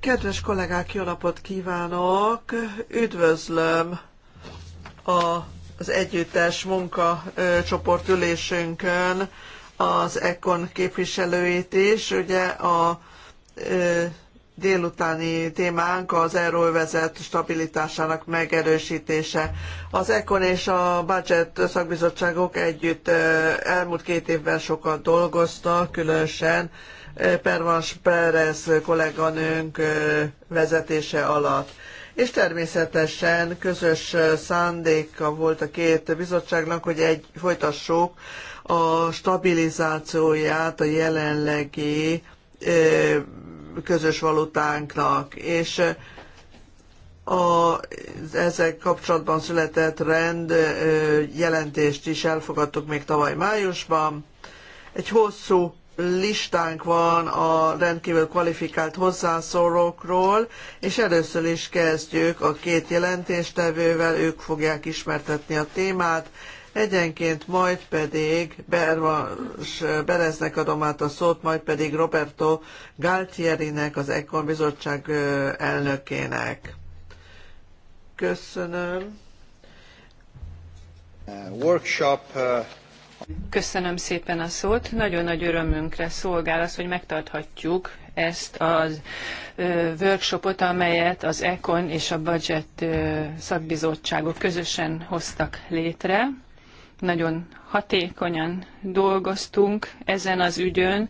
Kedves kollégák, jó napot kívánok! Üdvözlöm a, az együttes munkacsoport ülésünkön az ECON képviselőit is. Ugye a ö, délutáni témánk az euróvezet stabilitásának megerősítése. Az ECON és a budget szakbizottságok együtt elmúlt két évben sokat dolgoztak, különösen Permas Perez kolléganőnk vezetése alatt. És természetesen közös szándéka volt a két bizottságnak, hogy egy, folytassuk a stabilizációját a jelenlegi közös valutánknak. És a, ezzel kapcsolatban született rend jelentést is elfogadtuk még tavaly májusban. Egy hosszú listánk van a rendkívül kvalifikált hozzászólókról, és először is kezdjük a két jelentéstevővel, ők fogják ismertetni a témát, egyenként majd pedig Bervas Bereznek adom át a szót, majd pedig Roberto Galtierinek, az Ekon Bizottság elnökének. Köszönöm. Uh, workshop uh Köszönöm szépen a szót. Nagyon nagy örömünkre szolgál az, hogy megtarthatjuk ezt a workshopot, amelyet az ECON és a Budget szakbizottságok közösen hoztak létre. Nagyon hatékonyan dolgoztunk ezen az ügyön,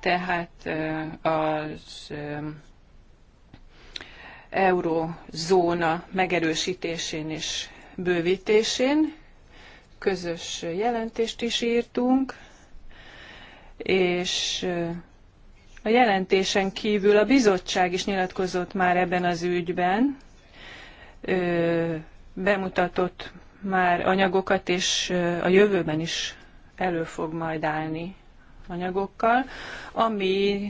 tehát az eurózóna megerősítésén és bővítésén, közös jelentést is írtunk, és a jelentésen kívül a bizottság is nyilatkozott már ebben az ügyben, bemutatott már anyagokat, és a jövőben is elő fog majd állni anyagokkal, ami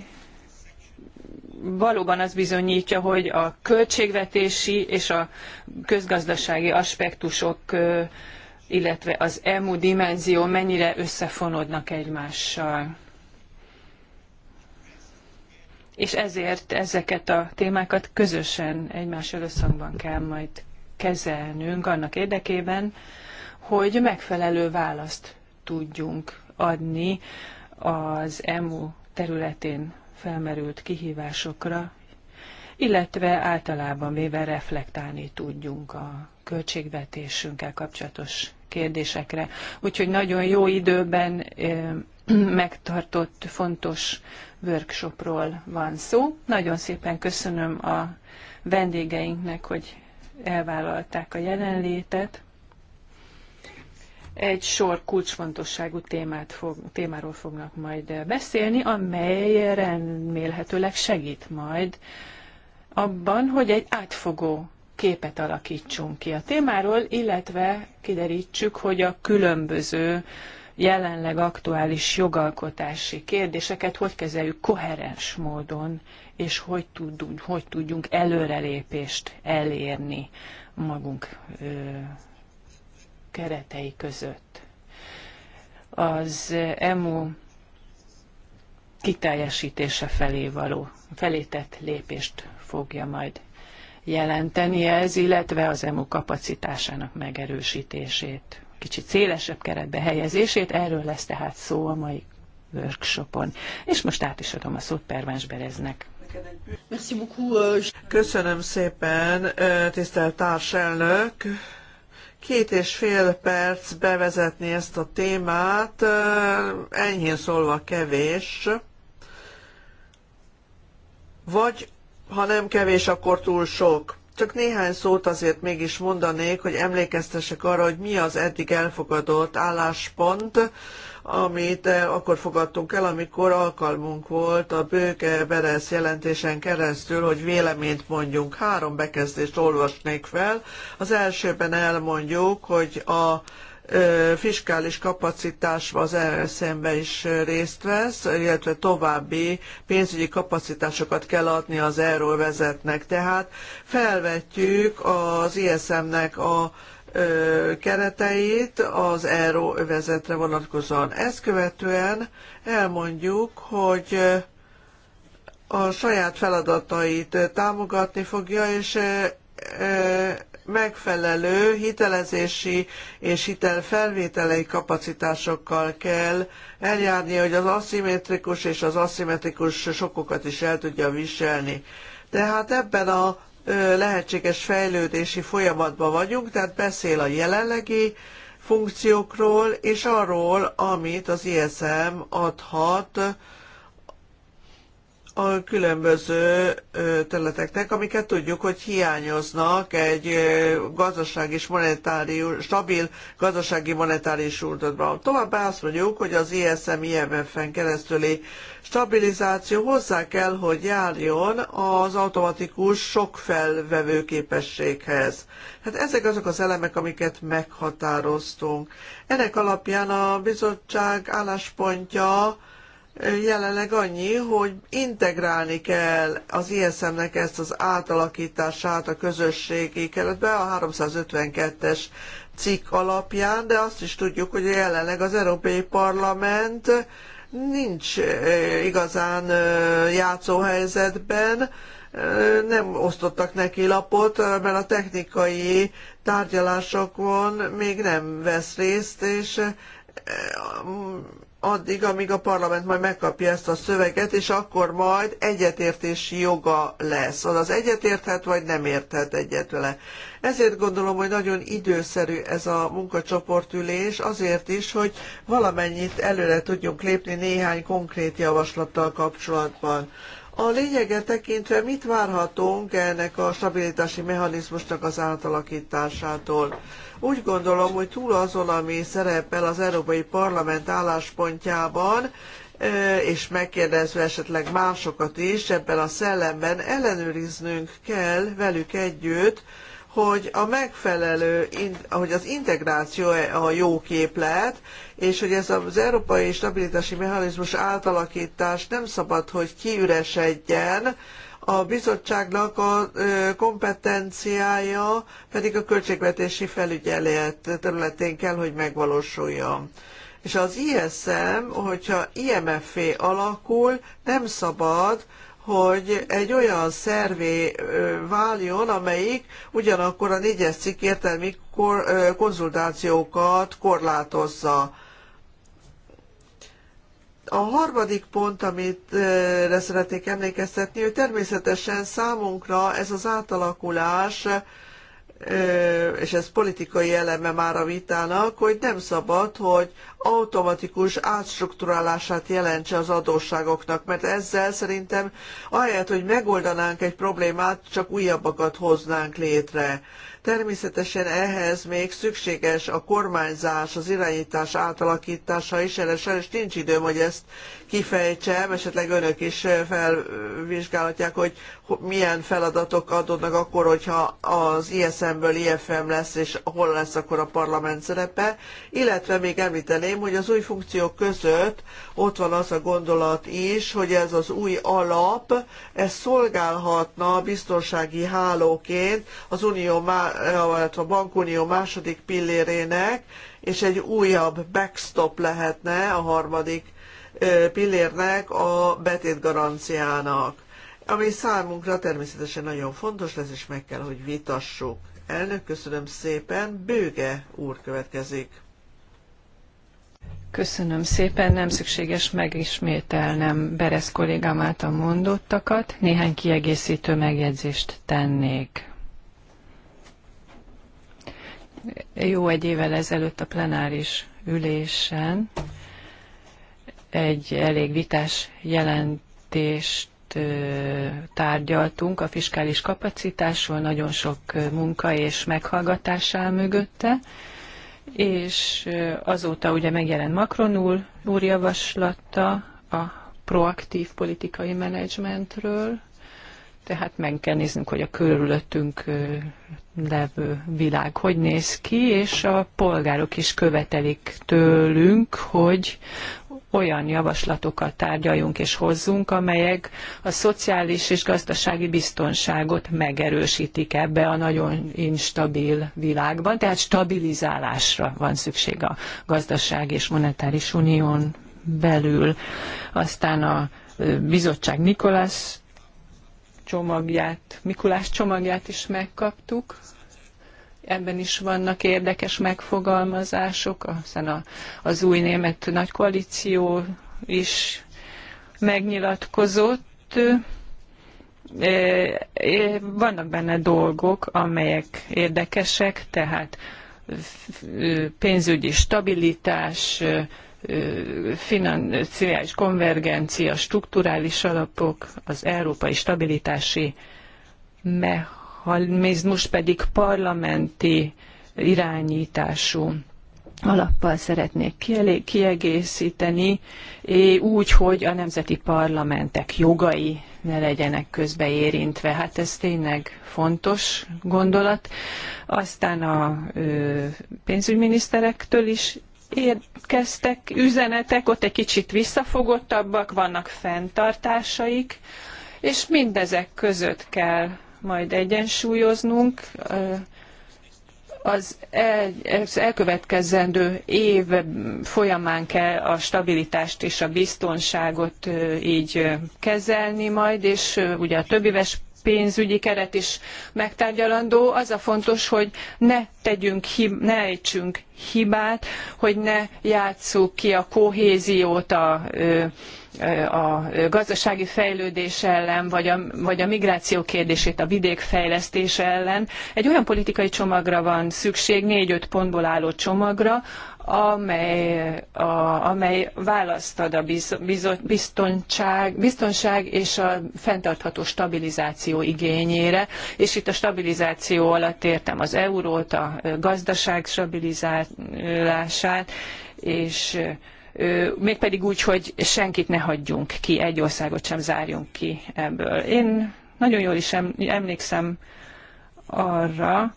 valóban az bizonyítja, hogy a költségvetési és a közgazdasági aspektusok illetve az EMU dimenzió mennyire összefonódnak egymással. És ezért ezeket a témákat közösen egymással összhangban kell majd kezelnünk annak érdekében, hogy megfelelő választ tudjunk adni az EMU területén felmerült kihívásokra, illetve általában véve reflektálni tudjunk a költségvetésünkkel kapcsolatos kérdésekre. Úgyhogy nagyon jó időben megtartott fontos workshopról van szó. Nagyon szépen köszönöm a vendégeinknek, hogy elvállalták a jelenlétet. Egy sor kulcsfontosságú témát fog, témáról fognak majd beszélni, amely remélhetőleg segít majd abban, hogy egy átfogó képet alakítsunk ki a témáról, illetve kiderítsük, hogy a különböző jelenleg aktuális jogalkotási kérdéseket hogy kezeljük koherens módon, és hogy tudunk, hogy tudjunk előrelépést elérni magunk ö, keretei között. Az EMU kiteljesítése felé való, felé tett lépést fogja majd jelenteni ez, illetve az EMU kapacitásának megerősítését, kicsit szélesebb keretbe helyezését, erről lesz tehát szó a mai workshopon. És most át is adom a szót Perváns Bereznek. Euh, Köszönöm szépen, tisztelt társelnök! Két és fél perc bevezetni ezt a témát, enyhén szólva kevés. Vagy ha nem kevés, akkor túl sok. Csak néhány szót azért mégis mondanék, hogy emlékeztessek arra, hogy mi az eddig elfogadott álláspont, amit eh, akkor fogadtunk el, amikor alkalmunk volt a Bőke Beresz jelentésen keresztül, hogy véleményt mondjunk. Három bekezdést olvasnék fel. Az elsőben elmondjuk, hogy a fiskális kapacitás az esm be is részt vesz, illetve további pénzügyi kapacitásokat kell adni az vezetnek. Tehát felvetjük az ISM-nek a kereteit az euróvezetre vonatkozóan. Ezt követően elmondjuk, hogy a saját feladatait támogatni fogja, és megfelelő hitelezési és hitelfelvételei kapacitásokkal kell eljárni, hogy az aszimmetrikus és az aszimmetrikus sokokat is el tudja viselni. Tehát ebben a lehetséges fejlődési folyamatban vagyunk, tehát beszél a jelenlegi funkciókról és arról, amit az ISM adhat, a különböző területeknek, amiket tudjuk, hogy hiányoznak egy gazdaság és monetárius, stabil gazdasági monetáris úrdatban. Továbbá azt mondjuk, hogy az ISM IMF-en keresztüli stabilizáció hozzá kell, hogy járjon az automatikus sok felvevő képességhez. Hát ezek azok az elemek, amiket meghatároztunk. Ennek alapján a bizottság álláspontja jelenleg annyi, hogy integrálni kell az ISM-nek ezt az átalakítását a közösségi keretbe a 352-es cikk alapján, de azt is tudjuk, hogy jelenleg az Európai Parlament nincs igazán játszóhelyzetben, nem osztottak neki lapot, mert a technikai tárgyalásokon még nem vesz részt, és addig, amíg a parlament majd megkapja ezt a szöveget, és akkor majd egyetértési joga lesz. Az egyetérthet, vagy nem érthet egyet vele. Ezért gondolom, hogy nagyon időszerű ez a munkacsoportülés, azért is, hogy valamennyit előre tudjunk lépni néhány konkrét javaslattal kapcsolatban. A lényeget tekintve mit várhatunk ennek a stabilitási mechanizmusnak az átalakításától? Úgy gondolom, hogy túl azon, ami szerepel az Európai Parlament álláspontjában, és megkérdezve esetleg másokat is ebben a szellemben ellenőriznünk kell velük együtt, hogy a megfelelő, hogy az integráció a jó képlet, és hogy ez az európai stabilitási mechanizmus átalakítás nem szabad, hogy kiüresedjen, a bizottságnak a kompetenciája pedig a költségvetési felügyelet területén kell, hogy megvalósuljon. És az ISM, hogyha IMF-é e alakul, nem szabad, hogy egy olyan szervé váljon, amelyik ugyanakkor a négyes cikk értelmi konzultációkat korlátozza a harmadik pont, amit eh, szeretnék emlékeztetni, hogy természetesen számunkra ez az átalakulás, és ez politikai eleme már a vitának, hogy nem szabad, hogy automatikus átstruktúrálását jelentse az adósságoknak, mert ezzel szerintem ahelyett, hogy megoldanánk egy problémát, csak újabbakat hoznánk létre. Természetesen ehhez még szükséges a kormányzás, az irányítás átalakítása is, erre sajnos nincs időm, hogy ezt kifejtsem, esetleg önök is felvizsgálhatják, hogy milyen feladatok adódnak akkor, hogyha az ISM-ből IFM lesz, és hol lesz akkor a parlament szerepe, illetve még említeném, hogy az új funkciók között ott van az a gondolat is, hogy ez az új alap, ez szolgálhatna biztonsági hálóként az unió illetve a bankunió második pillérének, és egy újabb backstop lehetne a harmadik pillérnek, a betétgaranciának, ami számunkra természetesen nagyon fontos lesz, és meg kell, hogy vitassuk. Elnök, köszönöm szépen. Bőge úr következik. Köszönöm szépen, nem szükséges megismételnem Beresz kollégám által mondottakat. Néhány kiegészítő megjegyzést tennék jó egy évvel ezelőtt a plenáris ülésen egy elég vitás jelentést tárgyaltunk a fiskális kapacitásról, nagyon sok munka és meghallgatás áll mögötte, és azóta ugye megjelent Macron úr, úr javaslata a proaktív politikai menedzsmentről, tehát meg kell néznünk, hogy a körülöttünk levő világ hogy néz ki, és a polgárok is követelik tőlünk, hogy olyan javaslatokat tárgyaljunk és hozzunk, amelyek a szociális és gazdasági biztonságot megerősítik ebbe a nagyon instabil világban. Tehát stabilizálásra van szükség a gazdaság és monetáris unión belül. Aztán a bizottság Nikolász csomagját, Mikulás csomagját is megkaptuk. Ebben is vannak érdekes megfogalmazások, hiszen a, az új német koalíció is megnyilatkozott. E, e, vannak benne dolgok, amelyek érdekesek, tehát pénzügyi stabilitás, financiális konvergencia, strukturális alapok, az európai stabilitási mechanizmus pedig parlamenti irányítású alappal szeretnék kiegészíteni, úgy, hogy a nemzeti parlamentek jogai ne legyenek közbe érintve. Hát ez tényleg fontos gondolat. Aztán a pénzügyminiszterektől is érkeztek üzenetek, ott egy kicsit visszafogottabbak, vannak fenntartásaik, és mindezek között kell majd egyensúlyoznunk az, el, az elkövetkezendő év folyamán kell a stabilitást és a biztonságot így kezelni majd, és ugye a többéves pénzügyi keret is megtárgyalandó. Az a fontos, hogy ne tegyünk, ne ejtsünk hibát, hogy ne játsszuk ki a kohéziót a a gazdasági fejlődés ellen, vagy a, vagy a migráció kérdését, a vidék fejlesztése ellen. Egy olyan politikai csomagra van szükség, négy-öt pontból álló csomagra, amely, a, amely választ ad a biztonság, biztonság és a fenntartható stabilizáció igényére, és itt a stabilizáció alatt értem az eurót, a gazdaság stabilizálását, és mégpedig úgy, hogy senkit ne hagyjunk ki, egy országot sem zárjunk ki ebből. Én nagyon jól is emlékszem arra,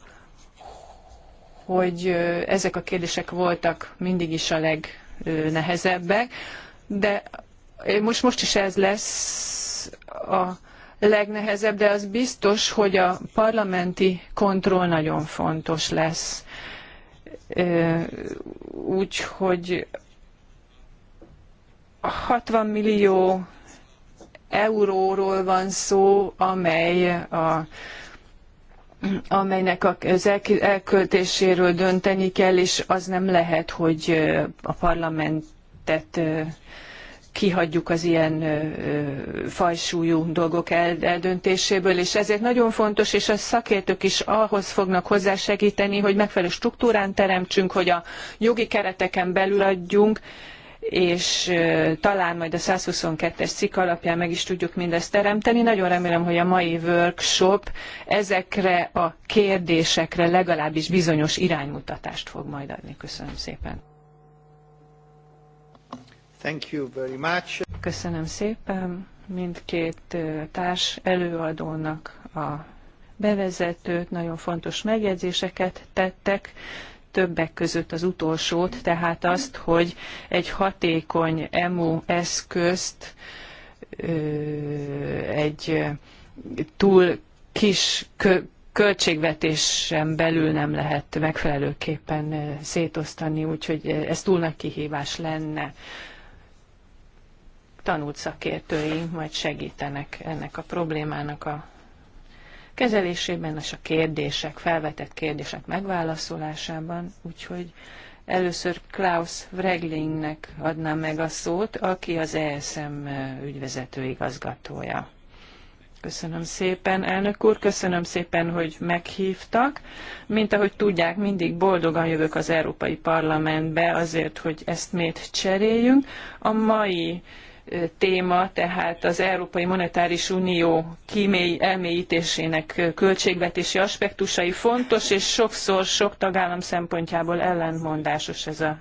hogy ezek a kérdések voltak mindig is a legnehezebbek, de most, most is ez lesz a legnehezebb, de az biztos, hogy a parlamenti kontroll nagyon fontos lesz. Úgyhogy 60 millió euróról van szó, amely a amelynek az elköltéséről dönteni kell, és az nem lehet, hogy a parlamentet kihagyjuk az ilyen fajsúlyú dolgok eldöntéséből, és ezért nagyon fontos, és a szakértők is ahhoz fognak hozzásegíteni, hogy megfelelő struktúrán teremtsünk, hogy a jogi kereteken belül adjunk, és talán majd a 122-es cikk alapján meg is tudjuk mindezt teremteni. Nagyon remélem, hogy a mai workshop ezekre a kérdésekre legalábbis bizonyos iránymutatást fog majd adni. Köszönöm szépen. Thank you very much. Köszönöm szépen mindkét társ előadónak a bevezetőt, nagyon fontos megjegyzéseket tettek többek között az utolsót, tehát azt, hogy egy hatékony EMU eszközt egy túl kis költségvetésen belül nem lehet megfelelőképpen szétosztani, úgyhogy ez túl nagy kihívás lenne. Tanult szakértőink majd segítenek ennek a problémának a kezelésében és a kérdések, felvetett kérdések megválaszolásában, úgyhogy először Klaus Wreglingnek adnám meg a szót, aki az ESM ügyvezető igazgatója. Köszönöm szépen, elnök úr, köszönöm szépen, hogy meghívtak. Mint ahogy tudják, mindig boldogan jövök az Európai Parlamentbe azért, hogy ezt eszmét cseréljünk. A mai téma, tehát az Európai Monetáris Unió kímély elmélyítésének költségvetési aspektusai fontos, és sokszor sok tagállam szempontjából ellentmondásos ez a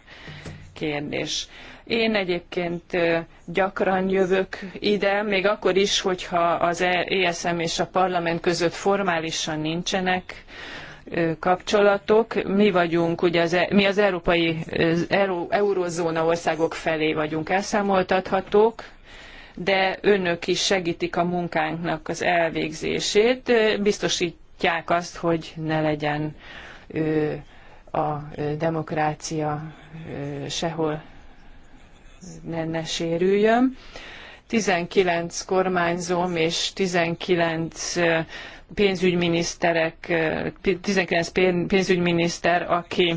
kérdés. Én egyébként gyakran jövök ide, még akkor is, hogyha az e- ESM és a parlament között formálisan nincsenek kapcsolatok. Mi vagyunk, ugye az, e, mi az európai euró, eurozóna országok felé vagyunk elszámoltathatók, de önök is segítik a munkánknak az elvégzését, biztosítják azt, hogy ne legyen a demokrácia sehol ne, ne sérüljön. 19 kormányzom és 19 pénzügyminiszterek, 19 pénzügyminiszter, aki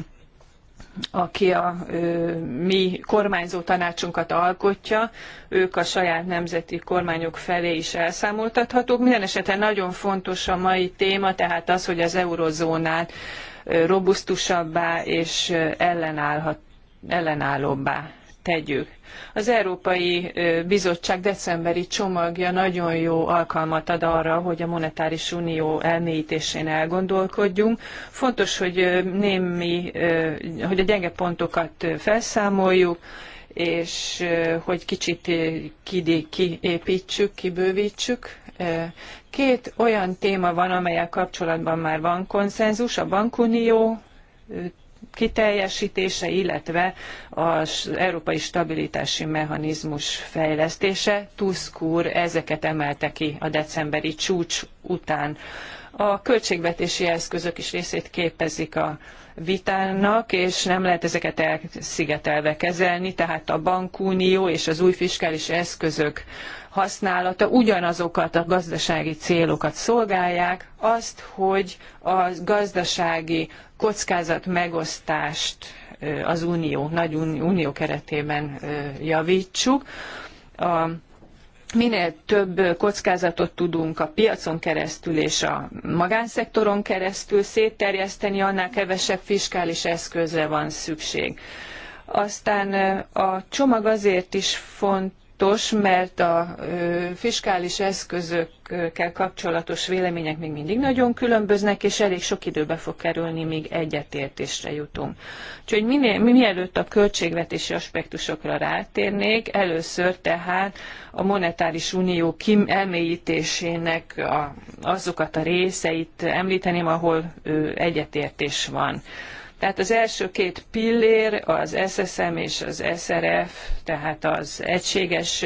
aki a ö, mi kormányzó tanácsunkat alkotja, ők a saját nemzeti kormányok felé is elszámoltathatók. Minden esetre nagyon fontos a mai téma, tehát az, hogy az eurozónát robusztusabbá és ellenállhat, ellenállóbbá tegyük. Az Európai Bizottság decemberi csomagja nagyon jó alkalmat ad arra, hogy a monetáris unió elmélyítésén elgondolkodjunk. Fontos, hogy némi, hogy a gyenge pontokat felszámoljuk, és hogy kicsit kiépítsük, kibővítsük. Két olyan téma van, amelyek kapcsolatban már van konszenzus, a bankunió kiteljesítése, illetve az európai stabilitási mechanizmus fejlesztése. Tusk úr ezeket emelte ki a decemberi csúcs után. A költségvetési eszközök is részét képezik a vitának, és nem lehet ezeket elszigetelve kezelni, tehát a bankunió és az új fiskális eszközök használata ugyanazokat a gazdasági célokat szolgálják, azt, hogy a gazdasági kockázat megosztást az unió, nagy unió keretében javítsuk. A minél több kockázatot tudunk a piacon keresztül és a magánszektoron keresztül szétterjeszteni, annál kevesebb fiskális eszközre van szükség. Aztán a csomag azért is fontos, fontos, mert a fiskális eszközökkel kapcsolatos vélemények még mindig nagyon különböznek, és elég sok időbe fog kerülni, míg egyetértésre jutunk. Úgyhogy minél, mielőtt a költségvetési aspektusokra rátérnék, először tehát a monetáris unió kim elmélyítésének a, azokat a részeit említeném, ahol egyetértés van. Tehát az első két pillér, az SSM és az SRF, tehát az egységes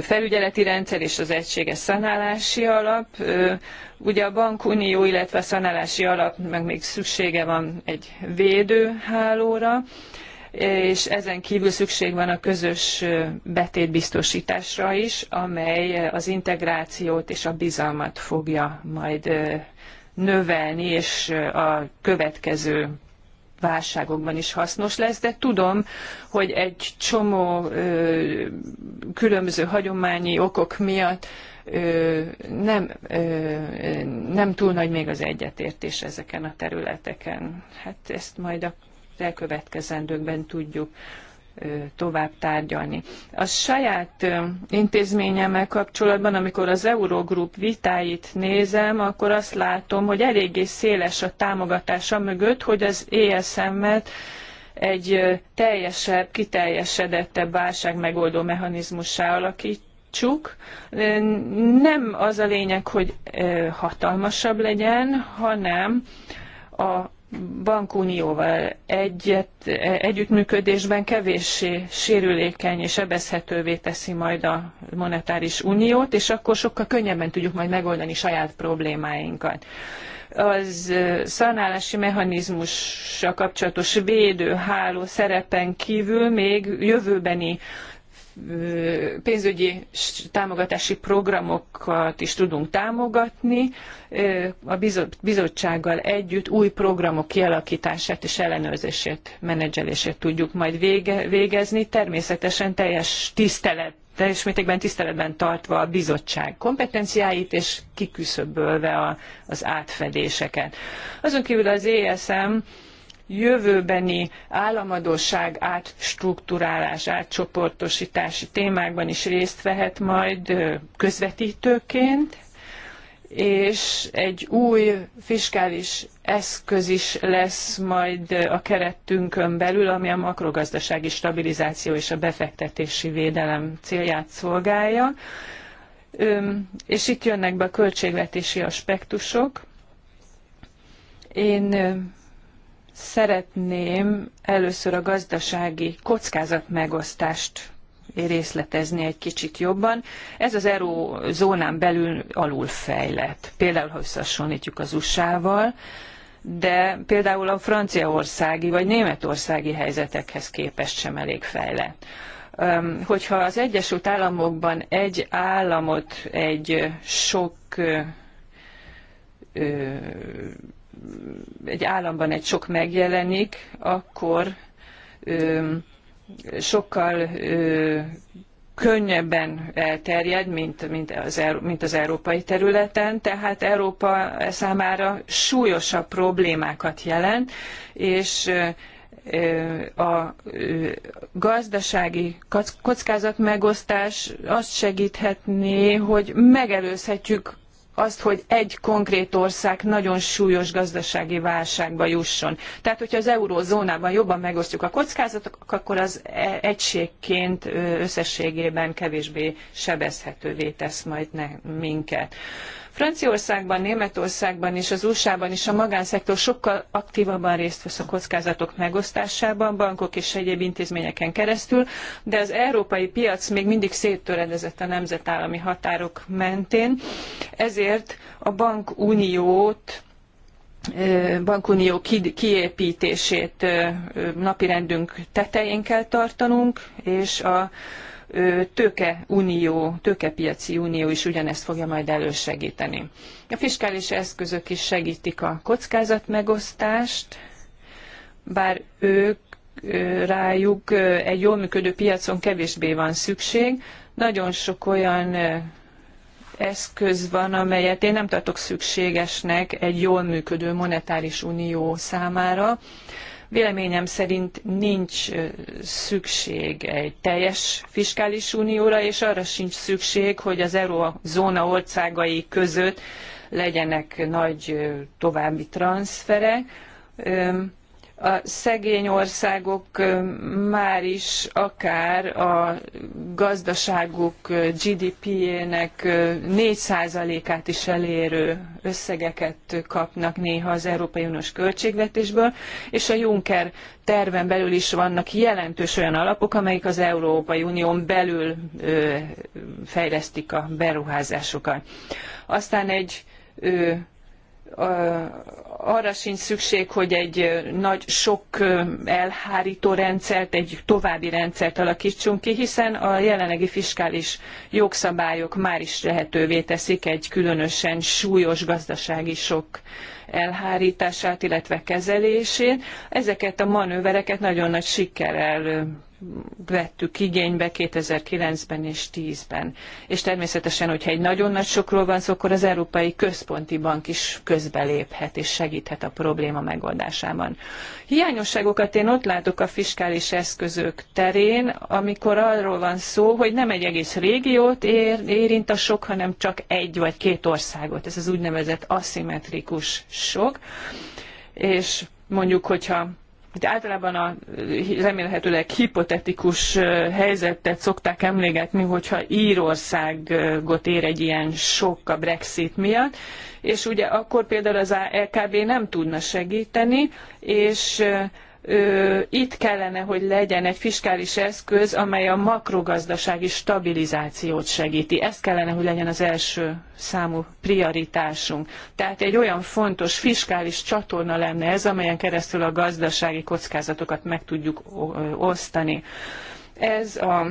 felügyeleti rendszer és az egységes szanálási alap. Ugye a bankunió, illetve a szanálási alap meg még szüksége van egy védőhálóra, és ezen kívül szükség van a közös betétbiztosításra is, amely az integrációt és a bizalmat fogja majd növelni, és a következő válságokban is hasznos lesz, de tudom, hogy egy csomó ö, különböző hagyományi okok miatt ö, nem, ö, nem túl nagy még az egyetértés ezeken a területeken. Hát ezt majd a elkövetkezendőkben tudjuk tovább tárgyalni. A saját intézményemmel kapcsolatban, amikor az Eurogroup vitáit nézem, akkor azt látom, hogy eléggé széles a támogatása mögött, hogy az ESM-et egy teljesebb, kiteljesedettebb válságmegoldó mechanizmussá alakítsuk. Nem az a lényeg, hogy hatalmasabb legyen, hanem a bankunióval egyet, együttműködésben kevéssé sérülékeny és sebezhetővé teszi majd a monetáris uniót, és akkor sokkal könnyebben tudjuk majd megoldani saját problémáinkat. Az szanálási mechanizmussal kapcsolatos védőháló szerepen kívül még jövőbeni pénzügyi támogatási programokat is tudunk támogatni, a bizottsággal együtt új programok kialakítását és ellenőrzését, menedzselését tudjuk majd vége, végezni, természetesen teljes tisztelet teljes mértékben tiszteletben tartva a bizottság kompetenciáit és kiküszöbölve a, az átfedéseket. Azon kívül az ESM jövőbeni államadóság átstruktúrálás, átcsoportosítási témákban is részt vehet majd közvetítőként, és egy új fiskális eszköz is lesz majd a keretünkön belül, ami a makrogazdasági stabilizáció és a befektetési védelem célját szolgálja. És itt jönnek be a költségvetési aspektusok. Én Szeretném először a gazdasági kockázatmegosztást részletezni egy kicsit jobban. Ez az zónán belül alul fejlett. Például, ha összehasonlítjuk az USA-val, de például a franciaországi vagy németországi helyzetekhez képest sem elég fejlett. Hogyha az Egyesült Államokban egy államot egy sok egy államban egy sok megjelenik, akkor ö, sokkal ö, könnyebben elterjed, mint, mint, az, mint az európai területen, tehát Európa számára súlyosabb problémákat jelent, és a gazdasági kockázatmegosztás azt segíthetné, hogy megelőzhetjük azt, hogy egy konkrét ország nagyon súlyos gazdasági válságba jusson. Tehát, hogyha az eurózónában jobban megosztjuk a kockázatokat, akkor az e- egységként összességében kevésbé sebezhetővé tesz majd minket. Franciaországban, Németországban és az USA-ban is a magánszektor sokkal aktívabban részt vesz a kockázatok megosztásában, bankok és egyéb intézményeken keresztül, de az európai piac még mindig széttöredezett a nemzetállami határok mentén, ezért a bankuniót bankunió kiépítését napirendünk tetején kell tartanunk, és a tőkeunió, tőkepiaci unió is ugyanezt fogja majd elősegíteni. A fiskális eszközök is segítik a kockázatmegosztást, bár ők rájuk egy jól működő piacon kevésbé van szükség. Nagyon sok olyan eszköz van, amelyet én nem tartok szükségesnek egy jól működő monetáris unió számára, Véleményem szerint nincs szükség egy teljes fiskális unióra, és arra sincs szükség, hogy az eurózóna országai között legyenek nagy további transzferek a szegény országok már is akár a gazdaságuk GDP-jének 4%-át is elérő összegeket kapnak néha az Európai Uniós költségvetésből, és a Juncker terven belül is vannak jelentős olyan alapok, amelyek az Európai Unión belül fejlesztik a beruházásokat. Aztán egy arra sincs szükség, hogy egy nagy sok elhárító rendszert, egy további rendszert alakítsunk ki, hiszen a jelenlegi fiskális jogszabályok már is lehetővé teszik egy különösen súlyos gazdasági sok elhárítását, illetve kezelését. Ezeket a manővereket nagyon nagy sikerrel vettük igénybe 2009-ben és 10-ben. És természetesen, hogyha egy nagyon nagy sokról van szó, akkor az Európai Központi Bank is közbeléphet és segíthet a probléma megoldásában. Hiányosságokat én ott látok a fiskális eszközök terén, amikor arról van szó, hogy nem egy egész régiót ér, érint a sok, hanem csak egy vagy két országot. Ez az úgynevezett aszimmetrikus sok. És mondjuk, hogyha itt általában a remélhetőleg hipotetikus helyzetet szokták emlégetni, hogyha Írországot ér egy ilyen sok a Brexit miatt, és ugye akkor például az LKB nem tudna segíteni, és itt kellene, hogy legyen egy fiskális eszköz, amely a makrogazdasági stabilizációt segíti. Ez kellene, hogy legyen az első számú prioritásunk. Tehát egy olyan fontos fiskális csatorna lenne ez, amelyen keresztül a gazdasági kockázatokat meg tudjuk osztani. Ez a,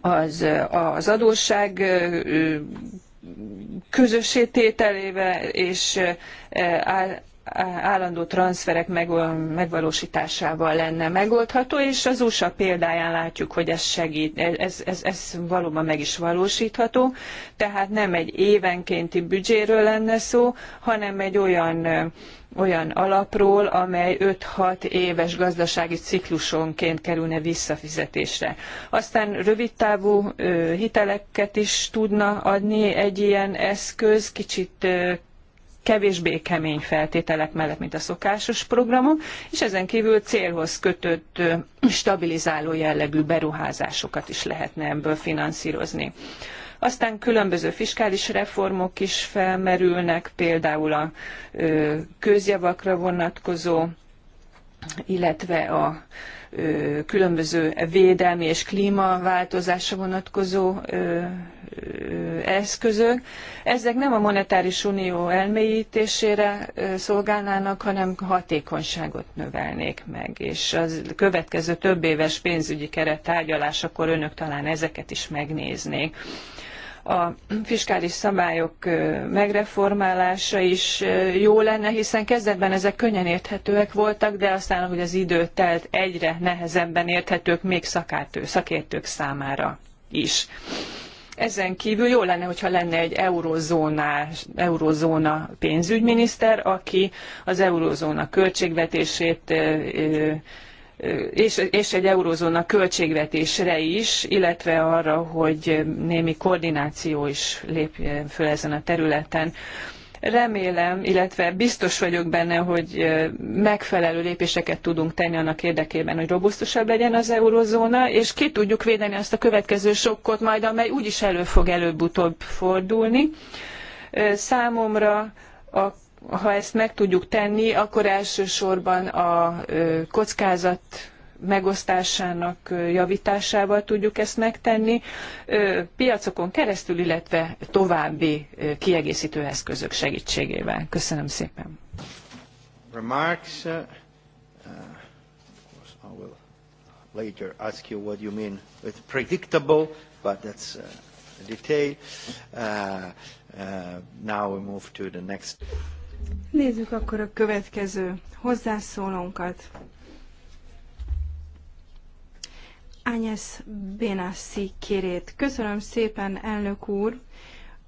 az, az adósság közössé tételével és állandó transferek megvalósításával lenne megoldható, és az USA példáján látjuk, hogy ez segít, ez, ez, ez valóban meg is valósítható, tehát nem egy évenkénti büdzséről lenne szó, hanem egy olyan olyan alapról, amely 5-6 éves gazdasági ciklusonként kerülne visszafizetésre. Aztán rövidtávú hiteleket is tudna adni egy ilyen eszköz, kicsit kevésbé kemény feltételek mellett, mint a szokásos programok, és ezen kívül célhoz kötött stabilizáló jellegű beruházásokat is lehetne ebből finanszírozni. Aztán különböző fiskális reformok is felmerülnek, például a közjavakra vonatkozó, illetve a különböző védelmi és klímaváltozásra vonatkozó eszközök. Ezek nem a monetáris unió elmélyítésére szolgálnának, hanem hatékonyságot növelnék meg, és a következő több éves pénzügyi keret tárgyalásakor önök talán ezeket is megnéznék a fiskális szabályok megreformálása is jó lenne, hiszen kezdetben ezek könnyen érthetőek voltak, de aztán, ahogy az idő telt, egyre nehezebben érthetők még szakértők számára is. Ezen kívül jó lenne, hogyha lenne egy eurozónás, eurozóna pénzügyminiszter, aki az eurozóna költségvetését és, és egy eurozóna költségvetésre is, illetve arra, hogy némi koordináció is lépjen föl ezen a területen. Remélem, illetve biztos vagyok benne, hogy megfelelő lépéseket tudunk tenni annak érdekében, hogy robusztusabb legyen az eurozóna, és ki tudjuk védeni azt a következő sokkot majd, amely úgyis elő fog előbb-utóbb fordulni. Számomra a ha ezt meg tudjuk tenni, akkor elsősorban a kockázat megosztásának javításával tudjuk ezt megtenni, piacokon keresztül, illetve további kiegészítő eszközök segítségével. Köszönöm szépen. Remarks, uh, uh I will later ask you what you mean with predictable, but that's uh, a detail. Uh, uh, now we move to the next. Nézzük akkor a következő hozzászólónkat. Ányes Bénászi kérét. Köszönöm szépen, elnök úr!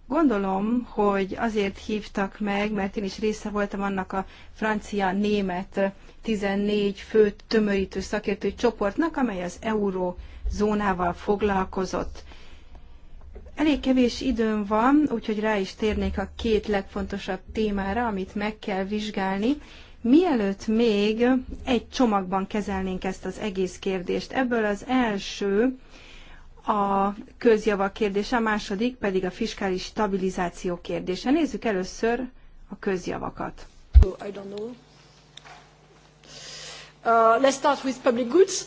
Gondolom, hogy azért hívtak meg, mert én is része voltam annak a francia-német 14 fő tömörítő szakértői csoportnak, amely az eurózónával foglalkozott. Elég kevés időm van, úgyhogy rá is térnék a két legfontosabb témára, amit meg kell vizsgálni, Mielőtt még egy csomagban kezelnénk ezt az egész kérdést, ebből az első a közjavak kérdése, a második pedig a fiskális stabilizáció kérdése. Nézzük először a közjavakat. I don't know. Uh, let's start with public goods.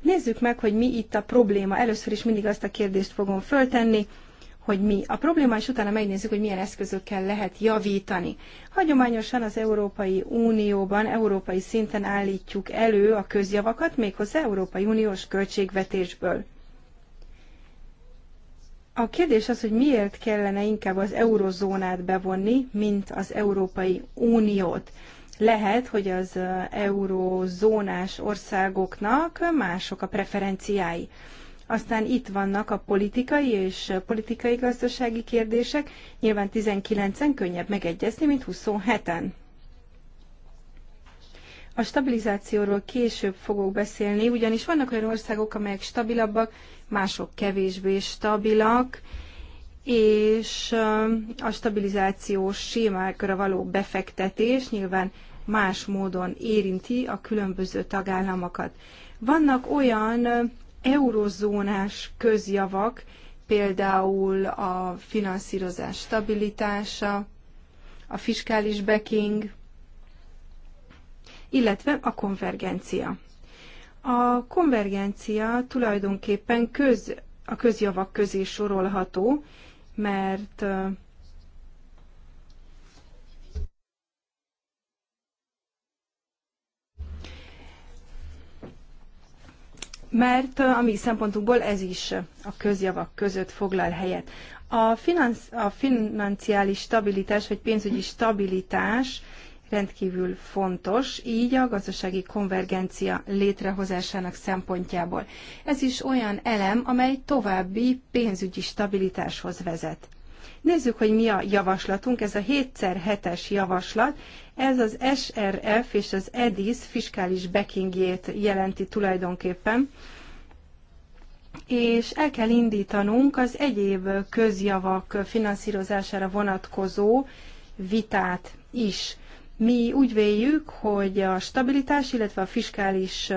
Nézzük meg, hogy mi itt a probléma. Először is mindig azt a kérdést fogom föltenni, hogy mi a probléma, és utána megnézzük, hogy milyen eszközökkel lehet javítani. Hagyományosan az Európai Unióban, európai szinten állítjuk elő a közjavakat, méghozzá Európai Uniós költségvetésből. A kérdés az, hogy miért kellene inkább az eurozónát bevonni, mint az Európai Uniót. Lehet, hogy az eurozónás országoknak mások a preferenciái. Aztán itt vannak a politikai és politikai-gazdasági kérdések. Nyilván 19-en könnyebb megegyezni, mint 27-en. A stabilizációról később fogok beszélni, ugyanis vannak olyan országok, amelyek stabilabbak, mások kevésbé stabilak, és a stabilizációs sémákra való befektetés nyilván más módon érinti a különböző tagállamokat. Vannak olyan eurozónás közjavak, például a finanszírozás stabilitása, a fiskális backing, illetve a konvergencia. A konvergencia tulajdonképpen köz, a közjavak közé sorolható, mert mert a mi szempontunkból ez is a közjavak között foglal helyet. A, finansz, a financiális stabilitás, vagy pénzügyi stabilitás rendkívül fontos, így a gazdasági konvergencia létrehozásának szempontjából. Ez is olyan elem, amely további pénzügyi stabilitáshoz vezet. Nézzük, hogy mi a javaslatunk. Ez a 7x7-es javaslat, ez az SRF és az EDIS fiskális backingjét jelenti tulajdonképpen, és el kell indítanunk az egyéb közjavak finanszírozására vonatkozó vitát is. Mi úgy véljük, hogy a stabilitás, illetve a fiskális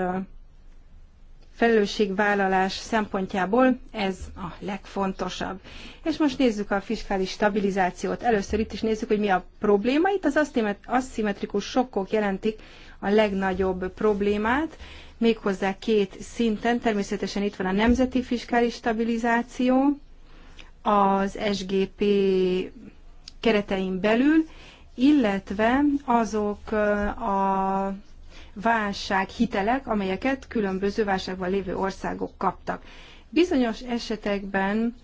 felelősségvállalás szempontjából ez a legfontosabb. És most nézzük a fiskális stabilizációt. Először itt is nézzük, hogy mi a probléma. Itt az aszimmetrikus sokkok jelentik a legnagyobb problémát, méghozzá két szinten. Természetesen itt van a nemzeti fiskális stabilizáció, az SGP keretein belül, illetve azok a válsághitelek, amelyeket különböző válságban lévő országok kaptak. Bizonyos esetekben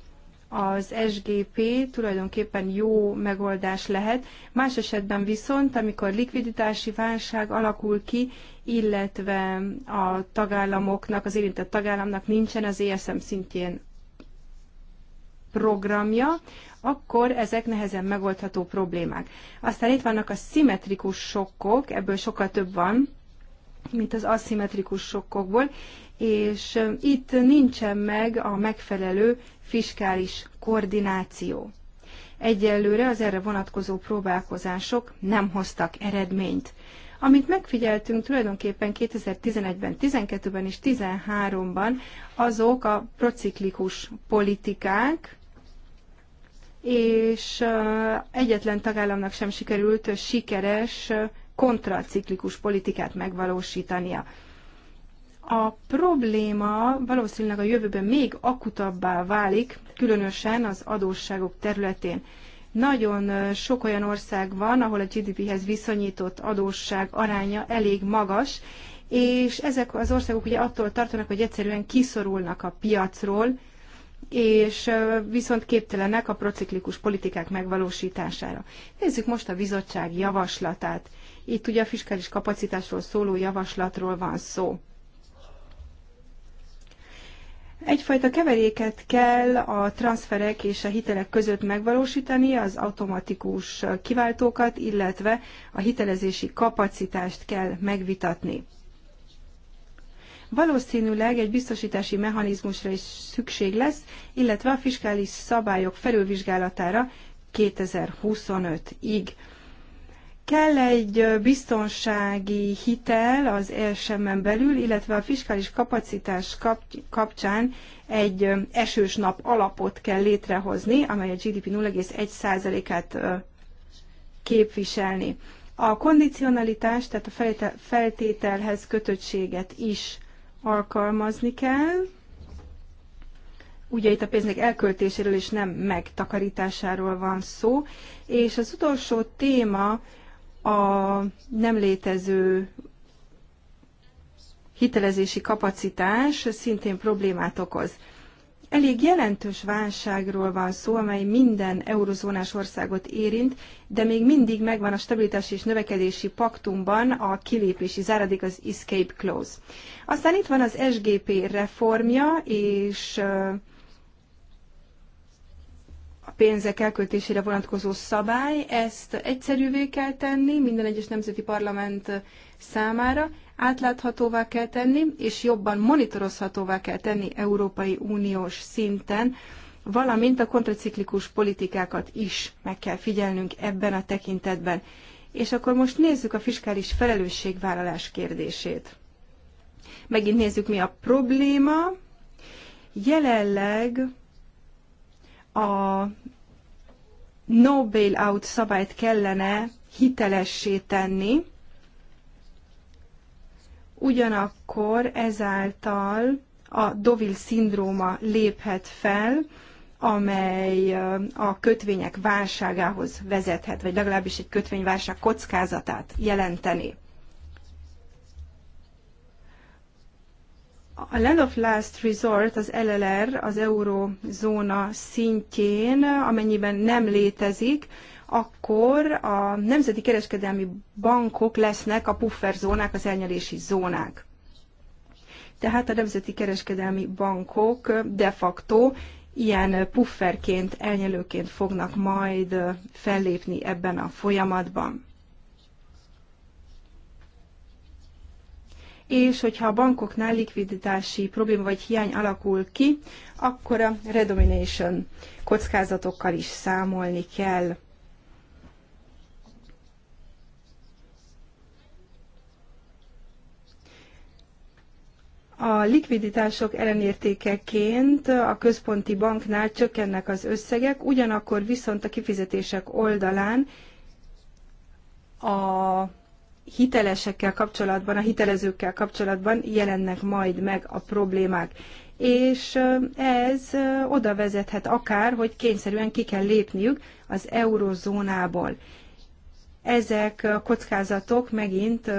az SGP tulajdonképpen jó megoldás lehet, más esetben viszont, amikor likviditási válság alakul ki, illetve a tagállamoknak, az érintett tagállamnak nincsen az ESM szintjén programja, akkor ezek nehezen megoldható problémák. Aztán itt vannak a szimmetrikus sokkok, ebből sokkal több van, mint az aszimmetrikus sokkokból, és itt nincsen meg a megfelelő fiskális koordináció. Egyelőre az erre vonatkozó próbálkozások nem hoztak eredményt. Amit megfigyeltünk tulajdonképpen 2011-ben, 12-ben és 13-ban, azok a prociklikus politikák, és egyetlen tagállamnak sem sikerült sikeres kontraciklikus politikát megvalósítania. A probléma valószínűleg a jövőben még akutabbá válik, különösen az adósságok területén. Nagyon sok olyan ország van, ahol a GDP-hez viszonyított adósság aránya elég magas, és ezek az országok ugye attól tartanak, hogy egyszerűen kiszorulnak a piacról, és viszont képtelenek a prociklikus politikák megvalósítására. Nézzük most a bizottság javaslatát. Itt ugye a fiskális kapacitásról szóló javaslatról van szó. Egyfajta keveréket kell a transferek és a hitelek között megvalósítani, az automatikus kiváltókat, illetve a hitelezési kapacitást kell megvitatni. Valószínűleg egy biztosítási mechanizmusra is szükség lesz, illetve a fiskális szabályok felülvizsgálatára 2025-ig. Kell egy biztonsági hitel az ESM-en belül, illetve a fiskális kapacitás kapcsán egy esős nap alapot kell létrehozni, amely a GDP 0,1%-át képviselni. A kondicionalitás, tehát a feltételhez kötöttséget is alkalmazni kell. Ugye itt a pénznek elköltéséről és nem megtakarításáról van szó. És az utolsó téma a nem létező hitelezési kapacitás szintén problémát okoz. Elég jelentős válságról van szó, amely minden eurozónás országot érint, de még mindig megvan a stabilitási és növekedési paktumban a kilépési záradék, az escape clause. Aztán itt van az SGP reformja, és pénzek elköltésére vonatkozó szabály, ezt egyszerűvé kell tenni minden egyes nemzeti parlament számára, átláthatóvá kell tenni, és jobban monitorozhatóvá kell tenni Európai Uniós szinten, valamint a kontraciklikus politikákat is meg kell figyelnünk ebben a tekintetben. És akkor most nézzük a fiskális felelősségvállalás kérdését. Megint nézzük, mi a probléma. Jelenleg a no bailout szabályt kellene hitelessé tenni, ugyanakkor ezáltal a Dovil szindróma léphet fel, amely a kötvények válságához vezethet, vagy legalábbis egy kötvényválság kockázatát jelenteni. A Land of Last Resort, az LLR, az eurózóna szintjén, amennyiben nem létezik, akkor a nemzeti kereskedelmi bankok lesznek a pufferzónák, az elnyelési zónák. Tehát a nemzeti kereskedelmi bankok de facto ilyen pufferként, elnyelőként fognak majd fellépni ebben a folyamatban. és hogyha a bankoknál likviditási probléma vagy hiány alakul ki, akkor a redomination kockázatokkal is számolni kell. A likviditások ellenértékeként a központi banknál csökkennek az összegek, ugyanakkor viszont a kifizetések oldalán a hitelesekkel kapcsolatban, a hitelezőkkel kapcsolatban jelennek majd meg a problémák. És ez oda vezethet akár, hogy kényszerűen ki kell lépniük az eurozónából. Ezek a kockázatok megint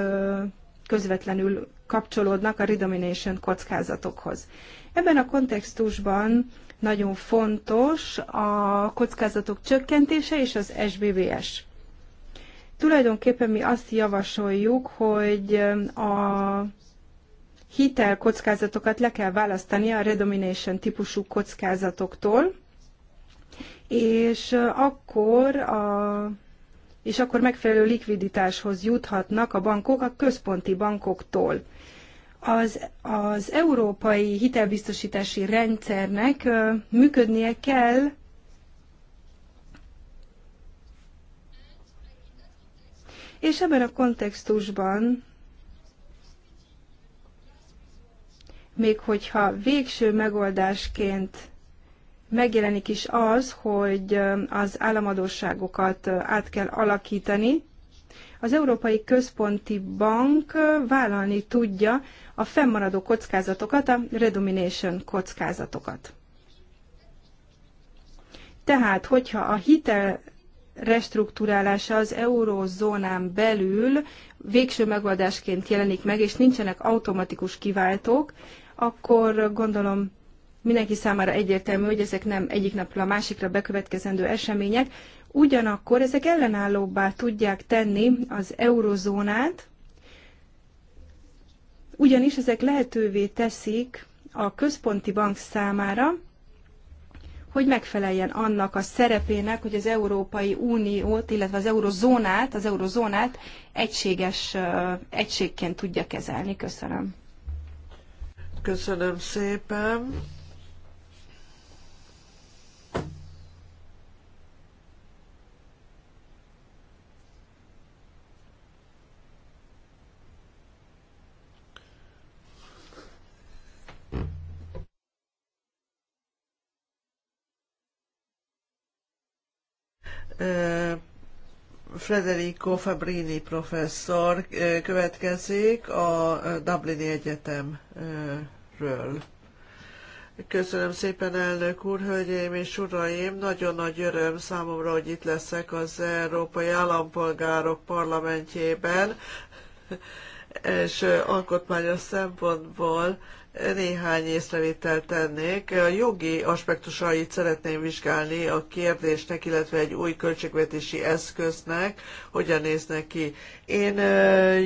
közvetlenül kapcsolódnak a redomination kockázatokhoz. Ebben a kontextusban nagyon fontos a kockázatok csökkentése és az SBBS. Tulajdonképpen mi azt javasoljuk, hogy a kockázatokat le kell választani a redomination típusú kockázatoktól, és akkor a és akkor megfelelő likviditáshoz juthatnak a bankok a központi bankoktól. Az, az európai hitelbiztosítási rendszernek működnie kell és ebben a kontextusban még hogyha végső megoldásként megjelenik is az, hogy az államadóságokat át kell alakítani, az Európai Központi Bank vállalni tudja a fennmaradó kockázatokat, a redomination kockázatokat. Tehát, hogyha a hitel restruktúrálása az eurózónán belül végső megoldásként jelenik meg, és nincsenek automatikus kiváltók, akkor gondolom mindenki számára egyértelmű, hogy ezek nem egyik napról a másikra bekövetkezendő események, ugyanakkor ezek ellenállóbbá tudják tenni az eurozónát, ugyanis ezek lehetővé teszik a központi bank számára, hogy megfeleljen annak a szerepének, hogy az Európai Uniót, illetve az eurozónát, az eurozónát egységes egységként tudja kezelni. Köszönöm. Köszönöm szépen. Federico Fabrini professzor következik a Dublini Egyetemről. Köszönöm szépen, elnök úr, hölgyeim és uraim! Nagyon nagy öröm számomra, hogy itt leszek az Európai Állampolgárok Parlamentjében, és alkotmányos szempontból néhány észrevételt tennék. A jogi aspektusait szeretném vizsgálni a kérdésnek, illetve egy új költségvetési eszköznek, hogyan néznek ki. Én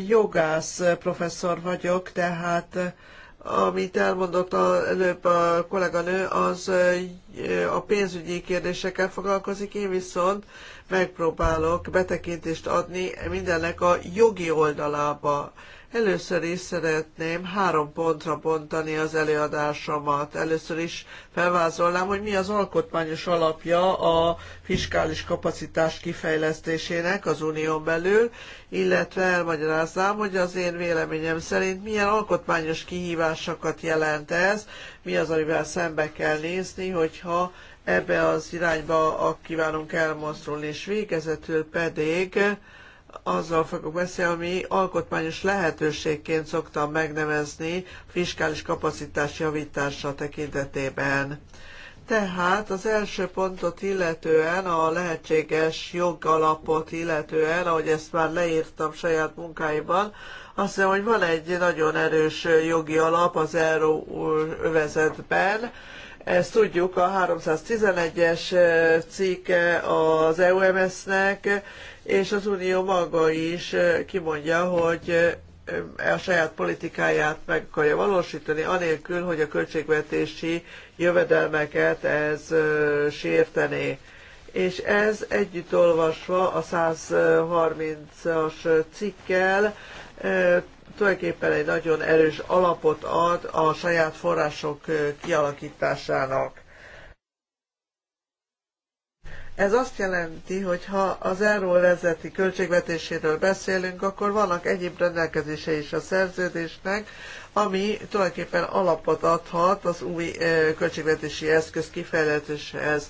jogász professzor vagyok, tehát amit elmondott a, előbb a kolléganő, az a pénzügyi kérdésekkel foglalkozik, én viszont megpróbálok betekintést adni mindennek a jogi oldalába Először is szeretném három pontra bontani az előadásomat. Először is felvázolnám, hogy mi az alkotmányos alapja a fiskális kapacitás kifejlesztésének az unión belül, illetve elmagyaráznám, hogy az én véleményem szerint milyen alkotmányos kihívásokat jelent ez, mi az, amivel szembe kell nézni, hogyha ebbe az irányba kívánunk elmozdulni, és végezetül pedig azzal fogok beszélni, ami alkotmányos lehetőségként szoktam megnevezni fiskális kapacitás javítása tekintetében. Tehát az első pontot illetően, a lehetséges jogalapot illetően, ahogy ezt már leírtam saját munkáiban, azt hiszem, hogy van egy nagyon erős jogi alap az Euró övezetben, ezt tudjuk, a 311-es cikke az EUMS-nek, és az Unió maga is eh, kimondja, hogy eh, a saját politikáját meg akarja valósítani, anélkül, hogy a költségvetési jövedelmeket ez eh, sértené. És ez együtt olvasva a 130-as cikkel tulajdonképpen egy nagyon erős alapot ad a saját források kialakításának. Ez azt jelenti, hogy ha az euró vezeti költségvetéséről beszélünk, akkor vannak egyéb rendelkezése is a szerződésnek, ami tulajdonképpen alapot adhat az új költségvetési eszköz kifejletéséhez.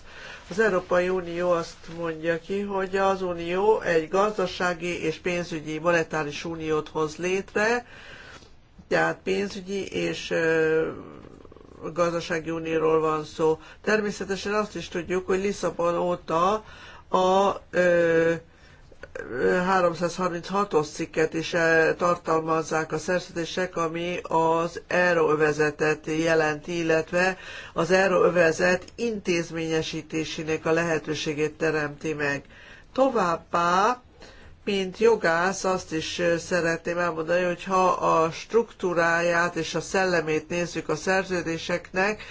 Az Európai Unió azt mondja ki, hogy az Unió egy gazdasági és pénzügyi monetáris uniót hoz létre, tehát pénzügyi és gazdasági unióról van szó. Természetesen azt is tudjuk, hogy Lisszabon óta a ö, 336-os cikket is tartalmazzák a szerződések, ami az euróövezetet jelenti, illetve az euróövezet intézményesítésének a lehetőségét teremti meg. Továbbá mint jogász azt is szeretném elmondani, hogy ha a struktúráját és a szellemét nézzük a szerződéseknek,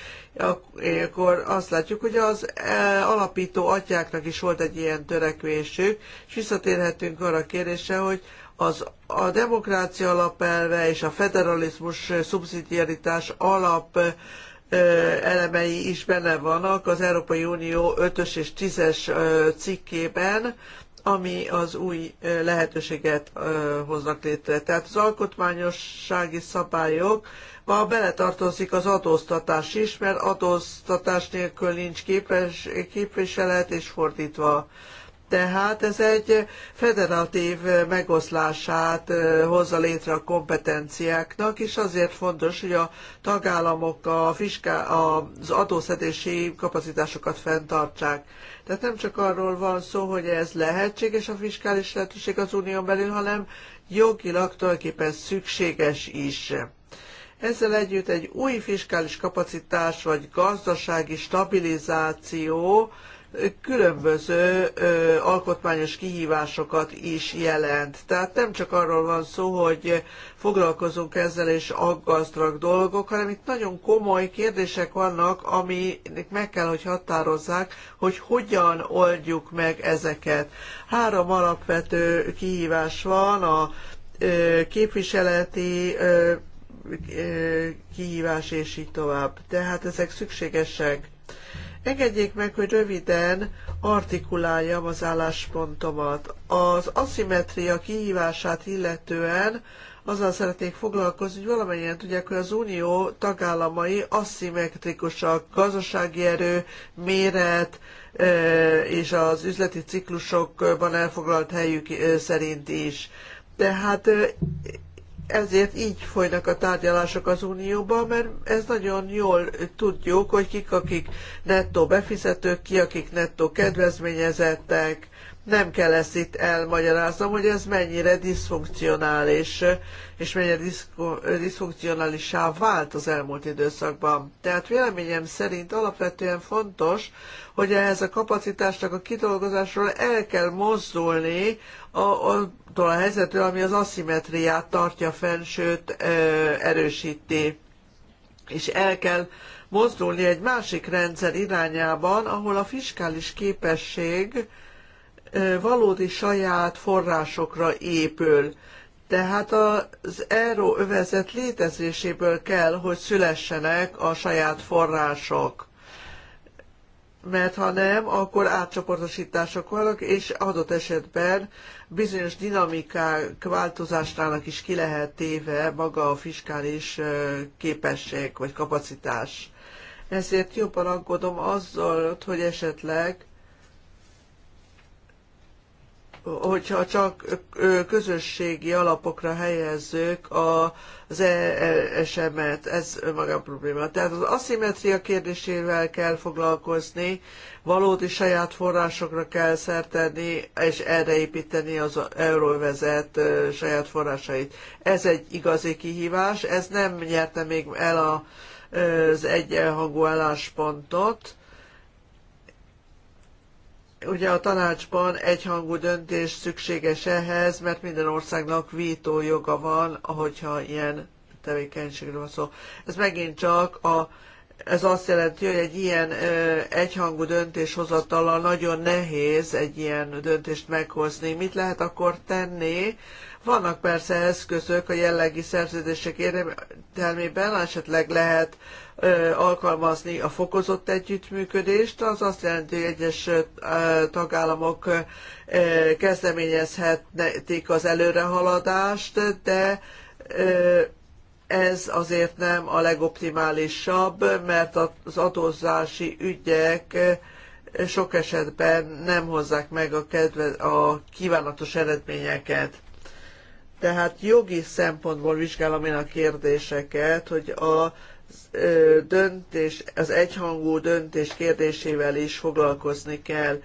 akkor azt látjuk, hogy az e, alapító atyáknak is volt egy ilyen törekvésük, és visszatérhetünk arra a kérdésre, hogy az, a demokrácia alapelve és a federalizmus szubszidiaritás alap elemei is benne vannak az Európai Unió 5-ös és 10-es cikkében, ami az új lehetőséget hoznak létre. Tehát az alkotmányossági szabályok ma beletartozik az adóztatás is, mert adóztatás nélkül nincs képes, képviselet, és fordítva. Tehát ez egy federatív megoszlását hozza létre a kompetenciáknak, és azért fontos, hogy a tagállamok a fiskál, az adószedési kapacitásokat fenntartsák. Tehát nem csak arról van szó, hogy ez lehetséges a fiskális lehetőség az unión belül, hanem jogilag tulajdonképpen szükséges is. Ezzel együtt egy új fiskális kapacitás vagy gazdasági stabilizáció, különböző ö, alkotmányos kihívásokat is jelent. Tehát nem csak arról van szó, hogy foglalkozunk ezzel és aggasztrak dolgok, hanem itt nagyon komoly kérdések vannak, aminek meg kell, hogy határozzák, hogy hogyan oldjuk meg ezeket. Három alapvető kihívás van, a ö, képviseleti ö, kihívás és így tovább. Tehát ezek szükségesek. Engedjék meg, hogy röviden artikuláljam az álláspontomat. Az aszimetria kihívását illetően azzal szeretnék foglalkozni, hogy valamennyien tudják, hogy az unió tagállamai aszimmetrikusak, gazdasági erő, méret e, és az üzleti ciklusokban elfoglalt helyük e, szerint is. Tehát e, ezért így folynak a tárgyalások az Unióban, mert ez nagyon jól tudjuk, hogy kik akik nettó befizetők, ki akik nettó kedvezményezettek, nem kell ezt itt elmagyaráznom, hogy ez mennyire diszfunkcionális, és mennyire diszfunkcionálisá vált az elmúlt időszakban. Tehát véleményem szerint alapvetően fontos, hogy ehhez a kapacitásnak a kidolgozásról el kell mozdulni a, a helyzetről, ami az aszimetriát tartja fenn, sőt erősíti. És el kell mozdulni egy másik rendszer irányában, ahol a fiskális képesség valódi saját forrásokra épül. Tehát az övezet létezéséből kell, hogy szülessenek a saját források. Mert ha nem, akkor átcsoportosítások vannak, és adott esetben bizonyos dinamikák változásának is ki lehet téve maga a fiskális képesség vagy kapacitás. Ezért jobban aggódom azzal, hogy esetleg hogyha csak közösségi alapokra helyezzük az ESM-et, e, ez a probléma. Tehát az aszimetria kérdésével kell foglalkozni, valódi saját forrásokra kell szertenni, és erre építeni az euróvezet saját forrásait. Ez egy igazi kihívás, ez nem nyerte még el az egyenhangú álláspontot, ugye a tanácsban egyhangú döntés szükséges ehhez, mert minden országnak vító joga van, ahogyha ilyen tevékenységről van szó. Ez megint csak a ez azt jelenti, hogy egy ilyen ö, egyhangú döntéshozatala nagyon nehéz egy ilyen döntést meghozni. Mit lehet akkor tenni? Vannak persze eszközök a jellegi szerződések értelmében, esetleg lehet alkalmazni a fokozott együttműködést, az azt jelenti, hogy egyes tagállamok kezdeményezhetik az előrehaladást, de ez azért nem a legoptimálisabb, mert az adózási ügyek sok esetben nem hozzák meg a, kedve, a kívánatos eredményeket. Tehát jogi szempontból vizsgálom én a kérdéseket, hogy a döntés, az egyhangú döntés kérdésével is foglalkozni kell.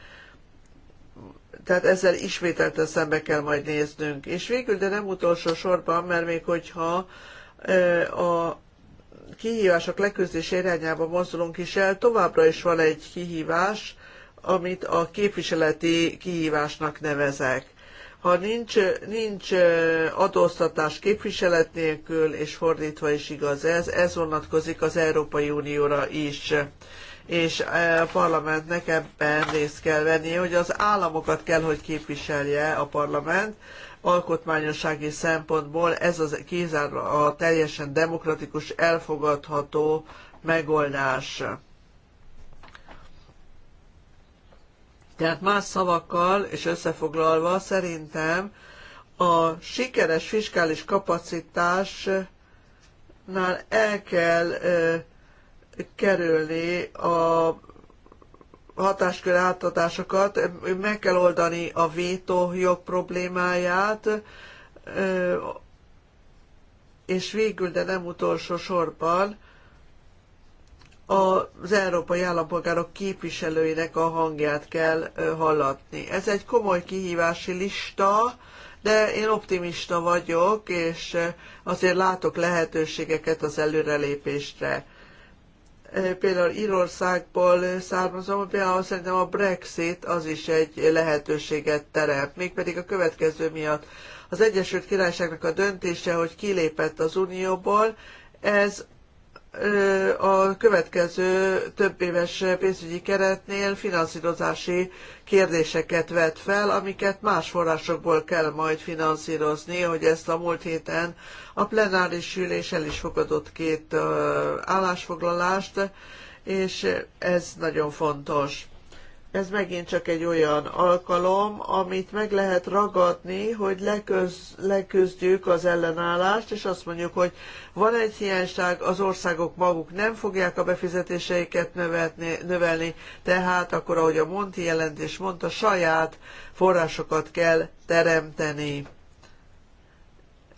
Tehát ezzel ismételten szembe kell majd néznünk. És végül, de nem utolsó sorban, mert még hogyha a kihívások leküzdés irányába mozdulunk is el, továbbra is van egy kihívás, amit a képviseleti kihívásnak nevezek. Ha nincs, nincs adóztatás képviselet nélkül, és fordítva is igaz ez, ez vonatkozik az Európai Unióra is és a parlamentnek ebben részt kell vennie, hogy az államokat kell, hogy képviselje a parlament, alkotmányossági szempontból ez az kizárólag a teljesen demokratikus, elfogadható megoldás. Tehát más szavakkal és összefoglalva szerintem a sikeres fiskális kapacitásnál el kell ö, kerülni a hatáskör átadásokat, meg kell oldani a vétójog problémáját, ö, és végül, de nem utolsó sorban, az európai állampolgárok képviselőinek a hangját kell hallatni. Ez egy komoly kihívási lista, de én optimista vagyok, és azért látok lehetőségeket az előrelépésre. Például Írországból származom, például szerintem a Brexit az is egy lehetőséget teremt, mégpedig a következő miatt. Az Egyesült Királyságnak a döntése, hogy kilépett az Unióból, ez a következő több éves pénzügyi keretnél finanszírozási kérdéseket vet fel, amiket más forrásokból kell majd finanszírozni, hogy ezt a múlt héten a plenáris ülés el is fogadott két állásfoglalást, és ez nagyon fontos ez megint csak egy olyan alkalom, amit meg lehet ragadni, hogy leköz, leküzdjük az ellenállást, és azt mondjuk, hogy van egy hiányság, az országok maguk nem fogják a befizetéseiket növetni, növelni, tehát akkor, ahogy a Monti jelentés mondta, saját forrásokat kell teremteni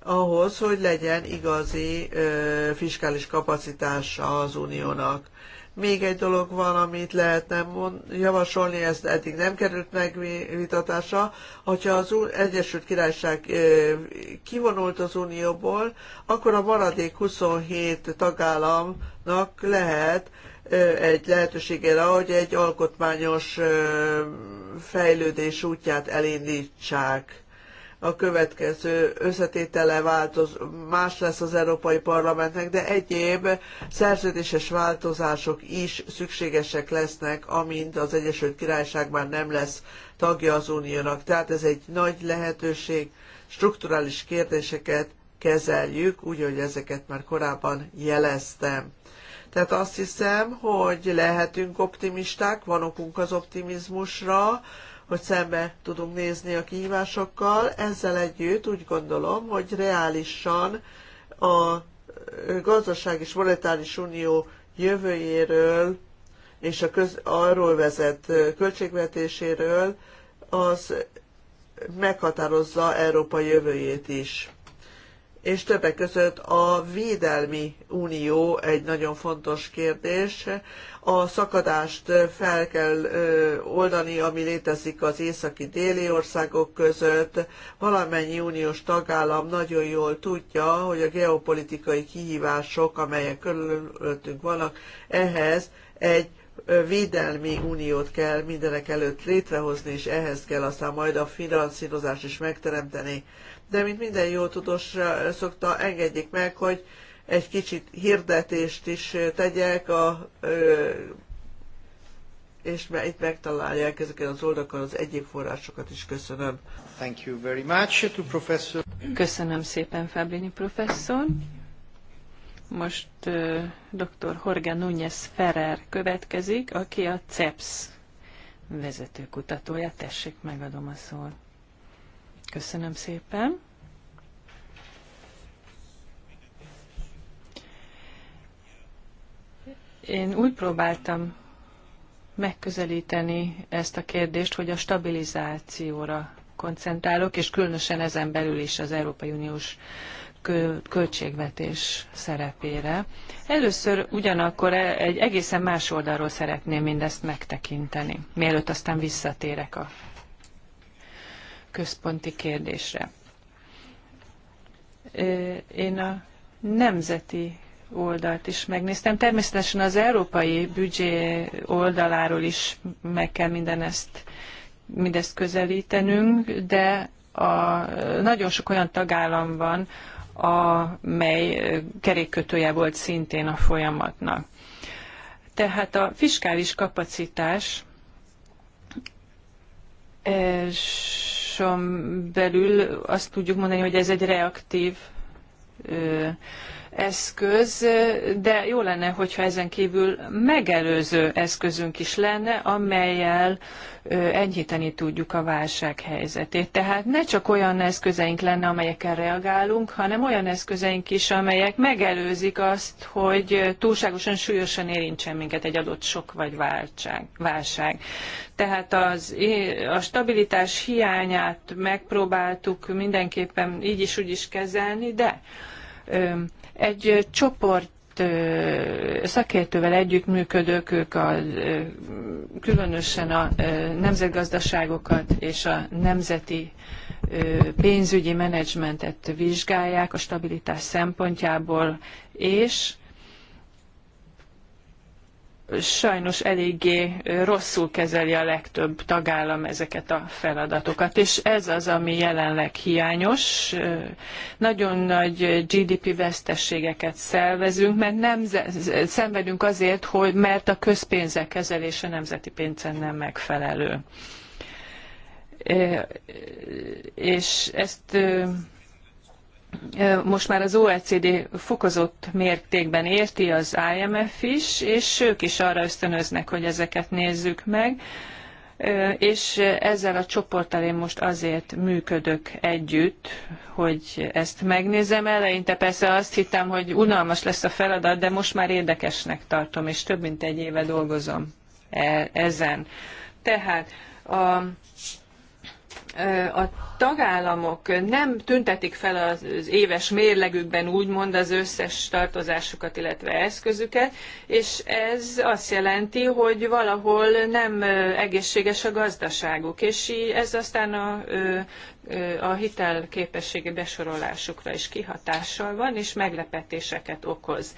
ahhoz, hogy legyen igazi ö, fiskális kapacitása az uniónak még egy dolog van, amit lehetne javasolni, ez eddig nem került megvitatásra, hogyha az Egyesült Királyság kivonult az Unióból, akkor a maradék 27 tagállamnak lehet egy lehetőségére, hogy egy alkotmányos fejlődés útját elindítsák a következő összetétele változ, más lesz az Európai Parlamentnek, de egyéb szerződéses változások is szükségesek lesznek, amint az Egyesült Királyság már nem lesz tagja az Uniónak. Tehát ez egy nagy lehetőség, strukturális kérdéseket kezeljük, úgy, hogy ezeket már korábban jeleztem. Tehát azt hiszem, hogy lehetünk optimisták, van okunk az optimizmusra, hogy szembe tudunk nézni a kihívásokkal. Ezzel együtt úgy gondolom, hogy reálisan a gazdaság és monetáris unió jövőjéről és a köz, arról vezet költségvetéséről az meghatározza Európa jövőjét is és többek között a Védelmi Unió egy nagyon fontos kérdés. A szakadást fel kell oldani, ami létezik az északi-déli országok között. Valamennyi uniós tagállam nagyon jól tudja, hogy a geopolitikai kihívások, amelyek körülöttünk vannak, ehhez egy védelmi uniót kell mindenek előtt létrehozni, és ehhez kell aztán majd a finanszírozást is megteremteni de mint minden jó tudós szokta, engedjék meg, hogy egy kicsit hirdetést is tegyek, a, és mert itt megtalálják ezeket az oldalakon az egyéb forrásokat is. Köszönöm. Thank you very much to professor. Köszönöm szépen, Fábrini professzor. Most uh, dr. Jorge Núñez Ferrer következik, aki a CEPS vezetőkutatója. Tessék, megadom a szót. Köszönöm szépen. Én úgy próbáltam megközelíteni ezt a kérdést, hogy a stabilizációra koncentrálok, és különösen ezen belül is az Európai Uniós költségvetés szerepére. Először ugyanakkor e-, egy egészen más oldalról szeretném mindezt megtekinteni, mielőtt aztán visszatérek a központi kérdésre. Én a nemzeti oldalt is megnéztem. Természetesen az európai büdzsé oldaláról is meg kell ezt, mindezt közelítenünk, de a, nagyon sok olyan tagállam van, amely kerékkötője volt szintén a folyamatnak. Tehát a fiskális kapacitás és tanácson belül azt tudjuk mondani, hogy ez egy reaktív eszköz, de jó lenne, hogyha ezen kívül megelőző eszközünk is lenne, amelyel enyhíteni tudjuk a válság helyzetét. Tehát ne csak olyan eszközeink lenne, amelyekkel reagálunk, hanem olyan eszközeink is, amelyek megelőzik azt, hogy túlságosan súlyosan érintsen minket egy adott sok vagy váltság, válság. Tehát az, a stabilitás hiányát megpróbáltuk mindenképpen így is úgy is kezelni, de egy csoport szakértővel együttműködök, ők a, különösen a nemzetgazdaságokat és a nemzeti pénzügyi menedzsmentet vizsgálják a stabilitás szempontjából, és sajnos eléggé rosszul kezeli a legtöbb tagállam ezeket a feladatokat, és ez az, ami jelenleg hiányos. Nagyon nagy GDP vesztességeket szervezünk, mert nem szenvedünk azért, hogy mert a közpénzek kezelése nemzeti pénzen nem megfelelő. E, és ezt most már az OECD fokozott mértékben érti, az IMF is, és ők is arra ösztönöznek, hogy ezeket nézzük meg. És ezzel a csoporttal én most azért működök együtt, hogy ezt megnézem. Eleinte persze azt hittem, hogy unalmas lesz a feladat, de most már érdekesnek tartom, és több mint egy éve dolgozom e-, ezen. Tehát a a tagállamok nem tüntetik fel az éves mérlegükben úgymond az összes tartozásukat, illetve eszközüket, és ez azt jelenti, hogy valahol nem egészséges a gazdaságuk, és ez aztán a, a hitelképességi besorolásukra is kihatással van, és meglepetéseket okoz.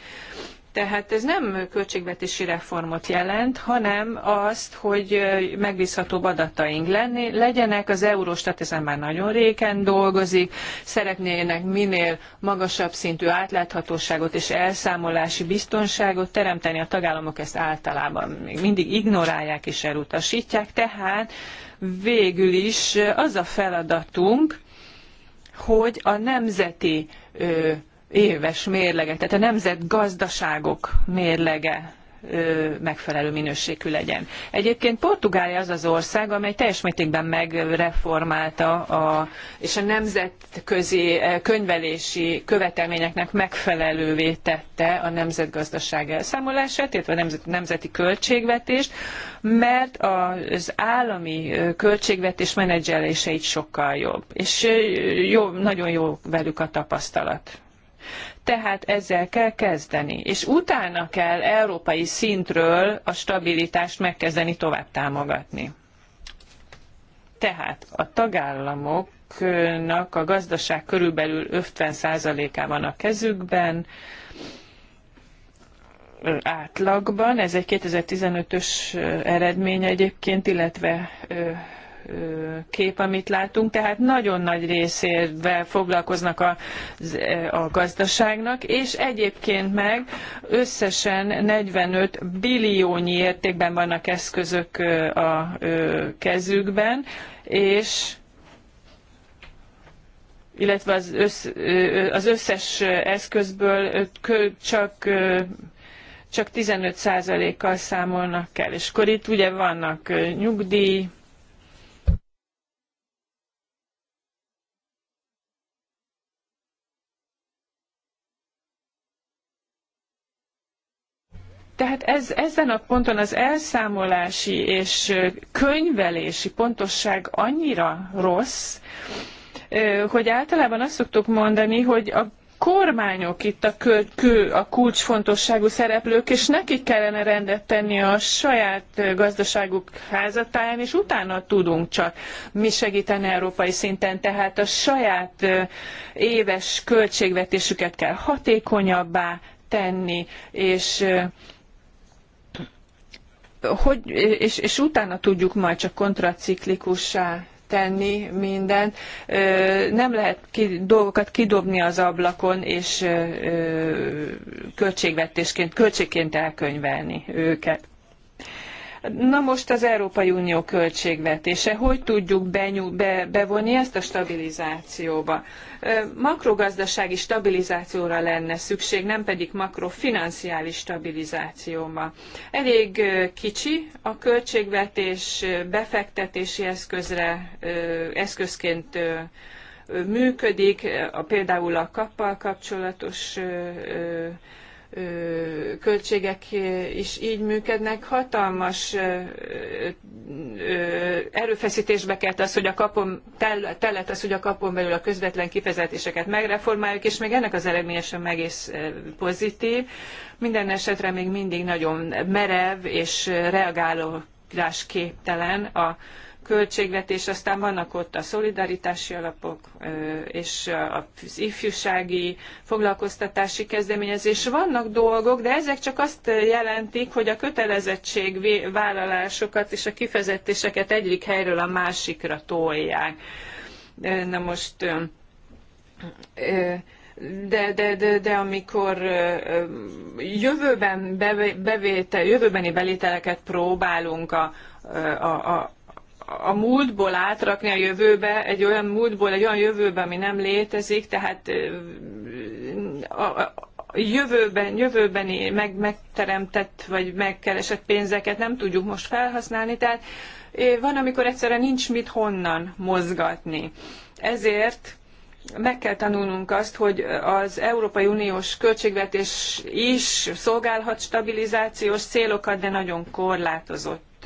Tehát ez nem költségvetési reformot jelent, hanem azt, hogy megbízhatóbb adataink lenni, legyenek. Az Eurostat ezen már nagyon régen dolgozik, szeretnének minél magasabb szintű átláthatóságot és elszámolási biztonságot teremteni. A tagállamok ezt általában még mindig ignorálják és elutasítják. Tehát végül is az a feladatunk, hogy a nemzeti éves mérlege, tehát a nemzet gazdaságok mérlege megfelelő minőségű legyen. Egyébként Portugália az az ország, amely teljes mértékben megreformálta a, és a nemzetközi könyvelési követelményeknek megfelelővé tette a nemzetgazdaság elszámolását, illetve a nemzet, nemzeti költségvetést, mert az állami költségvetés menedzselése így sokkal jobb. És jó, nagyon jó velük a tapasztalat tehát ezzel kell kezdeni, és utána kell európai szintről a stabilitást megkezdeni tovább támogatni. Tehát a tagállamoknak a gazdaság körülbelül 50%-á van a kezükben, átlagban, ez egy 2015-ös eredmény egyébként, illetve kép, amit látunk, tehát nagyon nagy részével foglalkoznak a, e, a gazdaságnak, és egyébként meg összesen 45 billiónyi értékben vannak eszközök a kezükben, és illetve az, össz, az összes eszközből csak csak 15%-kal számolnak el. És akkor itt ugye vannak nyugdíj, Tehát ez, ezen a ponton az elszámolási és könyvelési pontosság annyira rossz, hogy általában azt szoktuk mondani, hogy a kormányok itt a, kö, kö, a kulcsfontosságú szereplők, és nekik kellene rendet tenni a saját gazdaságuk házatáján, és utána tudunk csak mi segíteni európai szinten. Tehát a saját éves költségvetésüket kell hatékonyabbá tenni, és hogy, és, és utána tudjuk majd csak kontraciklikussá tenni mindent. Nem lehet ki, dolgokat kidobni az ablakon, és költségvetésként, költségként elkönyvelni őket. Na most az Európai Unió költségvetése, hogy tudjuk benyú, be, bevonni ezt a stabilizációba? Makrogazdasági stabilizációra lenne szükség, nem pedig makrofinanciális stabilizációba. Elég kicsi a költségvetés befektetési eszközre, eszközként működik, a, például a kappal kapcsolatos költségek is így működnek. Hatalmas erőfeszítésbe kelt az, hogy a kapom tellett az, hogy a kapon belül a közvetlen kifizetéseket megreformáljuk, és még ennek az eredménye sem egész pozitív. Minden esetre még mindig nagyon merev és reagáló képtelen a költségvetés, aztán vannak ott a szolidaritási alapok és az ifjúsági foglalkoztatási kezdeményezés. Vannak dolgok, de ezek csak azt jelentik, hogy a kötelezettségvállalásokat és a kifezetéseket egyik helyről a másikra tolják. Na most de, de, de, de amikor jövőben bevétel, jövőbeni belételeket próbálunk a, a, a múltból átrakni a jövőbe, egy olyan múltból, egy olyan jövőbe, ami nem létezik, tehát a, a jövőben, jövőbeni meg, megteremtett vagy megkeresett pénzeket nem tudjuk most felhasználni, tehát van, amikor egyszerűen nincs mit honnan mozgatni. Ezért meg kell tanulnunk azt, hogy az Európai Uniós költségvetés is szolgálhat stabilizációs célokat, de nagyon korlátozott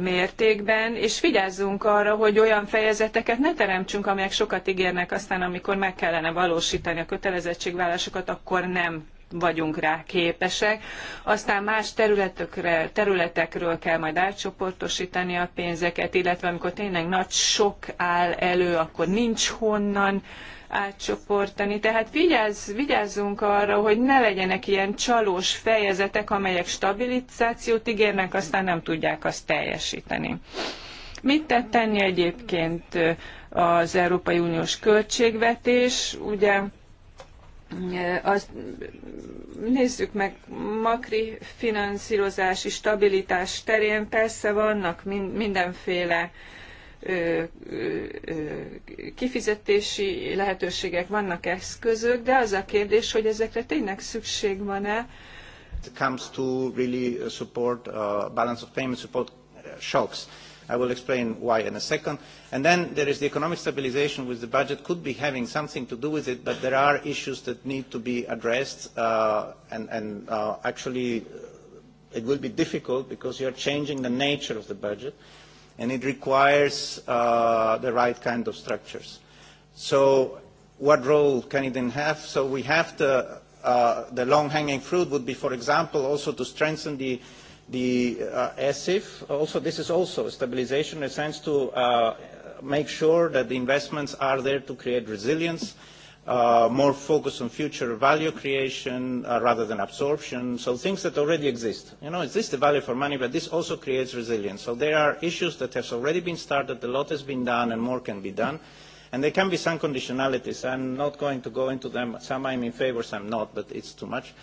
mértékben, és vigyázzunk arra, hogy olyan fejezeteket ne teremtsünk, amelyek sokat ígérnek, aztán amikor meg kellene valósítani a kötelezettségvállásokat, akkor nem vagyunk rá képesek. Aztán más területekre, területekről kell majd átcsoportosítani a pénzeket, illetve amikor tényleg nagy sok áll elő, akkor nincs honnan átcsoportani. Tehát vigyázz, vigyázzunk arra, hogy ne legyenek ilyen csalós fejezetek, amelyek stabilizációt ígérnek, aztán nem tudják azt teljesíteni. Mit tett tenni egyébként az Európai Uniós költségvetés? Ugye nézzük meg, makri finanszírozási stabilitás terén persze vannak mindenféle kifizetési lehetőségek, vannak eszközök, de az a kérdés, hogy ezekre tényleg szükség van-e. It comes to really uh, support uh, balance of payment support uh, shocks. I will explain why in a second. And then there is the economic stabilization with the budget could be having something to do with it, but there are issues that need to be addressed uh, and, and uh, actually uh, it will be difficult because you are changing the nature of the budget. Uh, and it requires uh, the right kind of structures. So what role can it then have? So we have to, uh, the long-hanging fruit would be, for example, also to strengthen the, the uh, ESIF. Also, this is also a stabilization in a sense to uh, make sure that the investments are there to create resilience, uh, more focus on future value creation uh, rather than absorption. So things that already exist. You know, exist the value for money, but this also creates resilience. So there are issues that have already been started, a lot has been done, and more can be done. And there can be some conditionalities. I'm not going to go into them. Some I'm in favor, some not, but it's too much.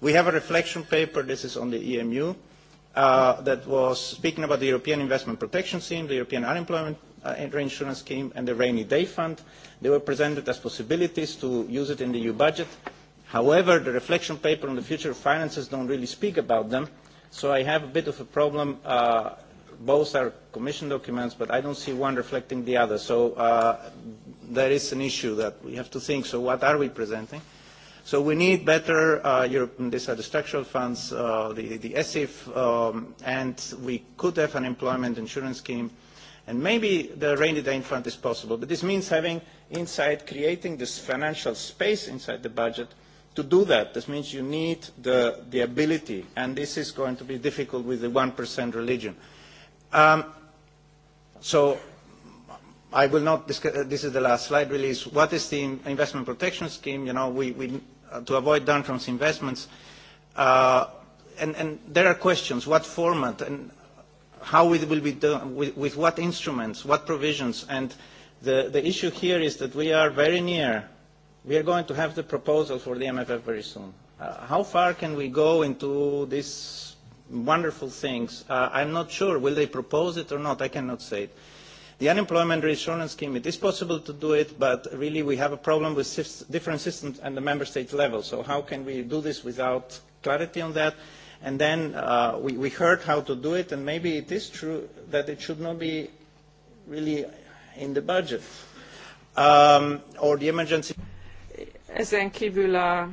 We have a reflection paper. This is on the EMU. Uh, that was speaking about the European Investment Protection Scheme, the European Unemployment Uh, reinsurance scheme and the rainy day fund. They were presented as possibilities to use it in the EU budget. However, the reflection paper on the future of finances don't really speak about them, so I have a bit of a problem. Uh, both are commission documents, but I don't see one reflecting the other. So uh, there is an issue that we have to think, so what are we presenting? So we need better uh, Europe, these are the structural funds, uh, the, the SIF, um, and we could have an employment insurance scheme uh, And maybe the rainy day fund is possible, but this means having inside, creating this financial space inside the budget to do that. This means you need the, the ability, and this is going to be difficult with the 1% religion. Um, so I will not discuss, uh, this is the last slide release. What is the investment protection scheme? You know, we, we, uh, to avoid downfalls investments, uh, and, and there are questions, what format? And how it will be done, with, with what instruments, what provisions. And the, the issue here is that we are very near. We are going to have the proposal for the MFF very soon. Uh, how far can we go into these wonderful things? Uh, I'm not sure. Will they propose it or not? I cannot say it. The unemployment reinsurance scheme, it is possible to do it, but really we have a problem with different systems and the member state level. So how can we do this without clarity on that? And then uh, we, we heard how to do it, and maybe it is true that it should not be really in the budget um, or the emergency. Ezen kívül a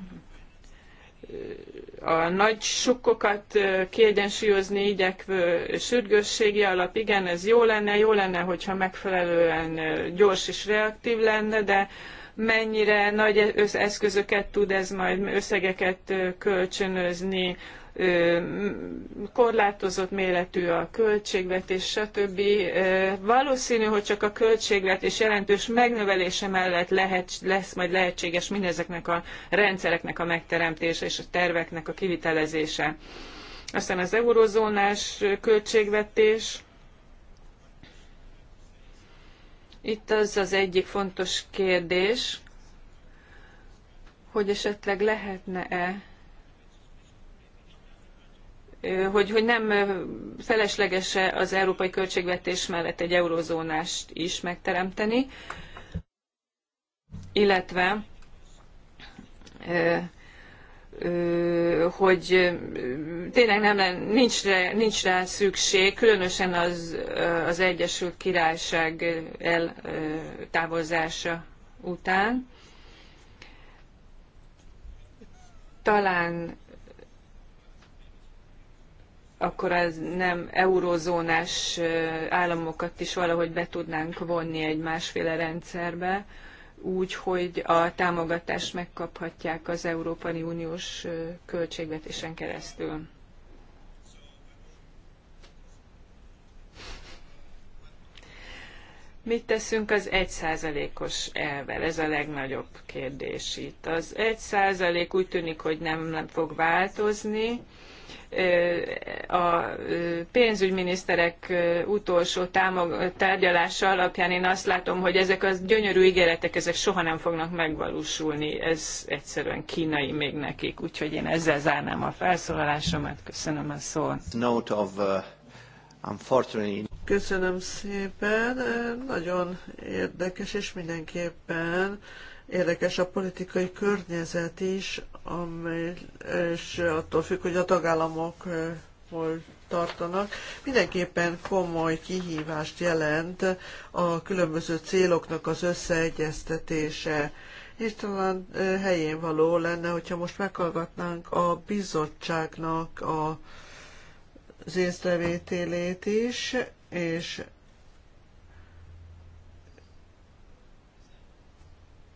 a nagy sokkokat uh, kiegyensúlyozni igyekvő sürgősségi alap, igen, ez jó lenne, jó lenne, hogyha megfelelően uh, gyors és reaktív lenne, de mennyire nagy e- eszközöket tud ez majd összegeket uh, kölcsönözni korlátozott méretű a költségvetés, stb. Valószínű, hogy csak a költségvetés jelentős megnövelése mellett lehet, lesz majd lehetséges mindezeknek a rendszereknek a megteremtése és a terveknek a kivitelezése. Aztán az eurozónás költségvetés. Itt az az egyik fontos kérdés, hogy esetleg lehetne-e hogy, hogy nem felesleges az európai költségvetés mellett egy eurozónást is megteremteni, illetve hogy tényleg nem, nincs, rá, nincs rá szükség, különösen az, az Egyesült Királyság eltávozása után. Talán akkor az nem eurozónás államokat is valahogy be tudnánk vonni egy másféle rendszerbe, úgy, hogy a támogatást megkaphatják az Európai Uniós költségvetésen keresztül. Mit teszünk az egy százalékos? elvel? Ez a legnagyobb kérdés itt. Az százalék úgy tűnik, hogy nem, nem fog változni, a pénzügyminiszterek utolsó támog, tárgyalása alapján én azt látom, hogy ezek az gyönyörű ígéretek, ezek soha nem fognak megvalósulni. Ez egyszerűen kínai még nekik. Úgyhogy én ezzel zárnám a felszólalásomat. Köszönöm a szót. Note of, uh, unfortunately... Köszönöm szépen. Nagyon érdekes, és mindenképpen érdekes a politikai környezet is, amely, és attól függ, hogy a tagállamok eh, hol tartanak. Mindenképpen komoly kihívást jelent a különböző céloknak az összeegyeztetése. És talán eh, helyén való lenne, hogyha most meghallgatnánk a bizottságnak a, az észrevételét is, és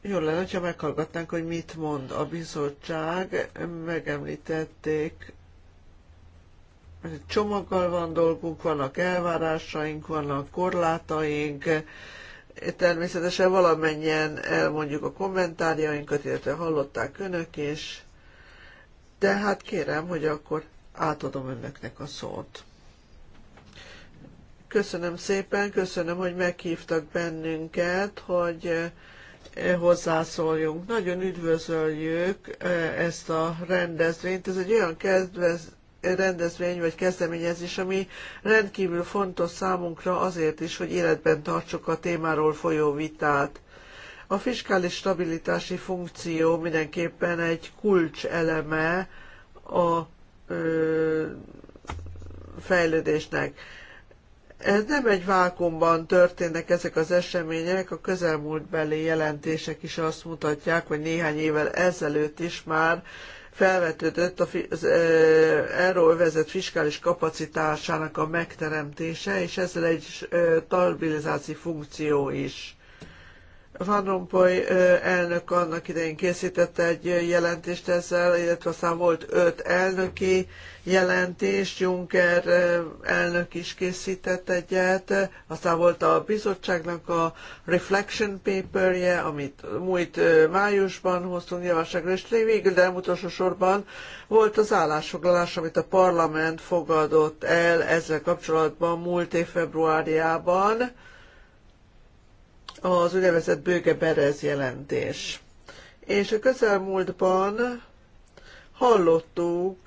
Jó lenne, ha meghallgatnánk, hogy mit mond a bizottság. Megemlítették, hogy csomaggal van dolgunk, vannak elvárásaink, vannak korlátaink, természetesen valamennyien elmondjuk a kommentárjainkat, illetve hallották önök is, de hát kérem, hogy akkor átadom önöknek a szót. Köszönöm szépen, köszönöm, hogy meghívtak bennünket, hogy hozzászóljunk. Nagyon üdvözöljük ezt a rendezvényt. Ez egy olyan kedvez, rendezvény vagy kezdeményezés, ami rendkívül fontos számunkra azért is, hogy életben tartsuk a témáról folyó vitát. A fiskális stabilitási funkció mindenképpen egy kulcs eleme a ö, fejlődésnek. Ez nem egy vákumban történnek ezek az események, a közelmúltbeli jelentések is azt mutatják, hogy néhány évvel ezelőtt is már felvetődött az euróövezet fiskális kapacitásának a megteremtése, és ezzel egy stabilizáció funkció is. Van Rompuy elnök annak idején készített egy jelentést ezzel, illetve aztán volt öt elnöki jelentést, Juncker elnök is készített egyet, aztán volt a bizottságnak a reflection paperje, amit múlt májusban hoztunk javaslatra, és végül, de nem utolsó sorban volt az állásfoglalás, amit a parlament fogadott el ezzel kapcsolatban múlt év februárjában, az úgynevezett bőge-berez jelentés. És a közelmúltban Hallottuk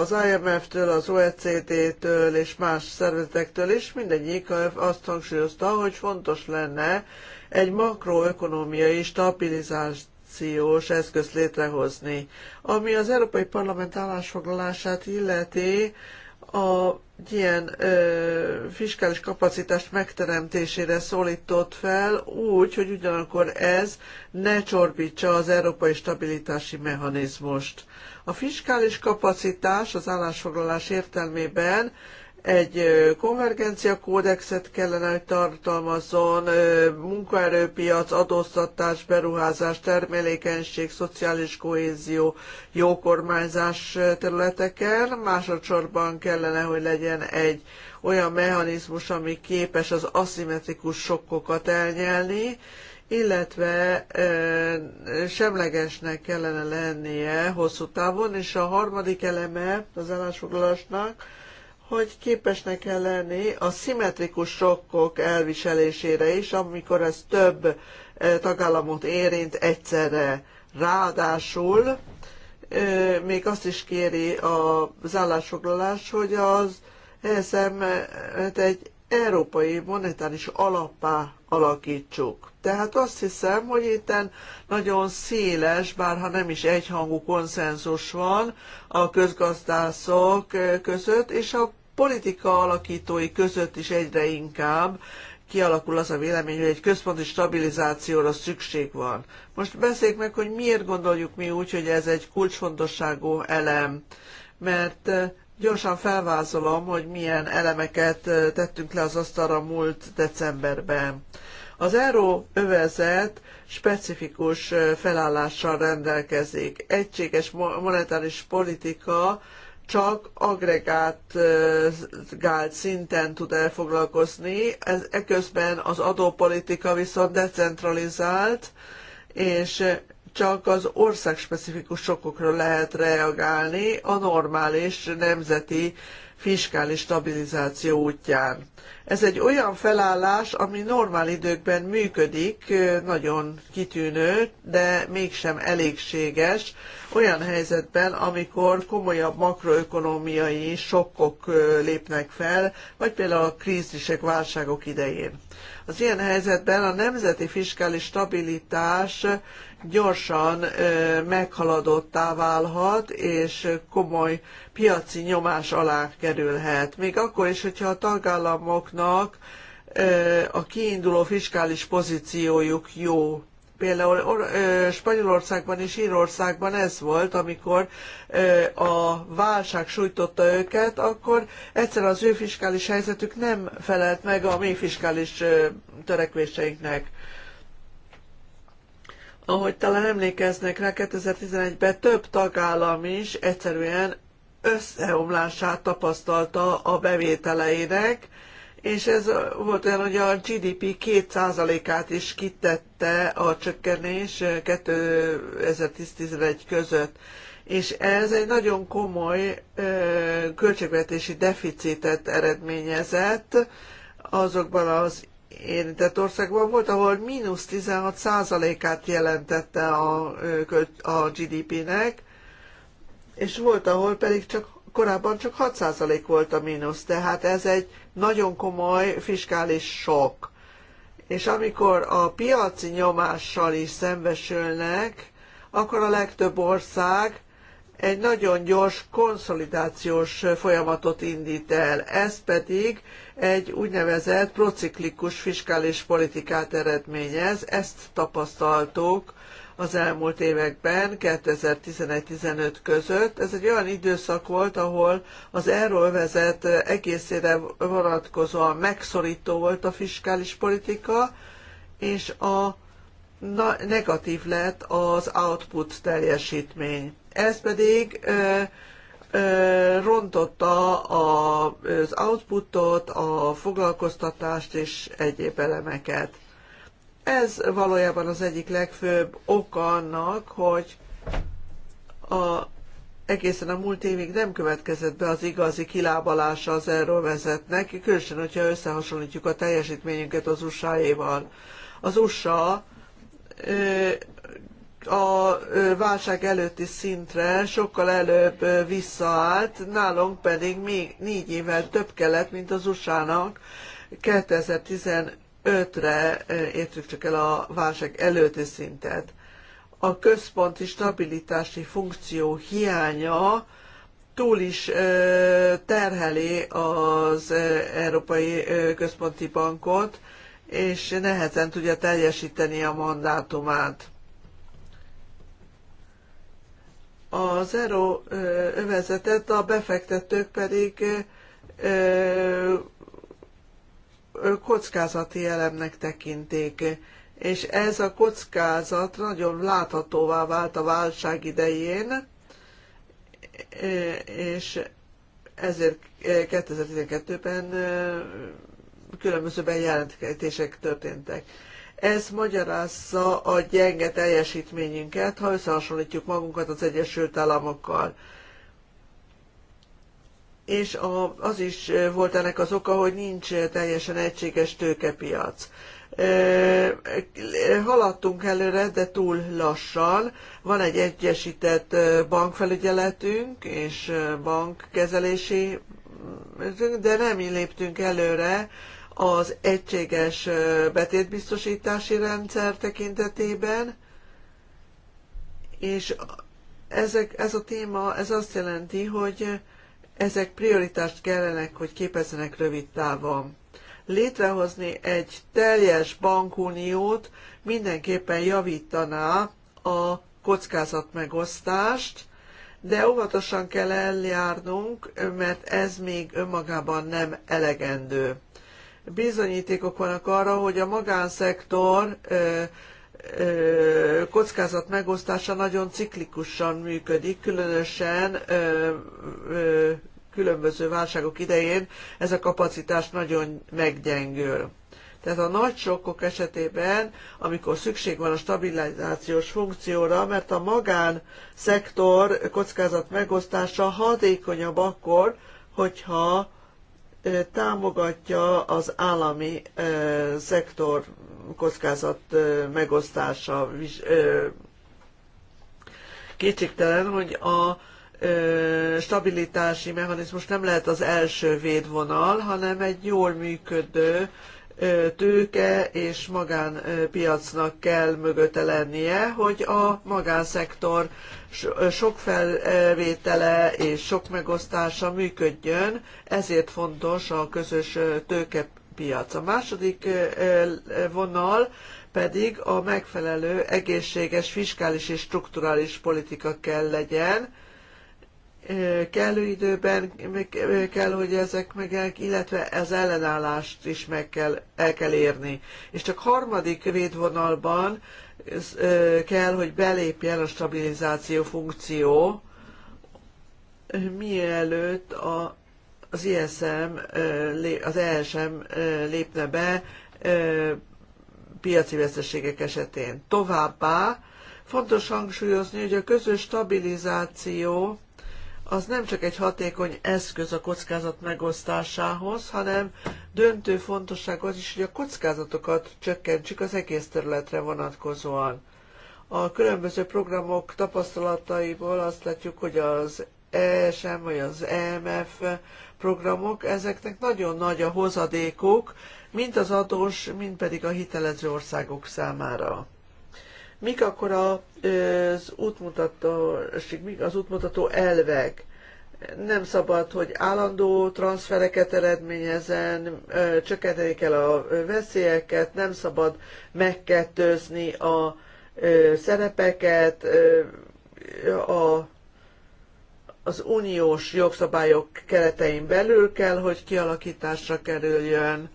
az IMF-től, az OECD-től és más szervezetektől is, mindegyik azt hangsúlyozta, hogy fontos lenne egy makroökonomiai stabilizációs eszköz létrehozni. Ami az Európai Parlament állásfoglalását illeti, a ilyen ö, fiskális kapacitást megteremtésére szólított fel, úgy, hogy ugyanakkor ez ne csorbítsa az európai stabilitási mechanizmust. A fiskális kapacitás az állásfoglalás értelmében egy konvergencia kódexet kellene, hogy tartalmazzon, munkaerőpiac, adóztatás, beruházás, termelékenység, szociális kohézió, jó kormányzás területeken. Másodszorban kellene, hogy legyen egy olyan mechanizmus, ami képes az aszimmetrikus sokkokat elnyelni, illetve e, semlegesnek kellene lennie hosszú távon, és a harmadik eleme az állásfoglalásnak, hogy képesnek kell lenni a szimmetrikus sokkok elviselésére is, amikor ez több eh, tagállamot érint egyszerre. Ráadásul eh, még azt is kéri az állásfoglalás, hogy az ESM-et egy európai monetáris alappá alakítsuk. Tehát azt hiszem, hogy itten nagyon széles, bárha nem is egyhangú konszenzus van a közgazdászok eh, között, és a politika alakítói között is egyre inkább kialakul az a vélemény, hogy egy központi stabilizációra szükség van. Most beszéljük meg, hogy miért gondoljuk mi úgy, hogy ez egy kulcsfontosságú elem. Mert eh, gyorsan felvázolom, hogy milyen elemeket eh, tettünk le az asztalra múlt decemberben. Az euró övezet specifikus felállással rendelkezik. Egységes monetáris politika csak agregált szinten tud elfoglalkozni, ez, eközben az adópolitika viszont decentralizált, és csak az országspecifikus sokokra lehet reagálni a normális nemzeti fiskális stabilizáció útján. Ez egy olyan felállás, ami normál időkben működik, nagyon kitűnő, de mégsem elégséges olyan helyzetben, amikor komolyabb makroökonomiai sokkok lépnek fel, vagy például a krízisek, válságok idején. Az ilyen helyzetben a nemzeti fiskális stabilitás gyorsan meghaladottá válhat, és komoly piaci nyomás alá kerülhet. Még akkor is, hogyha a tagállamoknak a kiinduló fiskális pozíciójuk jó Például Or- Spanyolországban és Írországban ez volt, amikor a válság sújtotta őket, akkor egyszerűen az ő fiskális helyzetük nem felelt meg a mi fiskális törekvéseinknek ahogy talán emlékeznek rá, 2011-ben több tagállam is egyszerűen összeomlását tapasztalta a bevételeinek, és ez volt olyan, hogy a GDP 2%-át is kitette a csökkenés 2011 eh, között és ez egy nagyon komoly eh, költségvetési deficitet eredményezett azokban az érintett országban volt, ahol mínusz 16 százalékát jelentette a, eh, a GDP-nek, és volt, ahol pedig csak korábban csak 6% volt a mínusz, tehát ez egy nagyon komoly fiskális sok. És amikor a piaci nyomással is szembesülnek, akkor a legtöbb ország egy nagyon gyors konszolidációs folyamatot indít el. Ez pedig egy úgynevezett prociklikus fiskális politikát eredményez. Ezt tapasztaltuk az elmúlt években, 2011-15 között. Ez egy olyan időszak volt, ahol az erről vezet egészére vonatkozóan megszorító volt a fiskális politika, és a negatív lett az output teljesítmény. Ez pedig ö, ö, rontotta a, az outputot, a foglalkoztatást és egyéb elemeket. Ez valójában az egyik legfőbb oka annak, hogy a, egészen a múlt évig nem következett be az igazi kilábalása az vezetnek, különösen, hogyha összehasonlítjuk a teljesítményünket az USA-éval. Az USA a válság előtti szintre sokkal előbb visszaállt, nálunk pedig még négy évvel több kellett, mint az USA-nak 2015 ötre re értük csak el a válság előtti szintet. A központi stabilitási funkció hiánya túl is terheli az Európai Központi Bankot, és nehezen tudja teljesíteni a mandátumát. Az euró övezetet a befektetők pedig kockázati elemnek tekintik, és ez a kockázat nagyon láthatóvá vált a válság idején, és ezért 2012-ben különböző bejelentkezések történtek. Ez magyarázza a gyenge teljesítményünket, ha összehasonlítjuk magunkat az Egyesült Államokkal és a, az is volt ennek az oka, hogy nincs teljesen egységes tőkepiac. Haladtunk előre, de túl lassan. Van egy egyesített bankfelügyeletünk és bankkezelési, mm, de nem léptünk előre az egységes betétbiztosítási rendszer tekintetében, és ezek, ez a téma, ez azt jelenti, hogy ezek prioritást kellene, hogy képezzenek rövid távon. Létrehozni egy teljes bankuniót mindenképpen javítaná a kockázatmegosztást, de óvatosan kell eljárnunk, mert ez még önmagában nem elegendő. Bizonyítékok vannak arra, hogy a magánszektor kockázat megosztása nagyon ciklikusan működik, különösen különböző válságok idején ez a kapacitás nagyon meggyengül. Tehát a nagy sokkok esetében, amikor szükség van a stabilizációs funkcióra, mert a magán szektor kockázat megosztása hatékonyabb akkor, hogyha támogatja az állami szektor kockázat megosztása. Kétségtelen, hogy a stabilitási mechanizmus nem lehet az első védvonal, hanem egy jól működő tőke és magánpiacnak kell mögötte lennie, hogy a magánszektor sok felvétele és sok megosztása működjön, ezért fontos a közös tőke piac. A második vonal pedig a megfelelő egészséges fiskális és strukturális politika kell legyen, kellő időben kell, hogy ezek meg, illetve az ellenállást is meg kell, el kell érni. És csak harmadik védvonalban kell, hogy belépjen a stabilizáció funkció, mielőtt a az ISM, az ESM lépne be piaci veszteségek esetén. Továbbá fontos hangsúlyozni, hogy a közös stabilizáció az nem csak egy hatékony eszköz a kockázat megosztásához, hanem döntő fontosság az is, hogy a kockázatokat csökkentsük az egész területre vonatkozóan. A különböző programok tapasztalataiból azt látjuk, hogy az ESM vagy az EMF programok, ezeknek nagyon nagy a hozadékuk, mind az adós, mind pedig a hitelező országok számára. Mik akkor az útmutató, az útmutató elvek? nem szabad, hogy állandó transfereket eredményezen, csökkenteni kell a veszélyeket, nem szabad megkettőzni a szerepeket, a az uniós jogszabályok keretein belül kell, hogy kialakításra kerüljön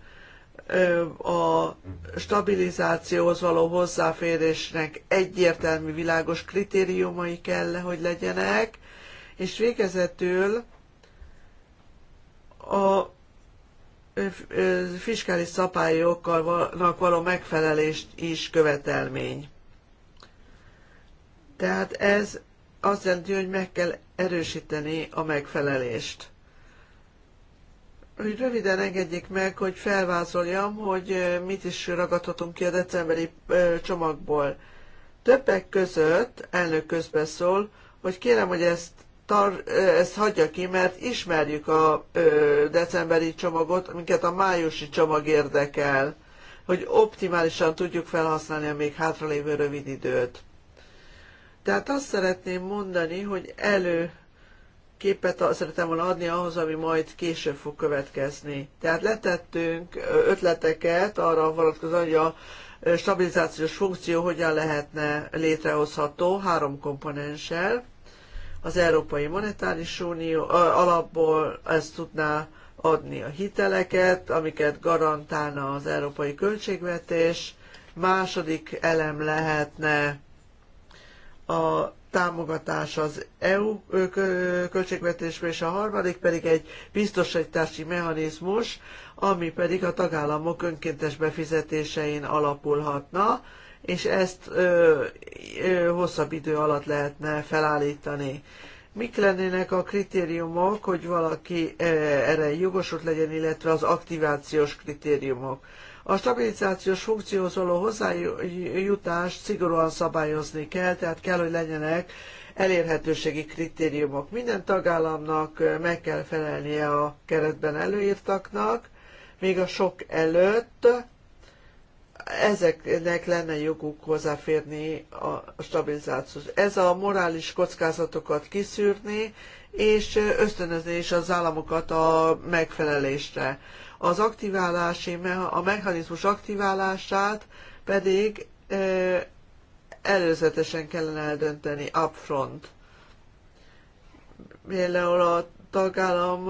a stabilizációhoz való hozzáférésnek egyértelmű, világos kritériumai kell, hogy legyenek, és végezetül a fiskális szabályoknak való megfelelést is követelmény. Tehát ez azt jelenti, hogy meg kell erősíteni a megfelelést. Úgy röviden engedjék meg, hogy felvázoljam, hogy mit is ragadhatunk ki a decemberi csomagból. Többek között elnök közbeszól, hogy kérem, hogy ezt, tar- ezt hagyja ki, mert ismerjük a decemberi csomagot, minket a májusi csomag érdekel, hogy optimálisan tudjuk felhasználni a még hátralévő rövid időt. Tehát azt szeretném mondani, hogy elő képet szeretem volna adni ahhoz, ami majd később fog következni. Tehát letettünk ötleteket arra vonatkozóan, hogy a stabilizációs funkció hogyan lehetne létrehozható három komponenssel. Az Európai Monetáris Unió alapból ezt tudná adni a hiteleket, amiket garantálna az európai költségvetés. Második elem lehetne a támogatás az EU költségvetésből, és a harmadik pedig egy biztosítási mechanizmus, ami pedig a tagállamok önkéntes befizetésein alapulhatna, és ezt ö, ö, hosszabb idő alatt lehetne felállítani. Mik lennének a kritériumok, hogy valaki erre jogosult legyen, illetve az aktivációs kritériumok? A stabilizációs funkcióhoz való hozzájutást szigorúan szabályozni kell, tehát kell, hogy legyenek elérhetőségi kritériumok. Minden tagállamnak meg kell felelnie a keretben előírtaknak, még a sok előtt ezeknek lenne joguk hozzáférni a stabilizációhoz. Ez a morális kockázatokat kiszűrni, és ösztönözni is az államokat a megfelelésre az aktiválási, a mechanizmus aktiválását pedig előzetesen kellene eldönteni upfront. Például a tagállam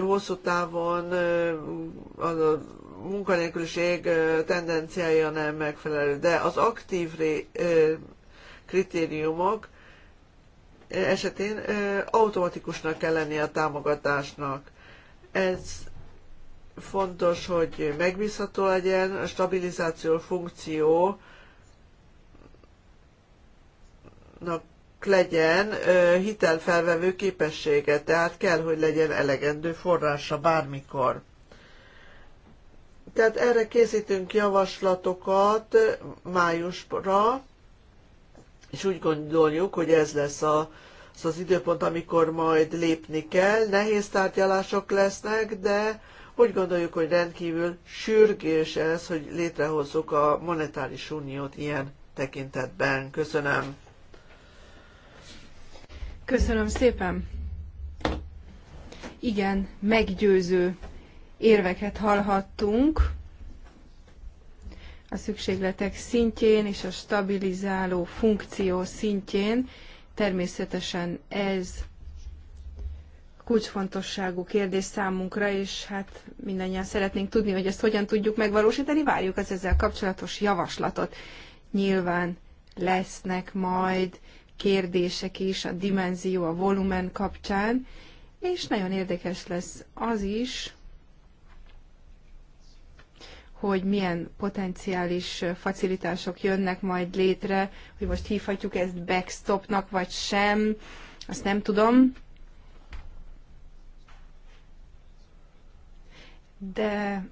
hosszú távon a munkanélküliség tendenciája nem megfelelő, de az aktív kritériumok esetén automatikusnak kell lenni a támogatásnak. Ez fontos, hogy megbízható legyen, a stabilizáció funkció legyen hitelfelvevő képessége, tehát kell, hogy legyen elegendő forrása bármikor. Tehát erre készítünk javaslatokat májusra, és úgy gondoljuk, hogy ez lesz a, az az időpont, amikor majd lépni kell. Nehéz tárgyalások lesznek, de úgy gondoljuk, hogy rendkívül sürgés ez, hogy létrehozzuk a monetáris uniót ilyen tekintetben. Köszönöm. Köszönöm szépen. Igen, meggyőző érveket hallhattunk a szükségletek szintjén és a stabilizáló funkció szintjén. Természetesen ez kulcsfontosságú kérdés számunkra, és hát mindannyian szeretnénk tudni, hogy ezt hogyan tudjuk megvalósítani. Várjuk az ezzel kapcsolatos javaslatot. Nyilván lesznek majd kérdések is a dimenzió, a volumen kapcsán, és nagyon érdekes lesz az is, hogy milyen potenciális facilitások jönnek majd létre, hogy most hívhatjuk ezt backstopnak, vagy sem, azt nem tudom. de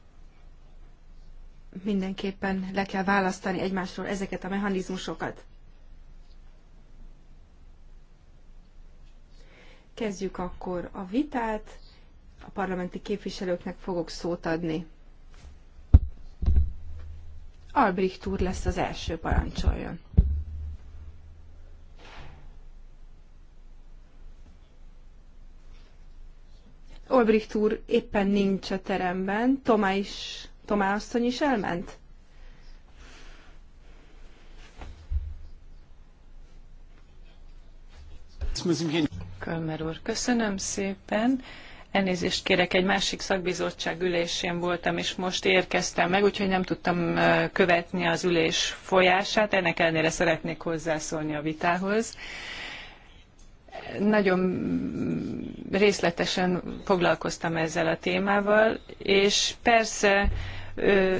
mindenképpen le kell választani egymásról ezeket a mechanizmusokat. Kezdjük akkor a vitát. A parlamenti képviselőknek fogok szót adni. Albrecht úr lesz az első, parancsoljon. Olbricht úr éppen nincs a teremben, Tomá is, Tomá asszony is elment? Kölmer úr, köszönöm szépen. Elnézést kérek, egy másik szakbizottság ülésén voltam, és most érkeztem meg, úgyhogy nem tudtam követni az ülés folyását. Ennek ellenére szeretnék hozzászólni a vitához nagyon részletesen foglalkoztam ezzel a témával, és persze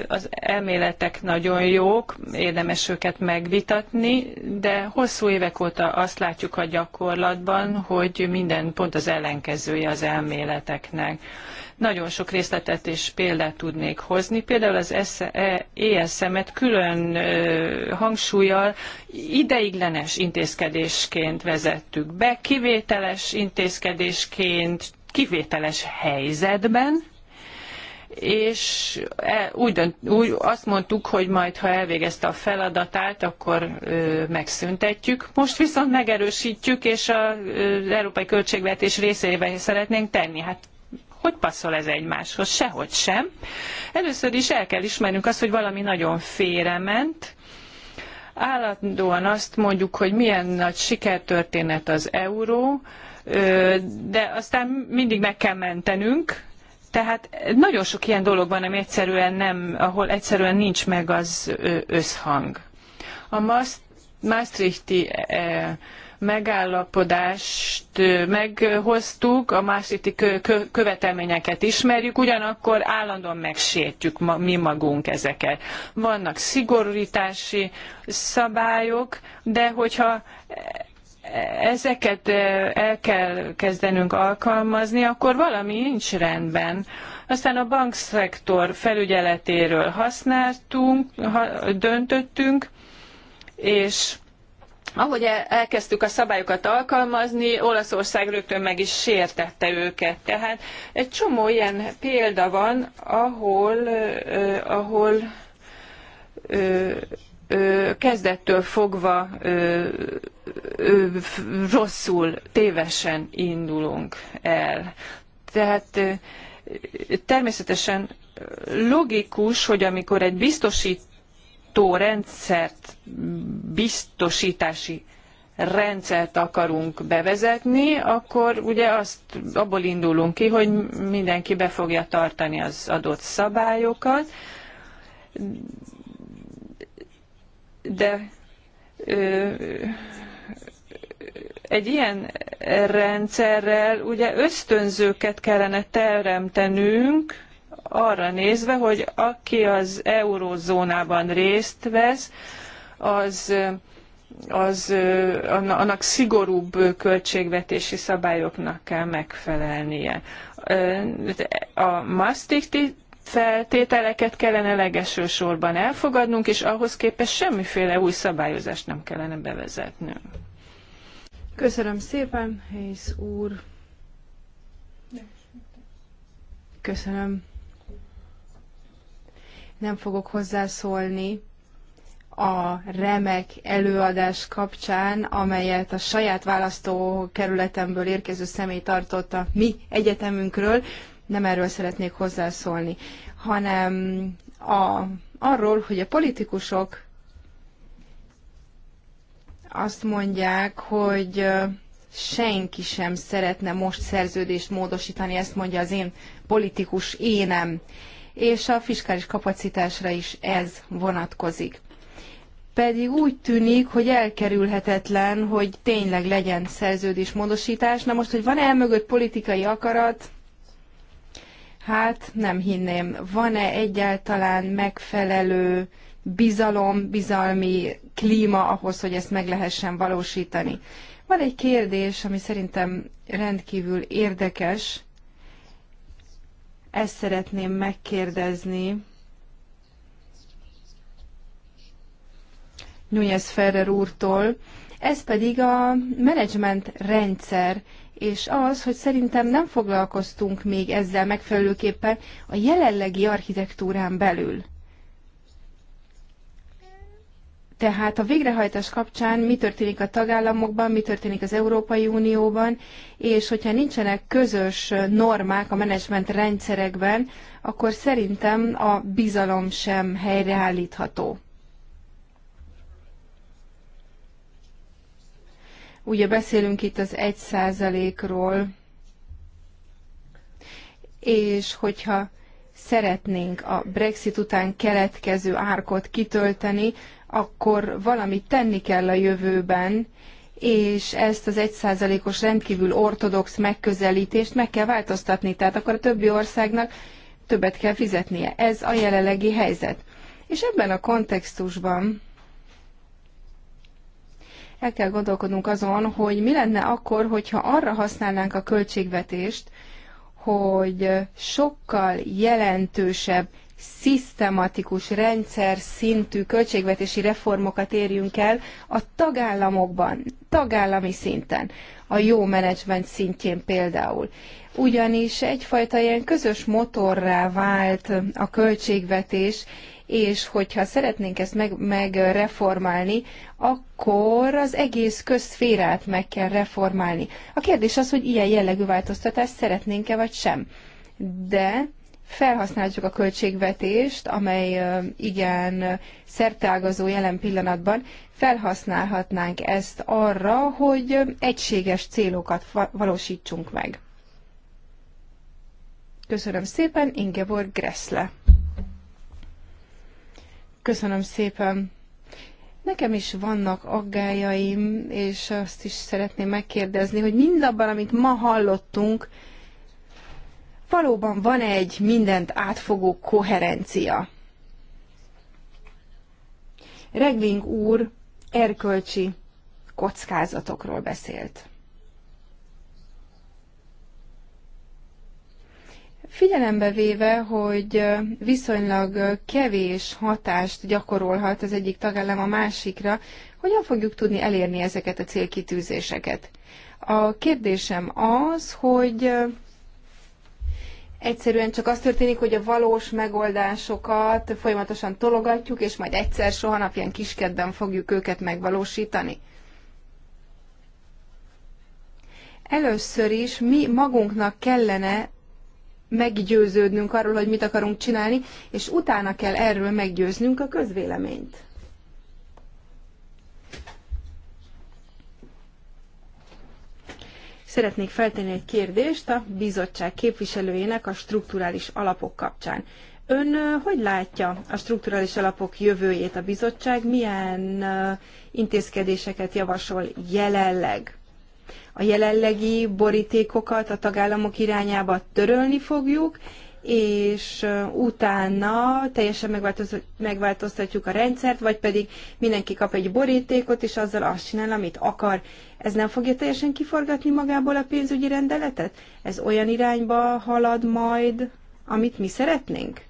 az elméletek nagyon jók, érdemes őket megvitatni, de hosszú évek óta azt látjuk a gyakorlatban, hogy minden pont az ellenkezője az elméleteknek. Nagyon sok részletet és példát tudnék hozni. Például az ESM-et e külön hangsúlyjal ideiglenes intézkedésként vezettük be, kivételes intézkedésként, kivételes helyzetben, és e, úgy, dönt, úgy azt mondtuk, hogy majd, ha elvégezte a feladatát, akkor ö, megszüntetjük. Most viszont megerősítjük, és az európai költségvetés részévé szeretnénk tenni. Hát hogy passzol ez egymáshoz? Sehogy sem. Először is el kell ismernünk azt, hogy valami nagyon félrement, állandóan azt mondjuk, hogy milyen nagy sikertörténet az euró, de aztán mindig meg kell mentenünk, tehát nagyon sok ilyen dolog van, ami egyszerűen nem, ahol egyszerűen nincs meg az összhang. A Maastrichti megállapodást meghoztuk, a másiti követelményeket ismerjük, ugyanakkor állandóan megsértjük mi magunk ezeket. Vannak szigorítási szabályok, de hogyha ezeket el kell kezdenünk alkalmazni, akkor valami nincs rendben. Aztán a bankszektor felügyeletéről használtunk, döntöttünk, és ahogy elkezdtük a szabályokat alkalmazni, Olaszország rögtön meg is sértette őket. Tehát egy csomó ilyen példa van, ahol, ahol kezdettől fogva rosszul, tévesen indulunk el. Tehát természetesen logikus, hogy amikor egy biztosít biztosító rendszert, biztosítási rendszert akarunk bevezetni, akkor ugye azt abból indulunk ki, hogy mindenki be fogja tartani az adott szabályokat, de ö, egy ilyen rendszerrel ugye ösztönzőket kellene teremtenünk, arra nézve, hogy aki az eurózónában részt vesz, az az annak szigorúbb költségvetési szabályoknak kell megfelelnie. A Maastricht feltételeket kellene legeső sorban elfogadnunk, és ahhoz képest semmiféle új szabályozást nem kellene bevezetnünk. Köszönöm szépen, Hész úr. Köszönöm nem fogok hozzászólni a remek előadás kapcsán, amelyet a saját választókerületemből érkező személy tartott a mi egyetemünkről, nem erről szeretnék hozzászólni, hanem a, arról, hogy a politikusok azt mondják, hogy senki sem szeretne most szerződést módosítani, ezt mondja az én politikus énem. Én és a fiskális kapacitásra is ez vonatkozik. Pedig úgy tűnik, hogy elkerülhetetlen, hogy tényleg legyen szerződésmódosítás. Na most, hogy van-e mögött politikai akarat, hát nem hinném. Van-e egyáltalán megfelelő bizalom, bizalmi klíma ahhoz, hogy ezt meg lehessen valósítani? Van egy kérdés, ami szerintem rendkívül érdekes, ezt szeretném megkérdezni. Nunez Ferrer úrtól. Ez pedig a menedzsment rendszer, és az, hogy szerintem nem foglalkoztunk még ezzel megfelelőképpen a jelenlegi architektúrán belül. Tehát a végrehajtás kapcsán mi történik a tagállamokban, mi történik az Európai Unióban, és hogyha nincsenek közös normák a menedzsment rendszerekben, akkor szerintem a bizalom sem helyreállítható. Ugye beszélünk itt az 1%-ról, és hogyha szeretnénk a Brexit után keletkező árkot kitölteni, akkor valamit tenni kell a jövőben, és ezt az egyszázalékos rendkívül ortodox megközelítést meg kell változtatni, tehát akkor a többi országnak többet kell fizetnie. Ez a jelenlegi helyzet. És ebben a kontextusban el kell gondolkodnunk azon, hogy mi lenne akkor, hogyha arra használnánk a költségvetést, hogy sokkal jelentősebb, szisztematikus, rendszer szintű költségvetési reformokat érjünk el a tagállamokban, tagállami szinten, a jó menedzsment szintjén például. Ugyanis egyfajta ilyen közös motorrá vált a költségvetés, és hogyha szeretnénk ezt meg, megreformálni, akkor az egész közszférát meg kell reformálni. A kérdés az, hogy ilyen jellegű változtatást szeretnénk-e vagy sem. De felhasználjuk a költségvetést, amely igen szertágazó jelen pillanatban, felhasználhatnánk ezt arra, hogy egységes célokat valósítsunk meg. Köszönöm szépen, Ingeborg Gressle. Köszönöm szépen. Nekem is vannak aggájaim, és azt is szeretném megkérdezni, hogy mindabban, amit ma hallottunk, valóban van -e egy mindent átfogó koherencia. Regling úr erkölcsi kockázatokról beszélt. Figyelembe véve, hogy viszonylag kevés hatást gyakorolhat az egyik tagállam a másikra, hogyan fogjuk tudni elérni ezeket a célkitűzéseket? A kérdésem az, hogy egyszerűen csak az történik, hogy a valós megoldásokat folyamatosan tologatjuk, és majd egyszer soha napján kiskedben fogjuk őket megvalósítani. Először is mi magunknak kellene meggyőződnünk arról, hogy mit akarunk csinálni, és utána kell erről meggyőznünk a közvéleményt. Szeretnék feltenni egy kérdést a bizottság képviselőjének a strukturális alapok kapcsán. Ön hogy látja a strukturális alapok jövőjét a bizottság? Milyen intézkedéseket javasol jelenleg? a jelenlegi borítékokat a tagállamok irányába törölni fogjuk, és utána teljesen megváltoztatjuk a rendszert, vagy pedig mindenki kap egy borítékot, és azzal azt csinál, amit akar. Ez nem fogja teljesen kiforgatni magából a pénzügyi rendeletet? Ez olyan irányba halad majd, amit mi szeretnénk?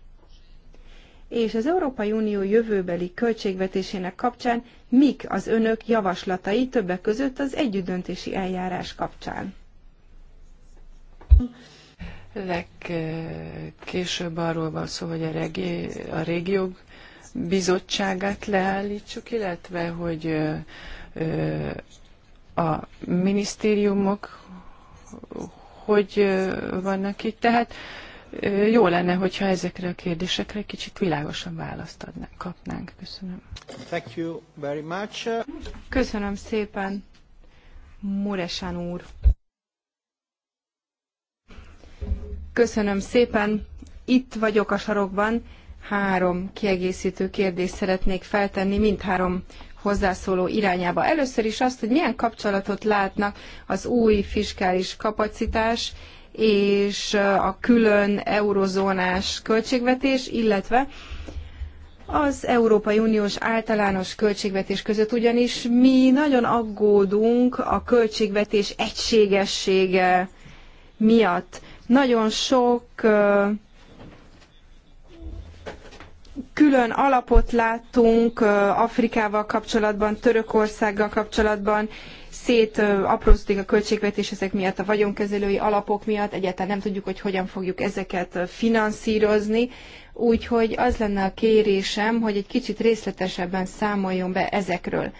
és az Európai Unió jövőbeli költségvetésének kapcsán mik az önök javaslatai többek között az együttdöntési eljárás kapcsán? Legkésőbb arról van szó, hogy a, regi, a régiók bizottságát leállítsuk, illetve hogy a minisztériumok hogy vannak itt. Tehát jó lenne, hogyha ezekre a kérdésekre kicsit világosan választ adnánk, kapnánk. Köszönöm. Thank you very much. Köszönöm szépen, Muresan úr. Köszönöm szépen. Itt vagyok a sarokban. Három kiegészítő kérdést szeretnék feltenni mindhárom hozzászóló irányába. Először is azt, hogy milyen kapcsolatot látnak az új fiskális kapacitás és a külön eurozónás költségvetés, illetve az Európai Uniós általános költségvetés között, ugyanis mi nagyon aggódunk a költségvetés egységessége miatt. Nagyon sok külön alapot láttunk Afrikával kapcsolatban, Törökországgal kapcsolatban, szét aprózódik a költségvetés ezek miatt, a vagyonkezelői alapok miatt, egyáltalán nem tudjuk, hogy hogyan fogjuk ezeket finanszírozni, úgyhogy az lenne a kérésem, hogy egy kicsit részletesebben számoljon be ezekről.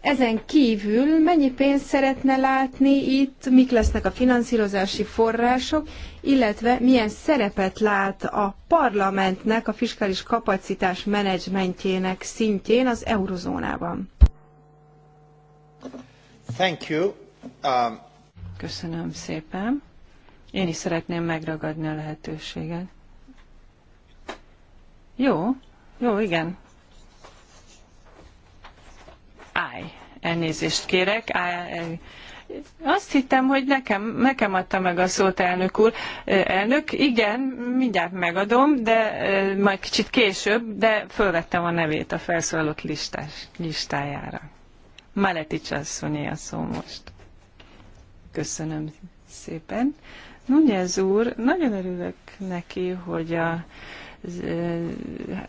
Ezen kívül mennyi pénzt szeretne látni itt, mik lesznek a finanszírozási források, illetve milyen szerepet lát a parlamentnek a fiskális kapacitás menedzsmentjének szintjén az eurozónában? Um, Köszönöm szépen. Én is szeretném megragadni a lehetőséget. Jó, jó, igen. Állj, elnézést kérek. Állj, azt hittem, hogy nekem, nekem adta meg a szót elnök úr. Elnök, igen, mindjárt megadom, de majd kicsit később, de fölvettem a nevét a felszólalók listás, listájára. Maletics asszonyé a szó most. Köszönöm szépen. Nunez úr, nagyon örülök neki, hogy a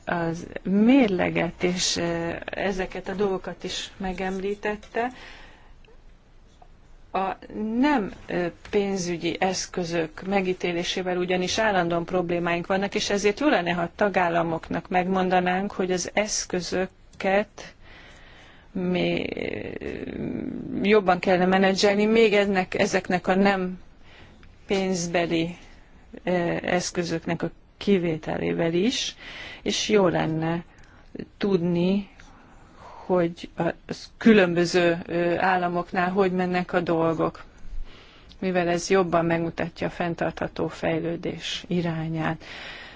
az mérleget és e, ezeket a dolgokat is megemlítette. A nem e, pénzügyi eszközök megítélésével ugyanis állandóan problémáink vannak, és ezért jó lenne, ha a tagállamoknak megmondanánk, hogy az eszközöket jobban kellene menedzselni, még ennek, ezeknek a nem pénzbeli e, eszközöknek a kivételével is, és jó lenne tudni, hogy a különböző államoknál hogy mennek a dolgok, mivel ez jobban megmutatja a fenntartható fejlődés irányát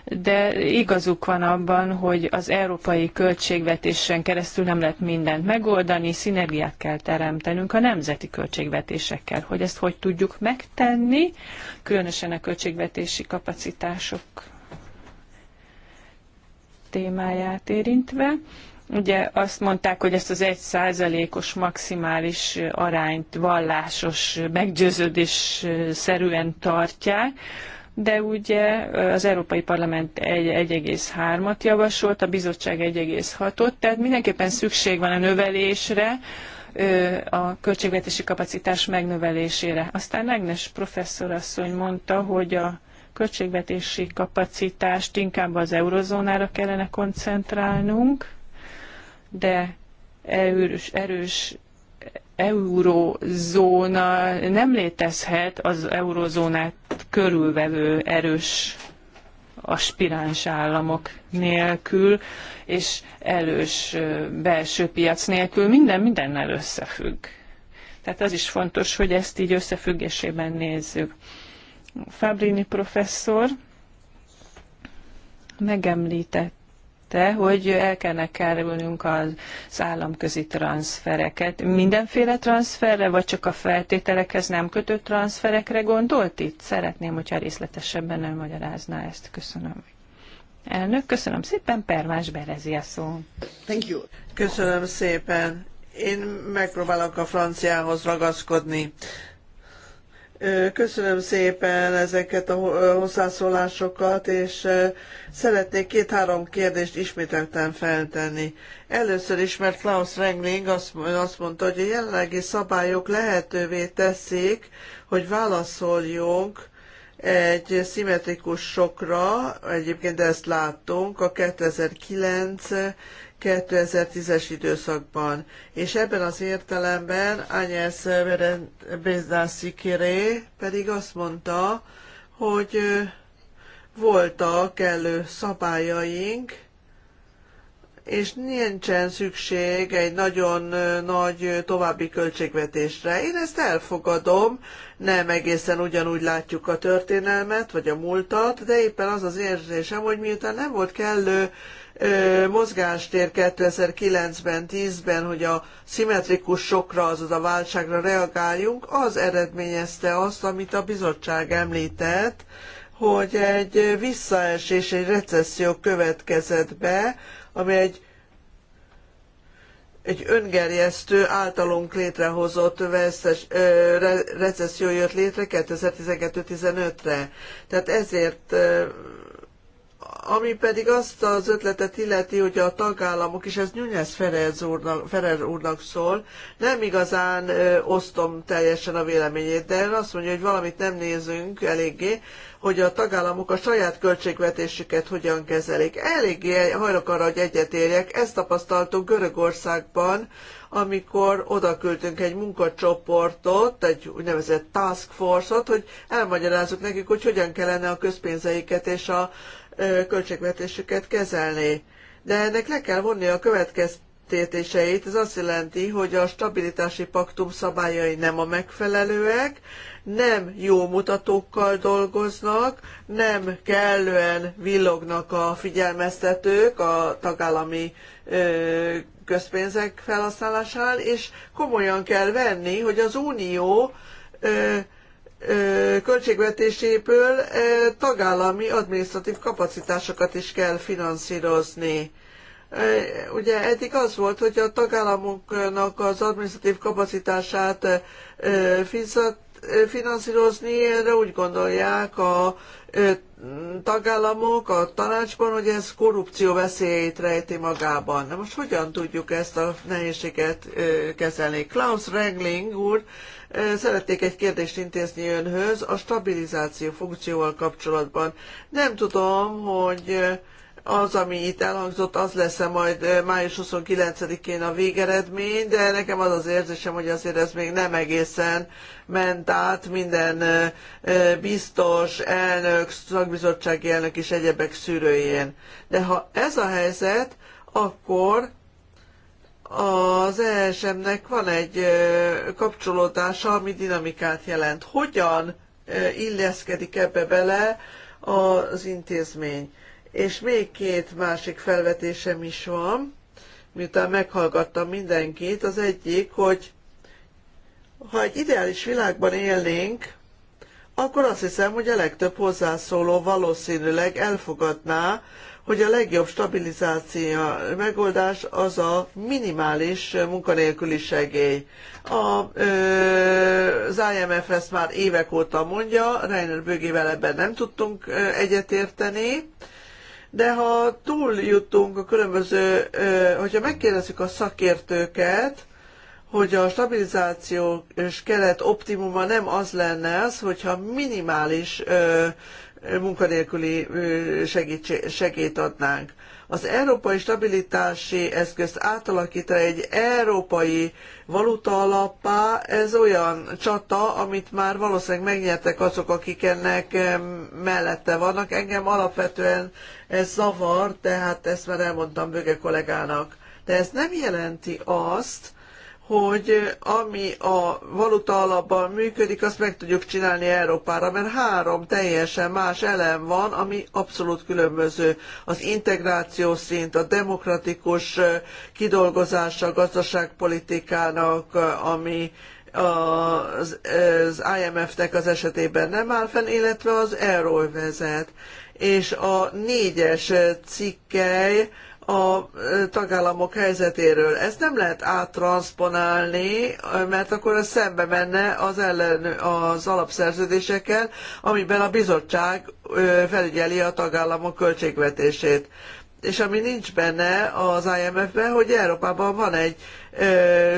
de igazuk van abban, hogy az európai költségvetésen keresztül nem lehet mindent megoldani, szinergiát kell teremtenünk a nemzeti költségvetésekkel. Hogy ezt hogy tudjuk megtenni, különösen a költségvetési kapacitások témáját érintve. Ugye azt mondták, hogy ezt az egy százalékos maximális arányt vallásos meggyőződés szerűen tartják, de ugye az Európai Parlament 1,3-at javasolt, a bizottság 1,6-ot, tehát mindenképpen szükség van a növelésre, a költségvetési kapacitás megnövelésére. Aztán Agnes professzor asszony mondta, hogy a költségvetési kapacitást inkább az eurozónára kellene koncentrálnunk, de erős, erős eurozóna nem létezhet az eurozónát körülvevő erős aspiráns államok nélkül, és erős belső piac nélkül minden mindennel összefügg. Tehát az is fontos, hogy ezt így összefüggésében nézzük. Fabrini professzor megemlített említette, hogy el kellene kerülnünk az államközi transfereket. Mindenféle transferre, vagy csak a feltételekhez nem kötött transferekre gondolt itt? Szeretném, hogyha részletesebben elmagyarázná ezt. Köszönöm. Elnök, köszönöm szépen, Pervás Berezi a szó. Thank you. Köszönöm szépen. Én megpróbálok a franciához ragaszkodni. Köszönöm szépen ezeket a hozzászólásokat, és szeretnék két-három kérdést ismételten feltenni. Először is, mert Klaus Rengling azt mondta, hogy a jelenlegi szabályok lehetővé teszik, hogy válaszoljunk egy szimmetrikus sokra, egyébként ezt láttunk, a 2009 2010-es időszakban, és ebben az értelemben Agnes Bézdászikeré pedig azt mondta, hogy voltak elő szabályaink, és nincsen szükség egy nagyon nagy további költségvetésre. Én ezt elfogadom, nem egészen ugyanúgy látjuk a történelmet, vagy a múltat, de éppen az az érzésem, hogy miután nem volt kellő mozgástér 2009-ben, 10-ben, hogy a szimmetrikus sokra, azaz a válságra reagáljunk, az eredményezte azt, amit a bizottság említett, hogy egy visszaesés, egy recesszió következett be, ami egy egy öngerjesztő, általunk létrehozott vesztes, ö, re, recesszió jött létre 2012-15-re. Tehát ezért ami pedig azt az ötletet illeti, hogy a tagállamok, és ez Nyújjász Ferez úrnak, úrnak szól, nem igazán ö, osztom teljesen a véleményét, de ön azt mondja, hogy valamit nem nézünk eléggé, hogy a tagállamok a saját költségvetésüket hogyan kezelik. Eléggé hajlok arra, hogy egyetérjek. Ezt tapasztaltunk Görögországban, amikor odaküldtünk egy munkacsoportot, egy úgynevezett task force-ot, hogy elmagyarázzuk nekik, hogy hogyan kellene a közpénzeiket és a költségvetésüket kezelni. De ennek le kell vonni a következtetéseit, ez azt jelenti, hogy a stabilitási paktum szabályai nem a megfelelőek, nem jó mutatókkal dolgoznak, nem kellően villognak a figyelmeztetők a tagállami ö, közpénzek felhasználásán, és komolyan kell venni, hogy az Unió ö, költségvetéséből tagállami adminisztratív kapacitásokat is kell finanszírozni. Ugye eddig az volt, hogy a tagállamoknak az adminisztratív kapacitását finanszírozni, erre úgy gondolják a tagállamok a tanácsban, hogy ez korrupció veszélyét rejti magában. Na most hogyan tudjuk ezt a nehézséget kezelni? Klaus Regling úr Szeretnék egy kérdést intézni önhöz a stabilizáció funkcióval kapcsolatban. Nem tudom, hogy az, ami itt elhangzott, az lesz-e majd május 29-én a végeredmény, de nekem az az érzésem, hogy azért ez még nem egészen ment át, minden biztos, elnök, szakbizottsági elnök és egyebek szűrőjén. De ha ez a helyzet, akkor az ESM-nek van egy kapcsolódása, ami dinamikát jelent. Hogyan illeszkedik ebbe bele az intézmény? És még két másik felvetésem is van, miután meghallgattam mindenkit. Az egyik, hogy ha egy ideális világban élnénk, akkor azt hiszem, hogy a legtöbb hozzászóló valószínűleg elfogadná, hogy a legjobb stabilizáció megoldás az a minimális munkanélküli segély. A, ö, az IMF ezt már évek óta mondja, Reiner Bögével ebben nem tudtunk egyetérteni, de ha túljutunk a különböző, ö, hogyha megkérdezzük a szakértőket, hogy a stabilizációs keret optimuma nem az lenne az, hogyha minimális ö, munkanélküli segít adnánk. Az európai stabilitási eszközt átalakítani egy európai valuta alappá, ez olyan csata, amit már valószínűleg megnyertek azok, akik ennek mellette vannak. Engem alapvetően ez zavar, tehát ezt már elmondtam Böge kollégának. De ez nem jelenti azt, hogy ami a valuta alapban működik, azt meg tudjuk csinálni Európára, mert három teljesen más elem van, ami abszolút különböző. Az integráció szint, a demokratikus kidolgozása a gazdaságpolitikának, ami az, az IMF-nek az esetében nem áll fenn, illetve az euróvezet. És a négyes cikkely, a tagállamok helyzetéről. Ezt nem lehet áttranszponálni, mert akkor ez szembe menne az, ellen, az alapszerződésekkel, amiben a bizottság felügyeli a tagállamok költségvetését. És ami nincs benne az IMF-ben, hogy Európában van egy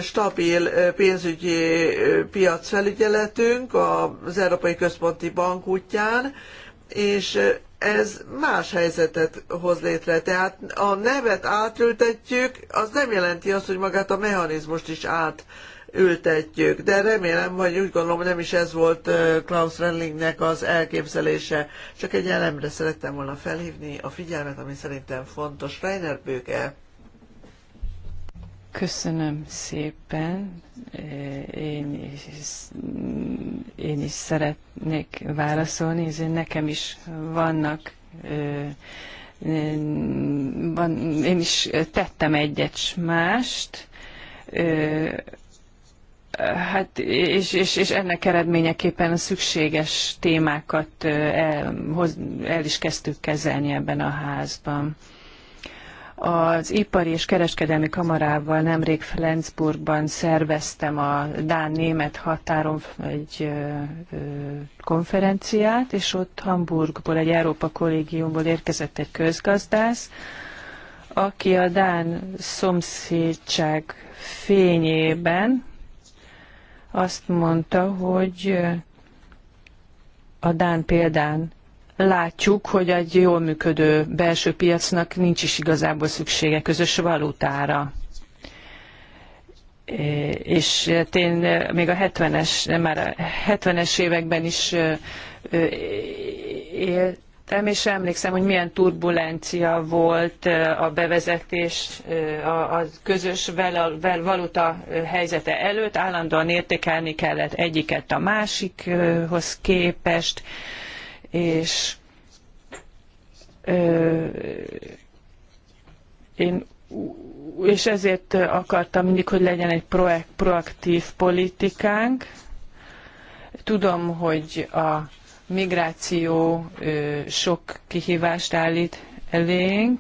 stabil pénzügyi piacfelügyeletünk az Európai Központi Bank útján, és ez más helyzetet hoz létre. Tehát a nevet átültetjük, az nem jelenti azt, hogy magát a mechanizmust is átültetjük. De remélem, vagy úgy gondolom, nem is ez volt Klaus Renlingnek az elképzelése. Csak egy elemre szerettem volna felhívni a figyelmet, ami szerintem fontos. Reiner Bőke. Köszönöm szépen. Én is, én is szeretnék válaszolni, ezért nekem is vannak van, én is tettem egyet s mást, hát és, és, és ennek eredményeképpen a szükséges témákat el, el is kezdtük kezelni ebben a házban. Az ipari és kereskedelmi kamarával nemrég Flensburgban szerveztem a Dán-német határon egy konferenciát, és ott Hamburgból, egy Európa kollégiumból érkezett egy közgazdász, aki a Dán szomszédság fényében azt mondta, hogy a Dán példán látjuk, hogy egy jól működő belső piacnak nincs is igazából szüksége közös valutára és hát én e, még a 70-es, már a 70-es években is e, e, éltem, és emlékszem, hogy milyen turbulencia volt a bevezetés, a, közös valuta helyzete előtt, állandóan értékelni kellett egyiket a másikhoz képest, és én és ezért akartam mindig, hogy legyen egy proaktív politikánk. Tudom, hogy a migráció sok kihívást állít elénk,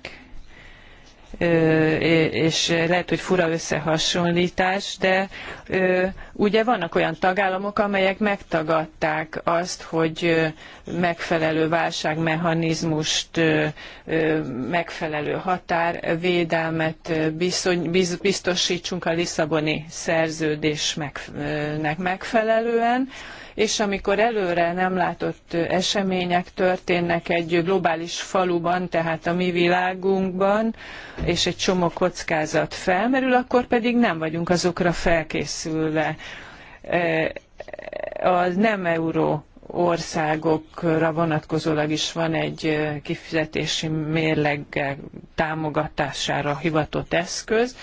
és lehet, hogy fura összehasonlítás, de ugye vannak olyan tagállamok, amelyek megtagadták azt, hogy megfelelő válságmechanizmust, megfelelő határvédelmet biztosítsunk a Lisszaboni szerződésnek megfelelően, és amikor előre nem látott események történnek egy globális faluban, tehát a mi világunkban, és egy csomó kockázat felmerül, akkor pedig nem vagyunk azokra felkészülve. E, a nem euró országokra vonatkozólag is van egy kifizetési mérleg támogatására hivatott eszköz.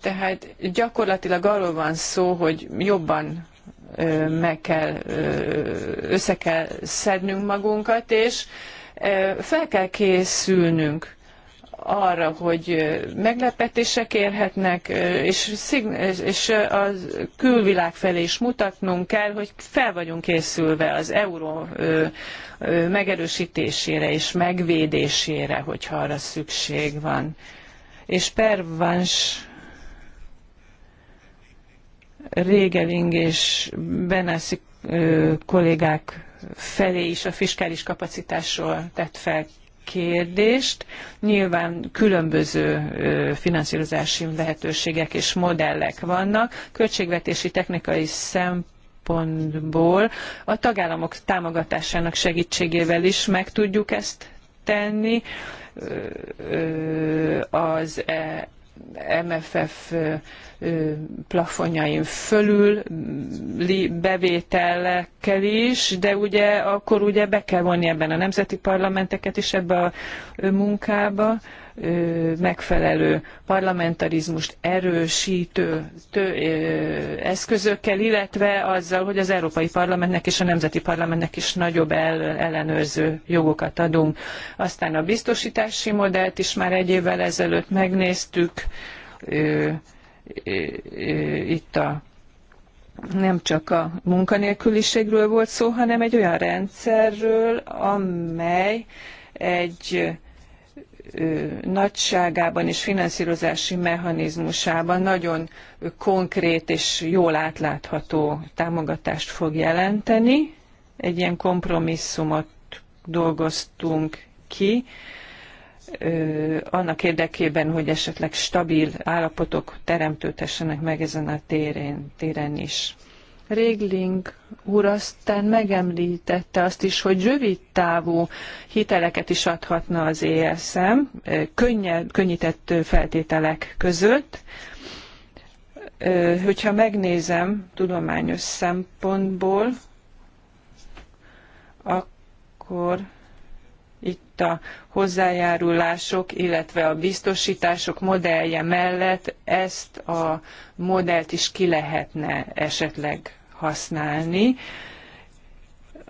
Tehát gyakorlatilag arról van szó, hogy jobban meg kell, össze kell szednünk magunkat, és fel kell készülnünk arra, hogy meglepetések érhetnek, és, és a külvilág felé is mutatnunk kell, hogy fel vagyunk készülve az euró megerősítésére és megvédésére, hogyha arra szükség van. És pervans Régeling és Benászi kollégák felé is a fiskális kapacitásról tett fel kérdést. Nyilván különböző finanszírozási lehetőségek és modellek vannak. Költségvetési technikai szempontból a tagállamok támogatásának segítségével is meg tudjuk ezt tenni. Az MFF plafonjain fölül bevételekkel is, de ugye akkor ugye be kell vonni ebben a nemzeti parlamenteket is ebbe a munkába megfelelő parlamentarizmust erősítő tő, eszközökkel, illetve azzal, hogy az Európai Parlamentnek és a Nemzeti Parlamentnek is nagyobb ellenőrző jogokat adunk. Aztán a biztosítási modellt is már egy évvel ezelőtt megnéztük. Itt a nem csak a munkanélküliségről volt szó, hanem egy olyan rendszerről, amely egy nagyságában és finanszírozási mechanizmusában nagyon konkrét és jól átlátható támogatást fog jelenteni. Egy ilyen kompromisszumot dolgoztunk ki, annak érdekében, hogy esetleg stabil állapotok teremtődhessenek meg ezen a téren, téren is. Régling úr aztán megemlítette azt is, hogy rövid távú hiteleket is adhatna az ESM, könnyed, könnyített feltételek között. Hogyha megnézem tudományos szempontból, akkor a hozzájárulások, illetve a biztosítások modellje mellett ezt a modellt is ki lehetne esetleg használni.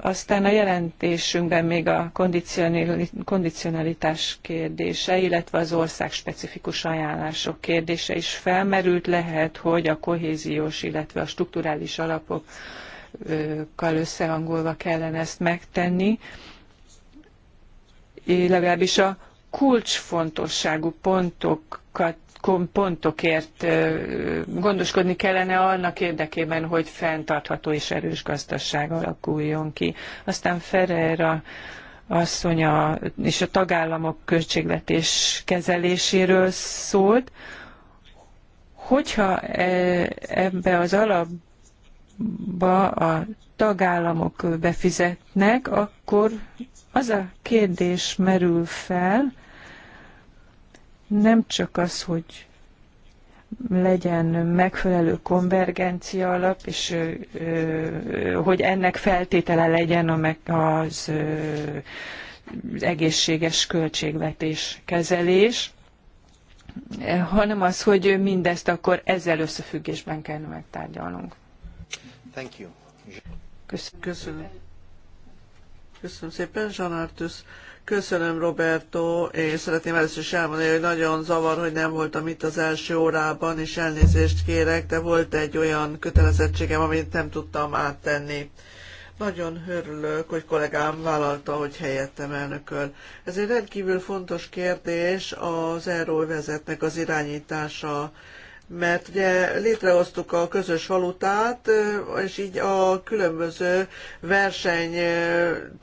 Aztán a jelentésünkben még a kondicionalitás kérdése, illetve az ország specifikus ajánlások kérdése is felmerült. Lehet, hogy a kohéziós, illetve a strukturális alapokkal összehangolva kellene ezt megtenni legalábbis a kulcsfontosságú pontokat pontokért gondoskodni kellene annak érdekében, hogy fenntartható és erős gazdaság alakuljon ki. Aztán Ferreira asszony a, és a tagállamok költségvetés kezeléséről szólt. Hogyha e, ebbe az alapba a tagállamok befizetnek, akkor az a kérdés merül fel, nem csak az, hogy legyen megfelelő konvergencia alap, és hogy ennek feltétele legyen az egészséges költségvetés kezelés, hanem az, hogy mindezt akkor ezzel összefüggésben kell megtárgyalnunk. Thank you. Köszönöm. Köszönöm. Köszönöm szépen, Jean Artus. Köszönöm, Roberto. és szeretném először is elmondani, hogy nagyon zavar, hogy nem voltam itt az első órában, és elnézést kérek, de volt egy olyan kötelezettségem, amit nem tudtam áttenni. Nagyon örülök, hogy kollégám vállalta, hogy helyettem elnököl. Ez egy rendkívül fontos kérdés az Euróvezetnek az irányítása mert ugye létrehoztuk a közös valutát, és így a különböző verseny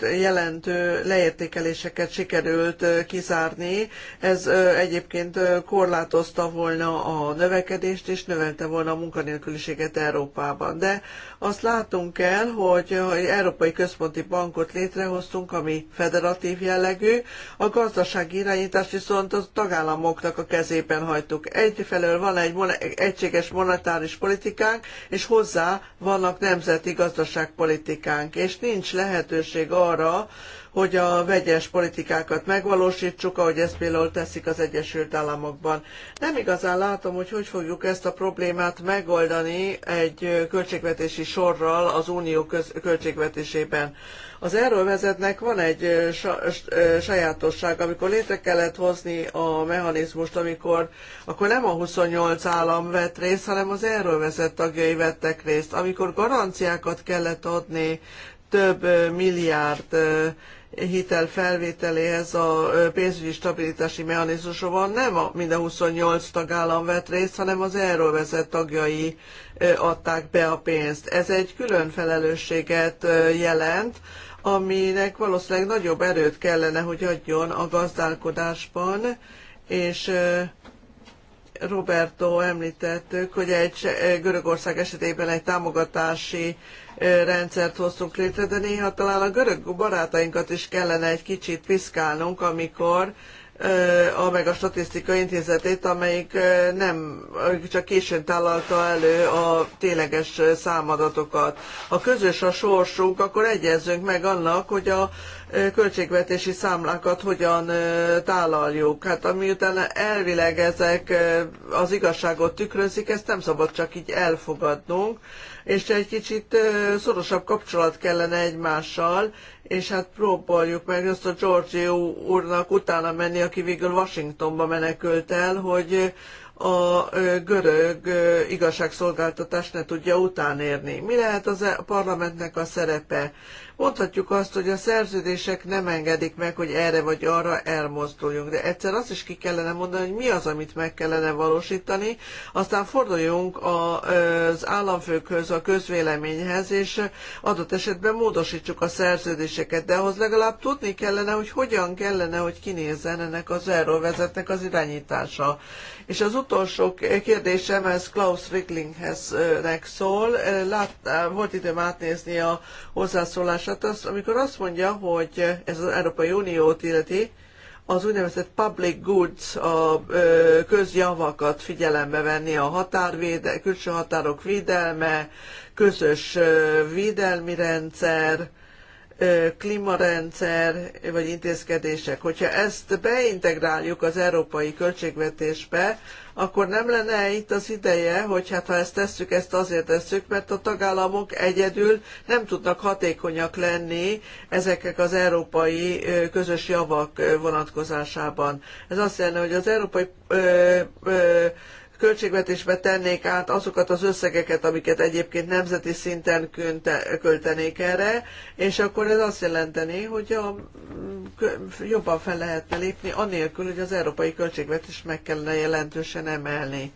jelentő leértékeléseket sikerült kizárni. Ez egyébként korlátozta volna a növekedést, és növelte volna a munkanélküliséget Európában. De azt látunk el, hogy ha Európai Központi Bankot létrehoztunk, ami federatív jellegű, a gazdasági irányítást viszont a tagállamoknak a kezében hagytuk. Egyfelől van egy egységes monetáris politikánk, és hozzá vannak nemzeti gazdaságpolitikánk, és nincs lehetőség arra, hogy a vegyes politikákat megvalósítsuk, ahogy ezt például teszik az Egyesült Államokban. Nem igazán látom, hogy hogy fogjuk ezt a problémát megoldani egy költségvetési sorral az unió köz- költségvetésében. Az erről vezetnek van egy sajátosság, amikor létre kellett hozni a mechanizmust, amikor akkor nem a 28 állam vett részt, hanem az erről vezet tagjai vettek részt. Amikor garanciákat kellett adni több milliárd hitel felvételéhez a pénzügyi stabilitási mechanizmusban nem a minden 28 tagállam vett részt, hanem az vezett tagjai adták be a pénzt. Ez egy külön felelősséget jelent, aminek valószínűleg nagyobb erőt kellene, hogy adjon a gazdálkodásban, és Roberto említettük, hogy egy eh, Görögország esetében egy támogatási eh, rendszert hoztunk létre, de néha talán a görög barátainkat is kellene egy kicsit piszkálnunk, amikor a meg a statisztika intézetét, amelyik nem, csak későn tálalta elő a tényleges számadatokat. Ha közös a sorsunk, akkor egyezzünk meg annak, hogy a költségvetési számlákat hogyan tálaljuk. Hát amiután elvileg ezek az igazságot tükrözik, ezt nem szabad csak így elfogadnunk, és egy kicsit szorosabb kapcsolat kellene egymással, és hát próbáljuk meg azt a Giorgio úrnak utána menni, aki végül Washingtonba menekült el, hogy a görög igazságszolgáltatást ne tudja utánérni. Mi lehet az a e-, parlamentnek a szerepe? Mondhatjuk azt, hogy a szerződések nem engedik meg, hogy erre vagy arra elmozduljunk, de egyszer azt is ki kellene mondani, hogy mi az, amit meg kellene valósítani, aztán forduljunk az államfőkhöz, a közvéleményhez, és adott esetben módosítsuk a szerződéseket, de ahhoz legalább tudni kellene, hogy hogyan kellene, hogy kinézzen ennek az erővezetnek az irányítása. És az utolsó kérdésem, ez Klaus Ricklinghez szól. Lát, volt időm átnézni a hozzászólását, tehát az, amikor azt mondja, hogy ez az Európai Uniót illeti, az úgynevezett public goods, a közjavakat figyelembe venni, a határvéde, külső határok védelme, közös védelmi rendszer, klímarendszer vagy intézkedések. Hogyha ezt beintegráljuk az európai költségvetésbe, akkor nem lenne itt az ideje, hogy hát ha ezt tesszük, ezt azért tesszük, mert a tagállamok egyedül nem tudnak hatékonyak lenni ezekek az európai közös javak vonatkozásában. Ez azt jelenti, hogy az európai ö, ö, költségvetésbe tennék át azokat az összegeket, amiket egyébként nemzeti szinten költenék erre, és akkor ez azt jelenteni, hogy a, mm, jobban fel lehetne lépni, anélkül, hogy az európai költségvetés meg kellene jelentősen emelni.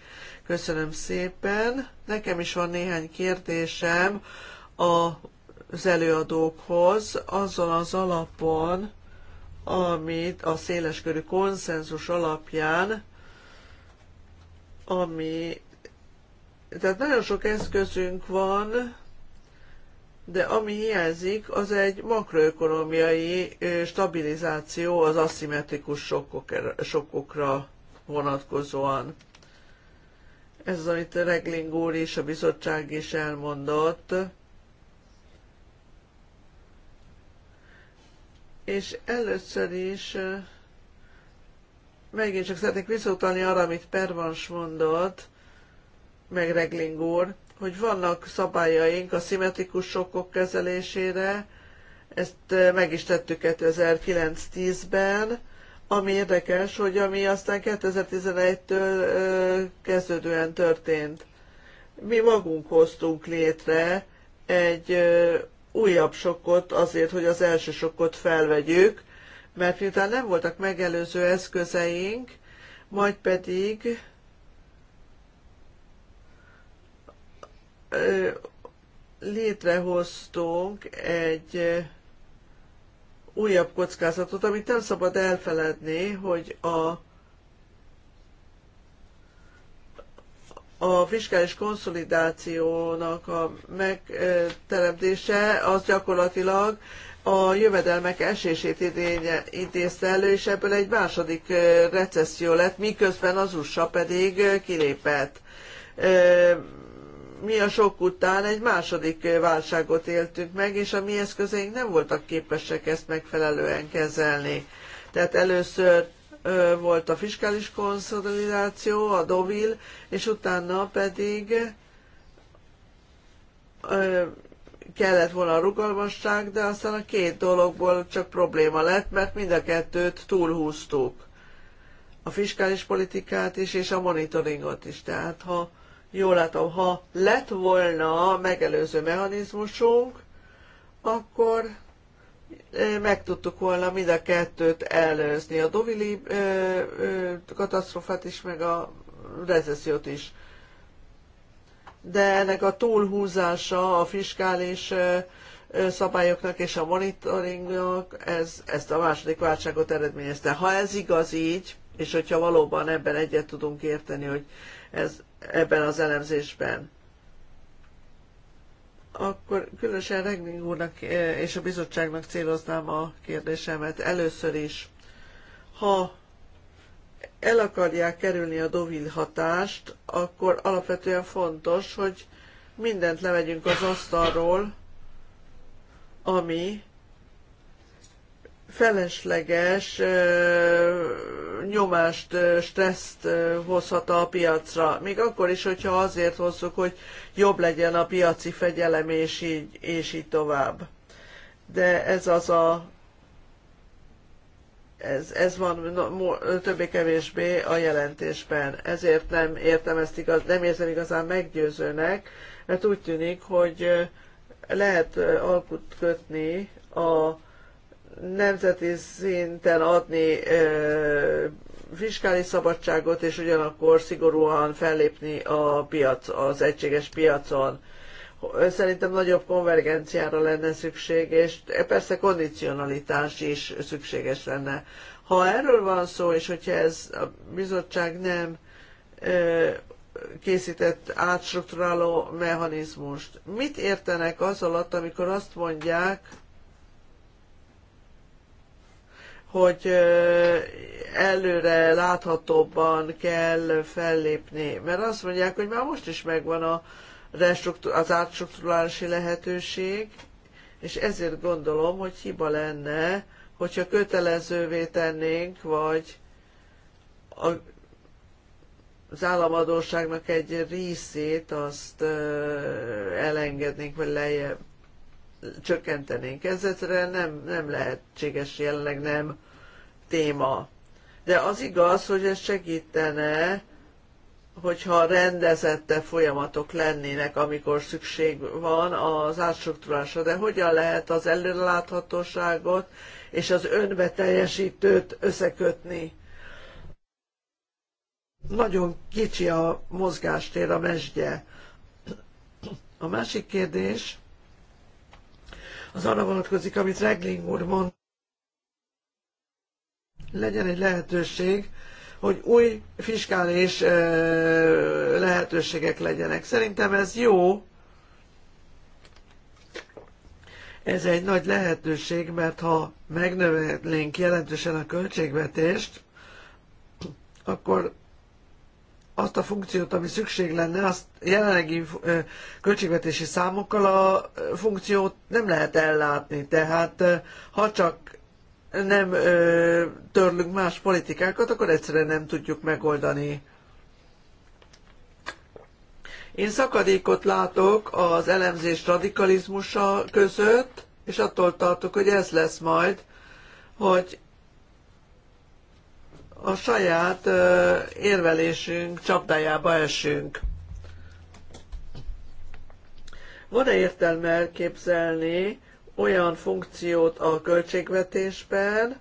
Köszönöm szépen. Nekem is van néhány kérdésem a az előadókhoz azon az alapon, amit a széleskörű konszenzus alapján ami, tehát nagyon sok eszközünk van, de ami hiányzik, az egy makroökonomiai stabilizáció az aszimmetrikus sokokra sokkokra vonatkozóan. Ez az, amit Regling úr és a bizottság is elmondott. És először is megint csak szeretnék visszautalni arra, amit Pervans mondott, meg Regling úr, hogy vannak szabályaink a szimmetrikus sokkok kezelésére, ezt eh, meg is tettük 2009-10-ben, ami érdekes, hogy ami aztán 2011-től eh, kezdődően történt. Mi magunk hoztunk létre egy eh, újabb sokkot azért, hogy az első sokkot felvegyük, mert miután nem voltak megelőző eszközeink, majd pedig létrehoztunk egy újabb kockázatot, amit nem szabad elfeledni, hogy a a fiskális konszolidációnak a megteremtése az gyakorlatilag a jövedelmek esését idénye, idézte elő, és ebből egy második recesszió lett, miközben az USA pedig kilépett. Mi a sok után egy második válságot éltünk meg, és a mi eszközeink nem voltak képesek ezt megfelelően kezelni. Tehát először volt a fiskális konszolidáció, a Dovil, és utána pedig kellett volna a rugalmasság, de aztán a két dologból csak probléma lett, mert mind a kettőt túlhúztuk. A fiskális politikát is, és a monitoringot is. Tehát ha jól látom, ha lett volna megelőző mechanizmusunk, akkor meg tudtuk volna mind a kettőt előzni, a Dovili katasztrofát is, meg a recessziót is de ennek a túlhúzása a fiskális szabályoknak és a monitoringnak ez, ezt a második válságot eredményezte. Ha ez igaz így, és hogyha valóban ebben egyet tudunk érteni, hogy ez ebben az elemzésben, akkor különösen Regning úrnak és a bizottságnak céloznám a kérdésemet először is. Ha el akarják kerülni a Dovil hatást, akkor alapvetően fontos, hogy mindent levegyünk az asztalról, ami felesleges nyomást, stresszt hozhat a piacra. Még akkor is, hogyha azért hozzuk, hogy jobb legyen a piaci fegyelem, és így, és így tovább. De ez az a ez, ez van többé-kevésbé a jelentésben. Ezért nem értem ezt igaz, nem érzem igazán meggyőzőnek, mert úgy tűnik, hogy lehet alkut kötni a nemzeti szinten adni fiskális szabadságot, és ugyanakkor szigorúan fellépni a piac, az egységes piacon Szerintem nagyobb konvergenciára lenne szükség, és persze kondicionalitás is szükséges lenne. Ha erről van szó, és hogyha ez a bizottság nem készített átstruktúráló mechanizmust. Mit értenek az alatt, amikor azt mondják, hogy előre láthatóbban kell fellépni? Mert azt mondják, hogy már most is megvan a az átstruktúrálási lehetőség, és ezért gondolom, hogy hiba lenne, hogyha kötelezővé tennénk, vagy a, az államadóságnak egy részét azt elengednénk, vagy lejjebb csökkentenénk. Ez nem, nem lehetséges, jelenleg nem téma. De az igaz, hogy ez segítene hogyha rendezette folyamatok lennének, amikor szükség van az átstruktúrásra, de hogyan lehet az előreláthatóságot és az önbeteljesítőt összekötni? Nagyon kicsi a mozgástér, a mesdje. A másik kérdés az arra vonatkozik, amit Regling úr mond. Legyen egy lehetőség, hogy új fiskális lehetőségek legyenek. Szerintem ez jó, ez egy nagy lehetőség, mert ha megnövelnénk jelentősen a költségvetést, akkor azt a funkciót, ami szükség lenne, azt jelenlegi költségvetési számokkal a funkciót nem lehet ellátni. Tehát ha csak nem ö, törlünk más politikákat, akkor egyszerűen nem tudjuk megoldani. Én szakadékot látok az elemzés radikalizmusa között, és attól tartok, hogy ez lesz majd, hogy a saját ö, érvelésünk csapdájába esünk. Van-e értelme elképzelni, olyan funkciót a költségvetésben,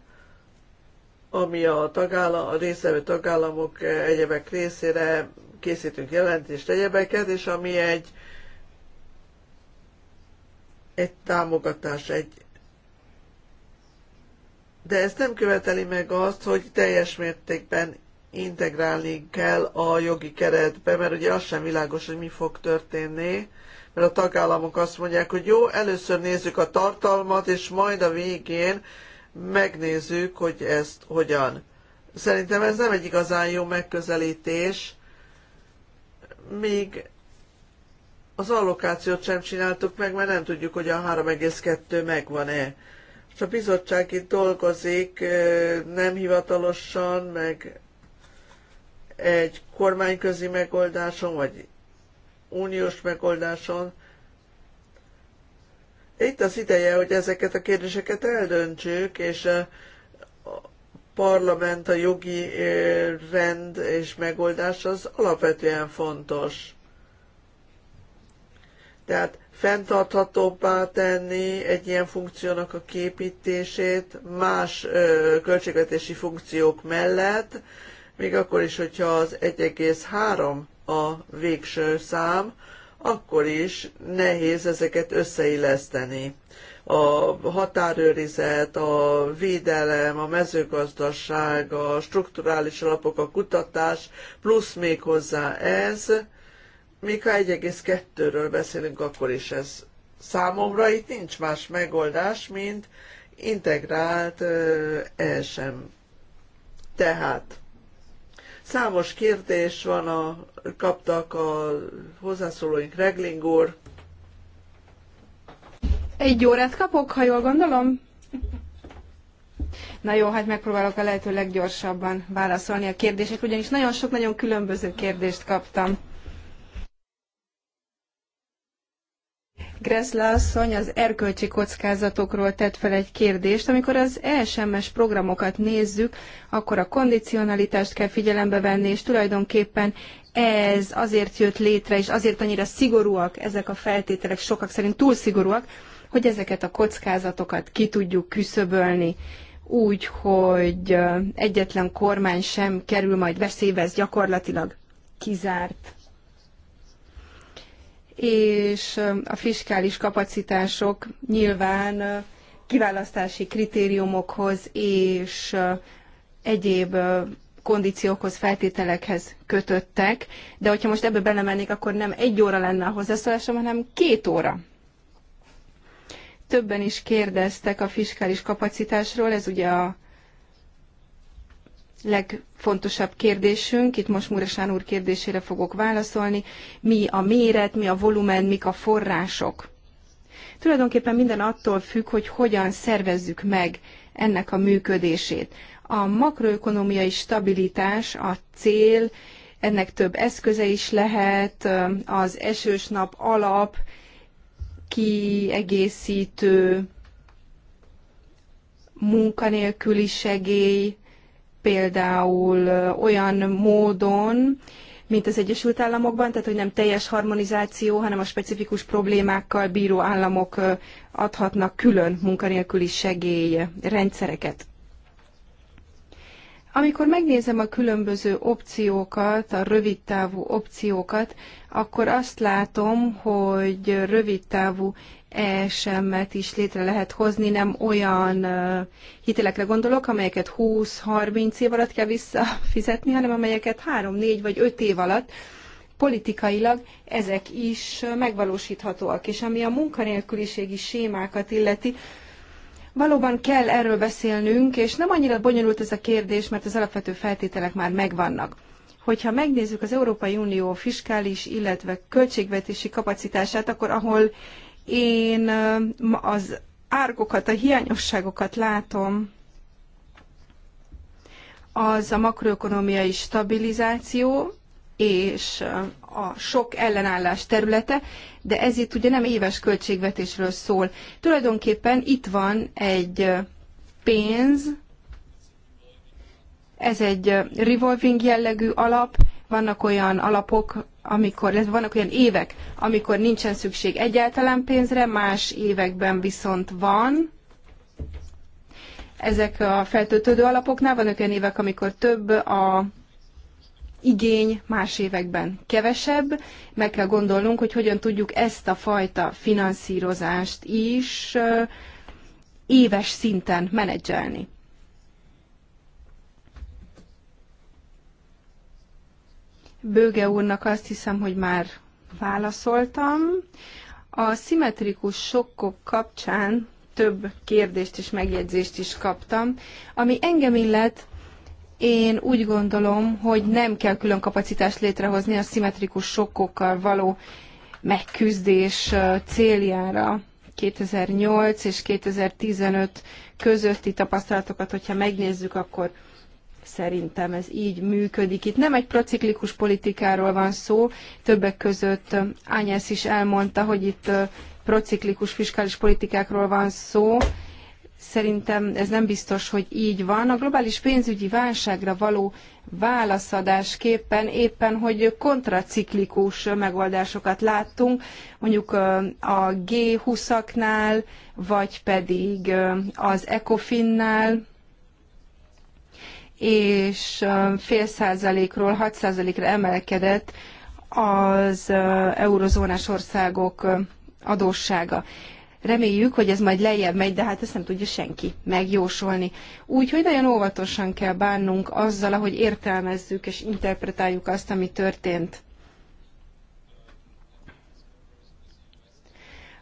ami a, tagállam, a részevő tagállamok egyebek részére készítünk jelentést, egyebeket, és ami egy, egy támogatás, egy, de ez nem követeli meg azt, hogy teljes mértékben integrálni kell a jogi keretbe, mert ugye az sem világos, hogy mi fog történni, mert a tagállamok azt mondják, hogy jó, először nézzük a tartalmat, és majd a végén megnézzük, hogy ezt hogyan. Szerintem ez nem egy igazán jó megközelítés, még az allokációt sem csináltuk meg, mert nem tudjuk, hogy a 3,2 megvan-e. És a bizottság itt dolgozik nem hivatalosan, meg egy kormányközi megoldáson, vagy uniós megoldáson. Itt az ideje, hogy ezeket a kérdéseket eldöntsük, és a parlament, a jogi rend és megoldás az alapvetően fontos. Tehát fenntarthatóbbá tenni egy ilyen funkciónak a képítését más ö, költségvetési funkciók mellett, még akkor is, hogyha az a végső szám, akkor is nehéz ezeket összeilleszteni. A határőrizet, a védelem, a mezőgazdaság, a strukturális alapok, a kutatás, plusz még hozzá ez, még ha 1,2-ről beszélünk, akkor is ez számomra itt nincs más megoldás, mint integrált ESM. Tehát Számos kérdés van a, kaptak a hozzászólóink Regling úr. Egy órát kapok, ha jól gondolom? Na jó, hát megpróbálok a lehető leggyorsabban válaszolni a kérdések, ugyanis nagyon sok, nagyon különböző kérdést kaptam. Grezla asszony az erkölcsi kockázatokról tett fel egy kérdést. Amikor az ESMS programokat nézzük, akkor a kondicionalitást kell figyelembe venni, és tulajdonképpen ez azért jött létre, és azért annyira szigorúak ezek a feltételek, sokak szerint túl szigorúak, hogy ezeket a kockázatokat ki tudjuk küszöbölni úgy, hogy egyetlen kormány sem kerül majd veszélybe, ez gyakorlatilag kizárt és a fiskális kapacitások nyilván kiválasztási kritériumokhoz és egyéb kondíciókhoz, feltételekhez kötöttek, de hogyha most ebbe belemennék, akkor nem egy óra lenne a hozzászólásom, hanem két óra. Többen is kérdeztek a fiskális kapacitásról, ez ugye a legfontosabb kérdésünk, itt most Muresán úr kérdésére fogok válaszolni, mi a méret, mi a volumen, mik a források. Tulajdonképpen minden attól függ, hogy hogyan szervezzük meg ennek a működését. A makroökonomiai stabilitás a cél, ennek több eszköze is lehet, az esős nap alap, kiegészítő, munkanélküli segély, például olyan módon, mint az Egyesült Államokban, tehát hogy nem teljes harmonizáció, hanem a specifikus problémákkal bíró államok adhatnak külön munkanélküli segély rendszereket. Amikor megnézem a különböző opciókat, a rövidtávú opciókat, akkor azt látom, hogy rövidtávú ESM-et is létre lehet hozni, nem olyan hitelekre gondolok, amelyeket 20-30 év alatt kell visszafizetni, hanem amelyeket 3-4 vagy 5 év alatt politikailag ezek is megvalósíthatóak. És ami a munkanélküliségi sémákat illeti, Valóban kell erről beszélnünk, és nem annyira bonyolult ez a kérdés, mert az alapvető feltételek már megvannak. Hogyha megnézzük az Európai Unió fiskális, illetve költségvetési kapacitását, akkor ahol én az árgokat, a hiányosságokat látom, az a makroökonomiai stabilizáció, és a sok ellenállás területe, de ez itt ugye nem éves költségvetésről szól. Tulajdonképpen itt van egy pénz, ez egy revolving jellegű alap, vannak olyan alapok, amikor, vannak olyan évek, amikor nincsen szükség egyáltalán pénzre, más években viszont van. Ezek a feltöltődő alapoknál vannak olyan évek, amikor több a igény más években kevesebb. Meg kell gondolnunk, hogy hogyan tudjuk ezt a fajta finanszírozást is éves szinten menedzselni. Bőge úrnak azt hiszem, hogy már válaszoltam. A szimmetrikus sokkok kapcsán több kérdést és megjegyzést is kaptam, ami engem illet, én úgy gondolom, hogy nem kell külön kapacitást létrehozni a szimmetrikus sokkokkal való megküzdés céljára. 2008 és 2015 közötti tapasztalatokat, hogyha megnézzük, akkor szerintem ez így működik. Itt nem egy prociklikus politikáról van szó, többek között Ányász is elmondta, hogy itt prociklikus fiskális politikákról van szó, Szerintem ez nem biztos, hogy így van. A globális pénzügyi válságra való válaszadásképpen éppen, hogy kontraciklikus megoldásokat láttunk, mondjuk a G20-aknál, vagy pedig az ECOFIN-nál, és fél százalékról 6 százalékra emelkedett az eurozónás országok adóssága. Reméljük, hogy ez majd lejjebb megy, de hát ezt nem tudja senki megjósolni. Úgyhogy nagyon óvatosan kell bánnunk azzal, ahogy értelmezzük és interpretáljuk azt, ami történt.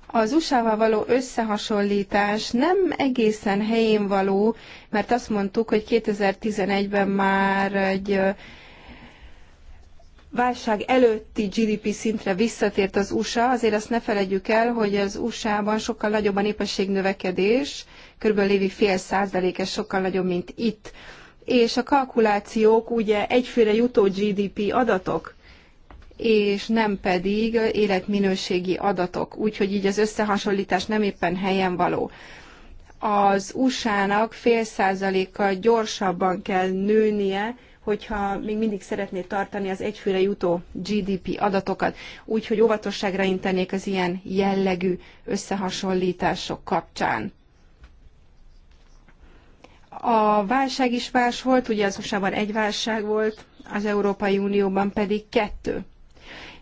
az USA-val való összehasonlítás nem egészen helyén való, mert azt mondtuk, hogy 2011-ben már egy válság előtti GDP szintre visszatért az USA, azért azt ne felejtjük el, hogy az USA-ban sokkal nagyobb a népességnövekedés, körülbelül lévi fél százalékes, sokkal nagyobb, mint itt. És a kalkulációk ugye egyfőre jutó GDP adatok, és nem pedig életminőségi adatok, úgyhogy így az összehasonlítás nem éppen helyen való az USA-nak fél százalékkal gyorsabban kell nőnie, hogyha még mindig szeretné tartani az egyfőre jutó GDP adatokat, úgyhogy óvatosságra intenék az ilyen jellegű összehasonlítások kapcsán. A válság is más volt, ugye az USA-ban egy válság volt, az Európai Unióban pedig kettő.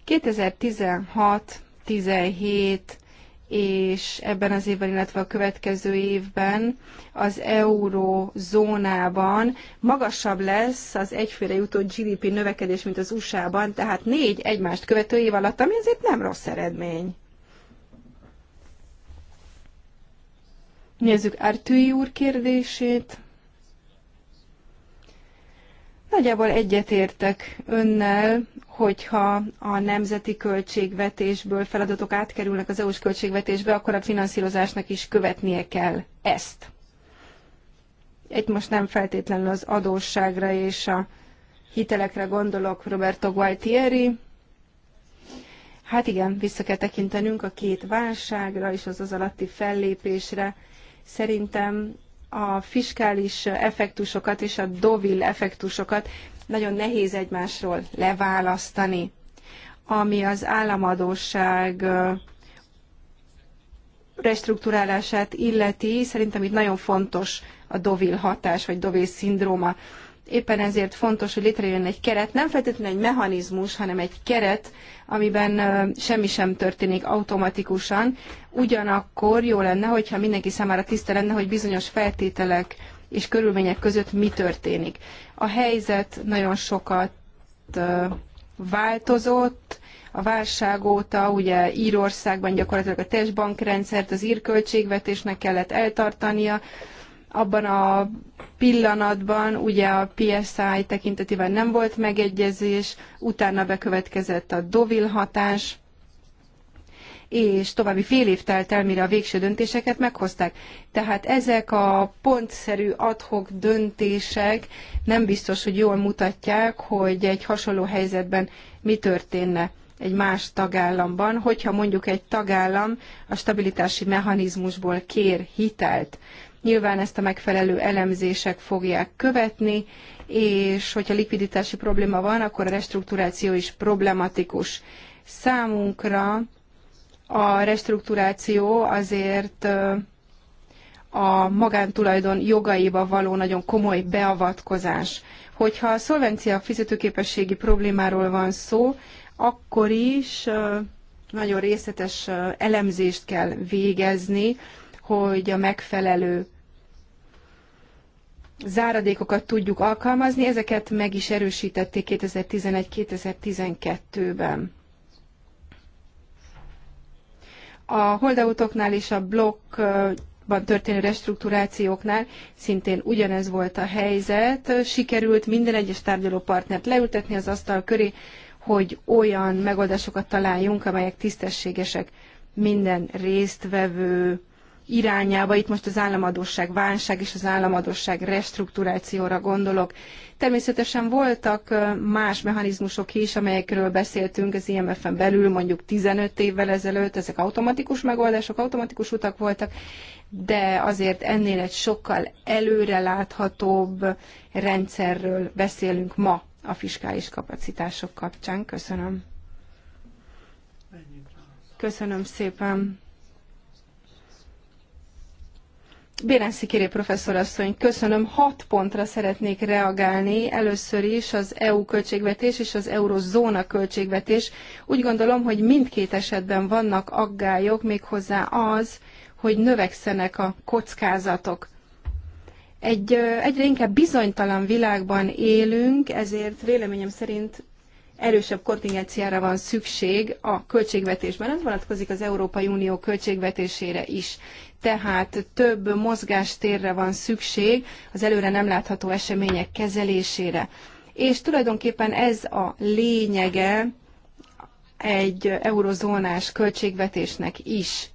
2016, 17, és ebben az évben, illetve a következő évben az eurózónában magasabb lesz az egyfőre jutó GDP növekedés, mint az USA-ban, tehát négy egymást követő év alatt, ami azért nem rossz eredmény. Nézzük Artői úr kérdését. Nagyjából egyetértek önnel, hogyha a nemzeti költségvetésből feladatok átkerülnek az EU-s költségvetésbe, akkor a finanszírozásnak is követnie kell ezt. Egy most nem feltétlenül az adósságra és a hitelekre gondolok, Roberto Gualtieri. Hát igen, vissza kell tekintenünk a két válságra és az az alatti fellépésre. Szerintem a fiskális effektusokat és a dovil effektusokat nagyon nehéz egymásról leválasztani. Ami az államadóság restruktúrálását illeti, szerintem itt nagyon fontos a dovil hatás, vagy dovil szindróma. Éppen ezért fontos, hogy létrejön egy keret, nem feltétlenül egy mechanizmus, hanem egy keret, amiben semmi sem történik automatikusan. Ugyanakkor jó lenne, hogyha mindenki számára tiszta lenne, hogy bizonyos feltételek és körülmények között mi történik. A helyzet nagyon sokat változott, a válság óta, ugye Írországban gyakorlatilag a testbankrendszert, az írköltségvetésnek kellett eltartania, abban a pillanatban ugye a PSI tekintetében nem volt megegyezés, utána bekövetkezett a Dovil hatás, és további fél év telt el, mire a végső döntéseket meghozták. Tehát ezek a pontszerű adhok döntések nem biztos, hogy jól mutatják, hogy egy hasonló helyzetben mi történne egy más tagállamban, hogyha mondjuk egy tagállam a stabilitási mechanizmusból kér hitelt. Nyilván ezt a megfelelő elemzések fogják követni, és hogyha likviditási probléma van, akkor a restrukturáció is problematikus. Számunkra a restrukturáció azért a magántulajdon jogaiba való nagyon komoly beavatkozás. Hogyha a szolvencia fizetőképességi problémáról van szó, akkor is nagyon részletes elemzést kell végezni, hogy a megfelelő záradékokat tudjuk alkalmazni, ezeket meg is erősítették 2011-2012-ben. A holdautoknál és a blokkban történő restrukturációknál szintén ugyanez volt a helyzet. Sikerült minden egyes tárgyalópartnert leültetni az asztal köré, hogy olyan megoldásokat találjunk, amelyek tisztességesek minden résztvevő irányába. Itt most az államadóság válság és az államadóság restrukturációra gondolok. Természetesen voltak más mechanizmusok is, amelyekről beszéltünk az IMF-en belül, mondjuk 15 évvel ezelőtt, ezek automatikus megoldások, automatikus utak voltak, de azért ennél egy sokkal előreláthatóbb rendszerről beszélünk ma a fiskális kapacitások kapcsán. Köszönöm. Köszönöm szépen. Bérenci Professzor, professzorasszony, köszönöm. Hat pontra szeretnék reagálni. Először is az EU költségvetés és az eurozóna költségvetés. Úgy gondolom, hogy mindkét esetben vannak aggályok, méghozzá az, hogy növekszenek a kockázatok. Egy egyre inkább bizonytalan világban élünk, ezért véleményem szerint erősebb kontingenciára van szükség a költségvetésben. Ez vonatkozik az Európai Unió költségvetésére is. Tehát több mozgástérre van szükség az előre nem látható események kezelésére. És tulajdonképpen ez a lényege egy eurozónás költségvetésnek is.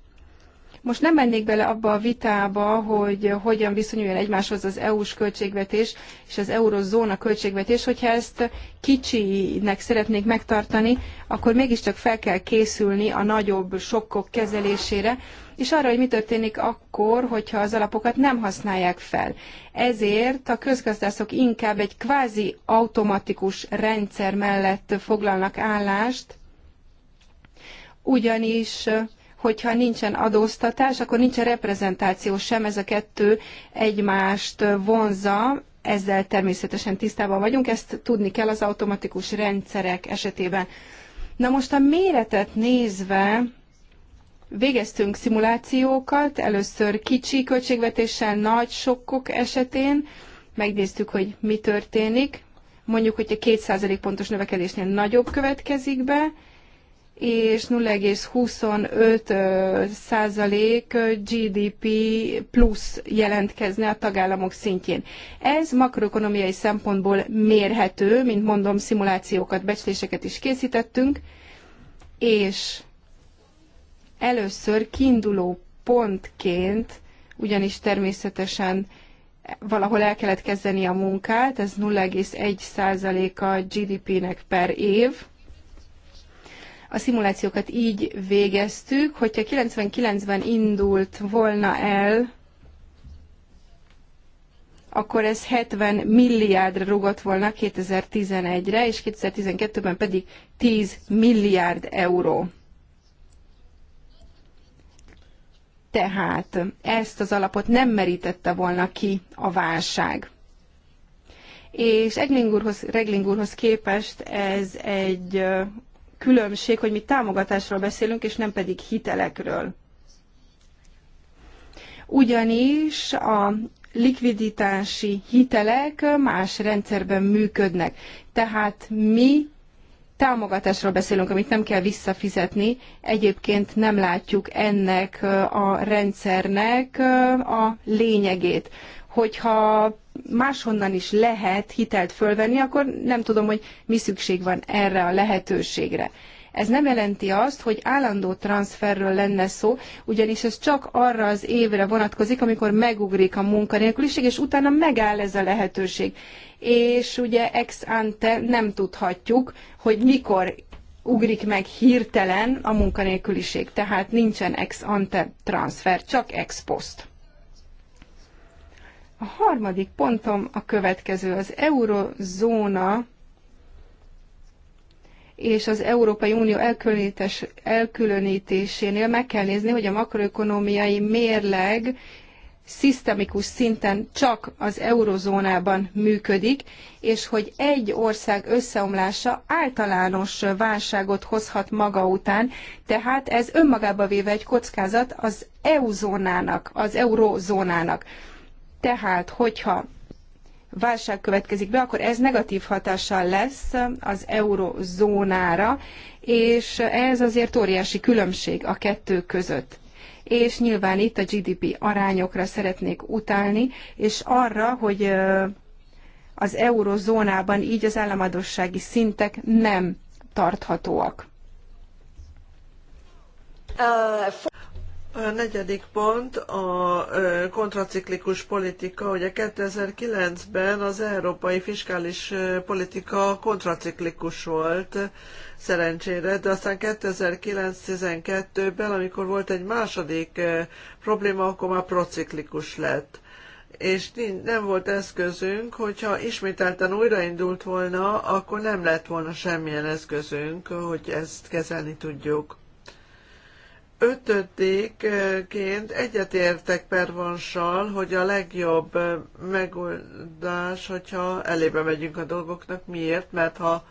Most nem mennék bele abba a vitába, hogy hogyan viszonyuljon egymáshoz az EU-s költségvetés és az eurozóna költségvetés, hogyha ezt kicsinek szeretnék megtartani, akkor mégiscsak fel kell készülni a nagyobb sokkok kezelésére, és arra, hogy mi történik akkor, hogyha az alapokat nem használják fel. Ezért a közgazdászok inkább egy kvázi automatikus rendszer mellett foglalnak állást, ugyanis hogyha nincsen adóztatás, akkor nincsen reprezentáció sem, ez a kettő egymást vonza, ezzel természetesen tisztában vagyunk, ezt tudni kell az automatikus rendszerek esetében. Na most a méretet nézve, Végeztünk szimulációkat, először kicsi költségvetéssel, nagy sokkok esetén, megnéztük, hogy mi történik. Mondjuk, hogyha 2% pontos növekedésnél nagyobb következik be, és 0,25 százalék GDP plusz jelentkezne a tagállamok szintjén. Ez makroekonomiai szempontból mérhető, mint mondom, szimulációkat, becsléseket is készítettünk, és először kiinduló pontként, ugyanis természetesen valahol el kellett kezdeni a munkát, ez 0,1 százaléka GDP-nek per év, a szimulációkat így végeztük, hogyha 99-ben indult volna el, akkor ez 70 milliárdra rugott volna 2011-re, és 2012-ben pedig 10 milliárd euró. Tehát ezt az alapot nem merítette volna ki a válság. És Egling úrhoz, Regling úrhoz képest ez egy különbség, hogy mi támogatásról beszélünk, és nem pedig hitelekről. Ugyanis a likviditási hitelek más rendszerben működnek. Tehát mi támogatásról beszélünk, amit nem kell visszafizetni. Egyébként nem látjuk ennek a rendszernek a lényegét hogyha máshonnan is lehet hitelt fölvenni, akkor nem tudom, hogy mi szükség van erre a lehetőségre. Ez nem jelenti azt, hogy állandó transferről lenne szó, ugyanis ez csak arra az évre vonatkozik, amikor megugrik a munkanélküliség, és utána megáll ez a lehetőség. És ugye ex ante nem tudhatjuk, hogy mikor ugrik meg hirtelen a munkanélküliség. Tehát nincsen ex ante transfer, csak ex post. A harmadik pontom a következő, az eurozóna és az Európai Unió elkülönítésénél meg kell nézni, hogy a makroökonomiai mérleg szisztemikus szinten csak az eurozónában működik, és hogy egy ország összeomlása általános válságot hozhat maga után, tehát ez önmagába véve egy kockázat az EU-zónának, az eurozónának. Tehát, hogyha válság következik be, akkor ez negatív hatással lesz az eurozónára, és ez azért óriási különbség a kettő között. És nyilván itt a GDP arányokra szeretnék utálni, és arra, hogy az eurozónában így az államadossági szintek nem tarthatóak. Uh, a negyedik pont a kontraciklikus politika. Ugye 2009-ben az európai fiskális politika kontraciklikus volt, szerencsére, de aztán 2009-12-ben, amikor volt egy második probléma, akkor már prociklikus lett és nem volt eszközünk, hogyha ismételten újraindult volna, akkor nem lett volna semmilyen eszközünk, hogy ezt kezelni tudjuk ötödékként egyetértek pervonssal, hogy a legjobb eh, megoldás, hogyha elébe megyünk a dolgoknak. Miért? Mert ha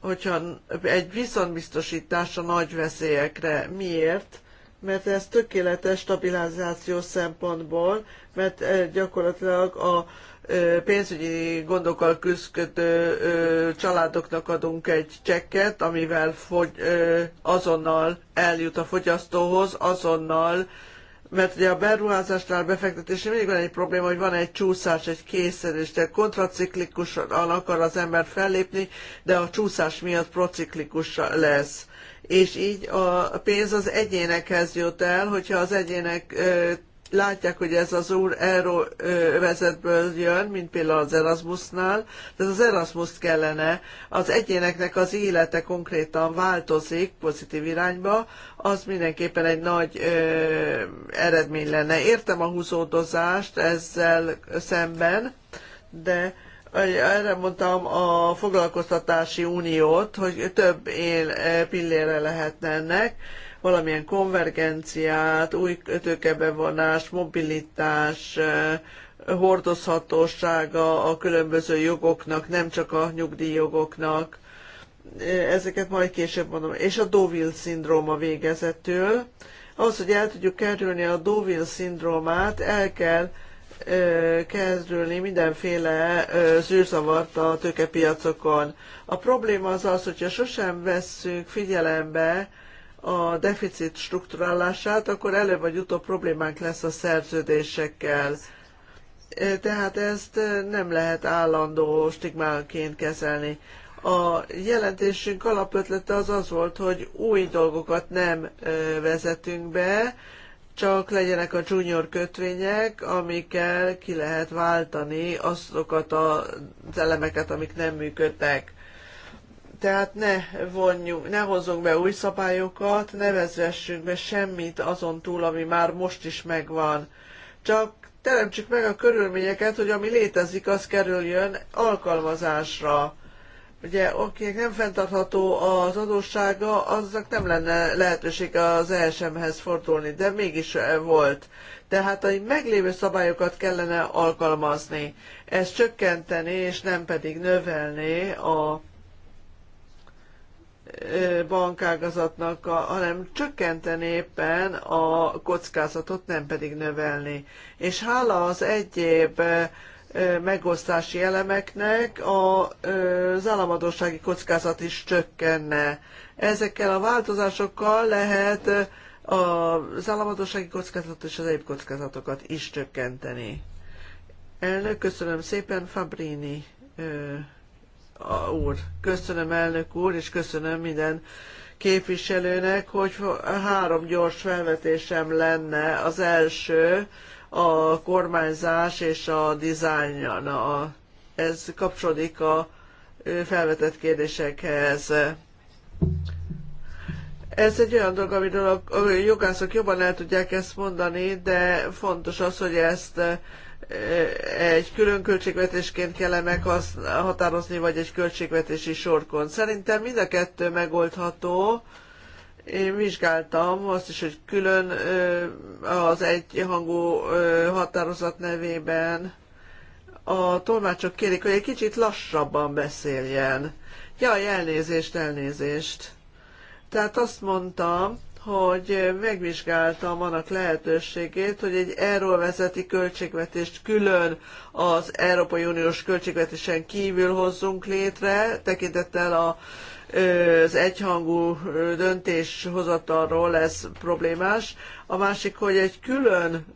hogyha egy viszontbiztosítás a nagy veszélyekre. Miért? mert ez tökéletes stabilizáció szempontból, mert eh, gyakorlatilag a eh, pénzügyi gondokkal küszködő eh, családoknak adunk egy csekket, amivel fogy, azonnal eljut a fogyasztóhoz, azonnal mert ugye a beruházásnál, befektetésnél mindig van egy probléma, hogy van egy csúszás, egy készenés, tehát kontraciklikusan akar az ember fellépni, de a csúszás miatt prociklikus lesz és így a pénz az egyénekhez jut el, hogyha az egyének látják, hogy ez az úr euróvezetből jön, mint például az Erasmusnál, de az Erasmus kellene, az egyéneknek az élete konkrétan változik pozitív irányba, az mindenképpen egy nagy ö, eredmény lenne. Értem a húzódozást ezzel szemben, de erre mondtam a foglalkoztatási uniót, hogy több él e, pillére lehetne ennek, valamilyen konvergenciát, új kötőkebevonást, mobilitás, e, hordozhatósága a különböző jogoknak, nem csak a nyugdíjjogoknak. E, ezeket majd később mondom. És a Deauville szindróma végezetül. Ahhoz, hogy el tudjuk kerülni a Deauville szindrómát, el kell kezdülni mindenféle zűrzavart a tőkepiacokon. A probléma az az, hogyha sosem vesszük figyelembe a deficit strukturálását, akkor előbb vagy utóbb problémánk lesz a szerződésekkel. Tehát ezt nem lehet állandó stigmánként kezelni. A jelentésünk alapötlete az az volt, hogy új dolgokat nem vezetünk be, csak legyenek a junior kötvények, amikkel ki lehet váltani azokat az elemeket, amik nem működtek. Tehát ne vonjunk, ne hozzunk be új szabályokat, ne vezessünk be semmit azon túl, ami már most is megvan. Csak teremtsük meg a körülményeket, hogy ami létezik, az kerüljön alkalmazásra ugye akinek nem fenntartható az adóssága, aznak nem lenne lehetőség az ESM-hez fordulni, de mégis volt. Tehát a meglévő szabályokat kellene alkalmazni. Ez csökkenteni, és nem pedig növelni a bankágazatnak, hanem csökkenteni éppen a kockázatot, nem pedig növelni. És hála az egyéb megosztási elemeknek az államadósági kockázat is csökkenne. Ezekkel a változásokkal lehet az államadósági kockázatot és az egyéb kockázatokat is csökkenteni. Elnök, köszönöm szépen, Fabrini úr. Köszönöm, elnök úr, és köszönöm minden képviselőnek, hogy három gyors felvetésem lenne. Az első, a kormányzás és a dizájn, ez kapcsolódik a felvetett kérdésekhez. Ez egy olyan dolog, amiről a jogászok jobban el tudják ezt mondani, de fontos az, hogy ezt egy külön költségvetésként kell meghatározni, vagy egy költségvetési sorkon. Szerintem mind a kettő megoldható, én vizsgáltam azt is, hogy külön az egyhangú határozat nevében a tolmácsok kérik, hogy egy kicsit lassabban beszéljen. Jaj, elnézést, elnézést. Tehát azt mondtam, hogy megvizsgáltam annak lehetőségét, hogy egy vezeti költségvetést külön az Európai Uniós költségvetésen kívül hozzunk létre, tekintettel a az egyhangú döntéshozatalról lesz problémás. A másik, hogy egy külön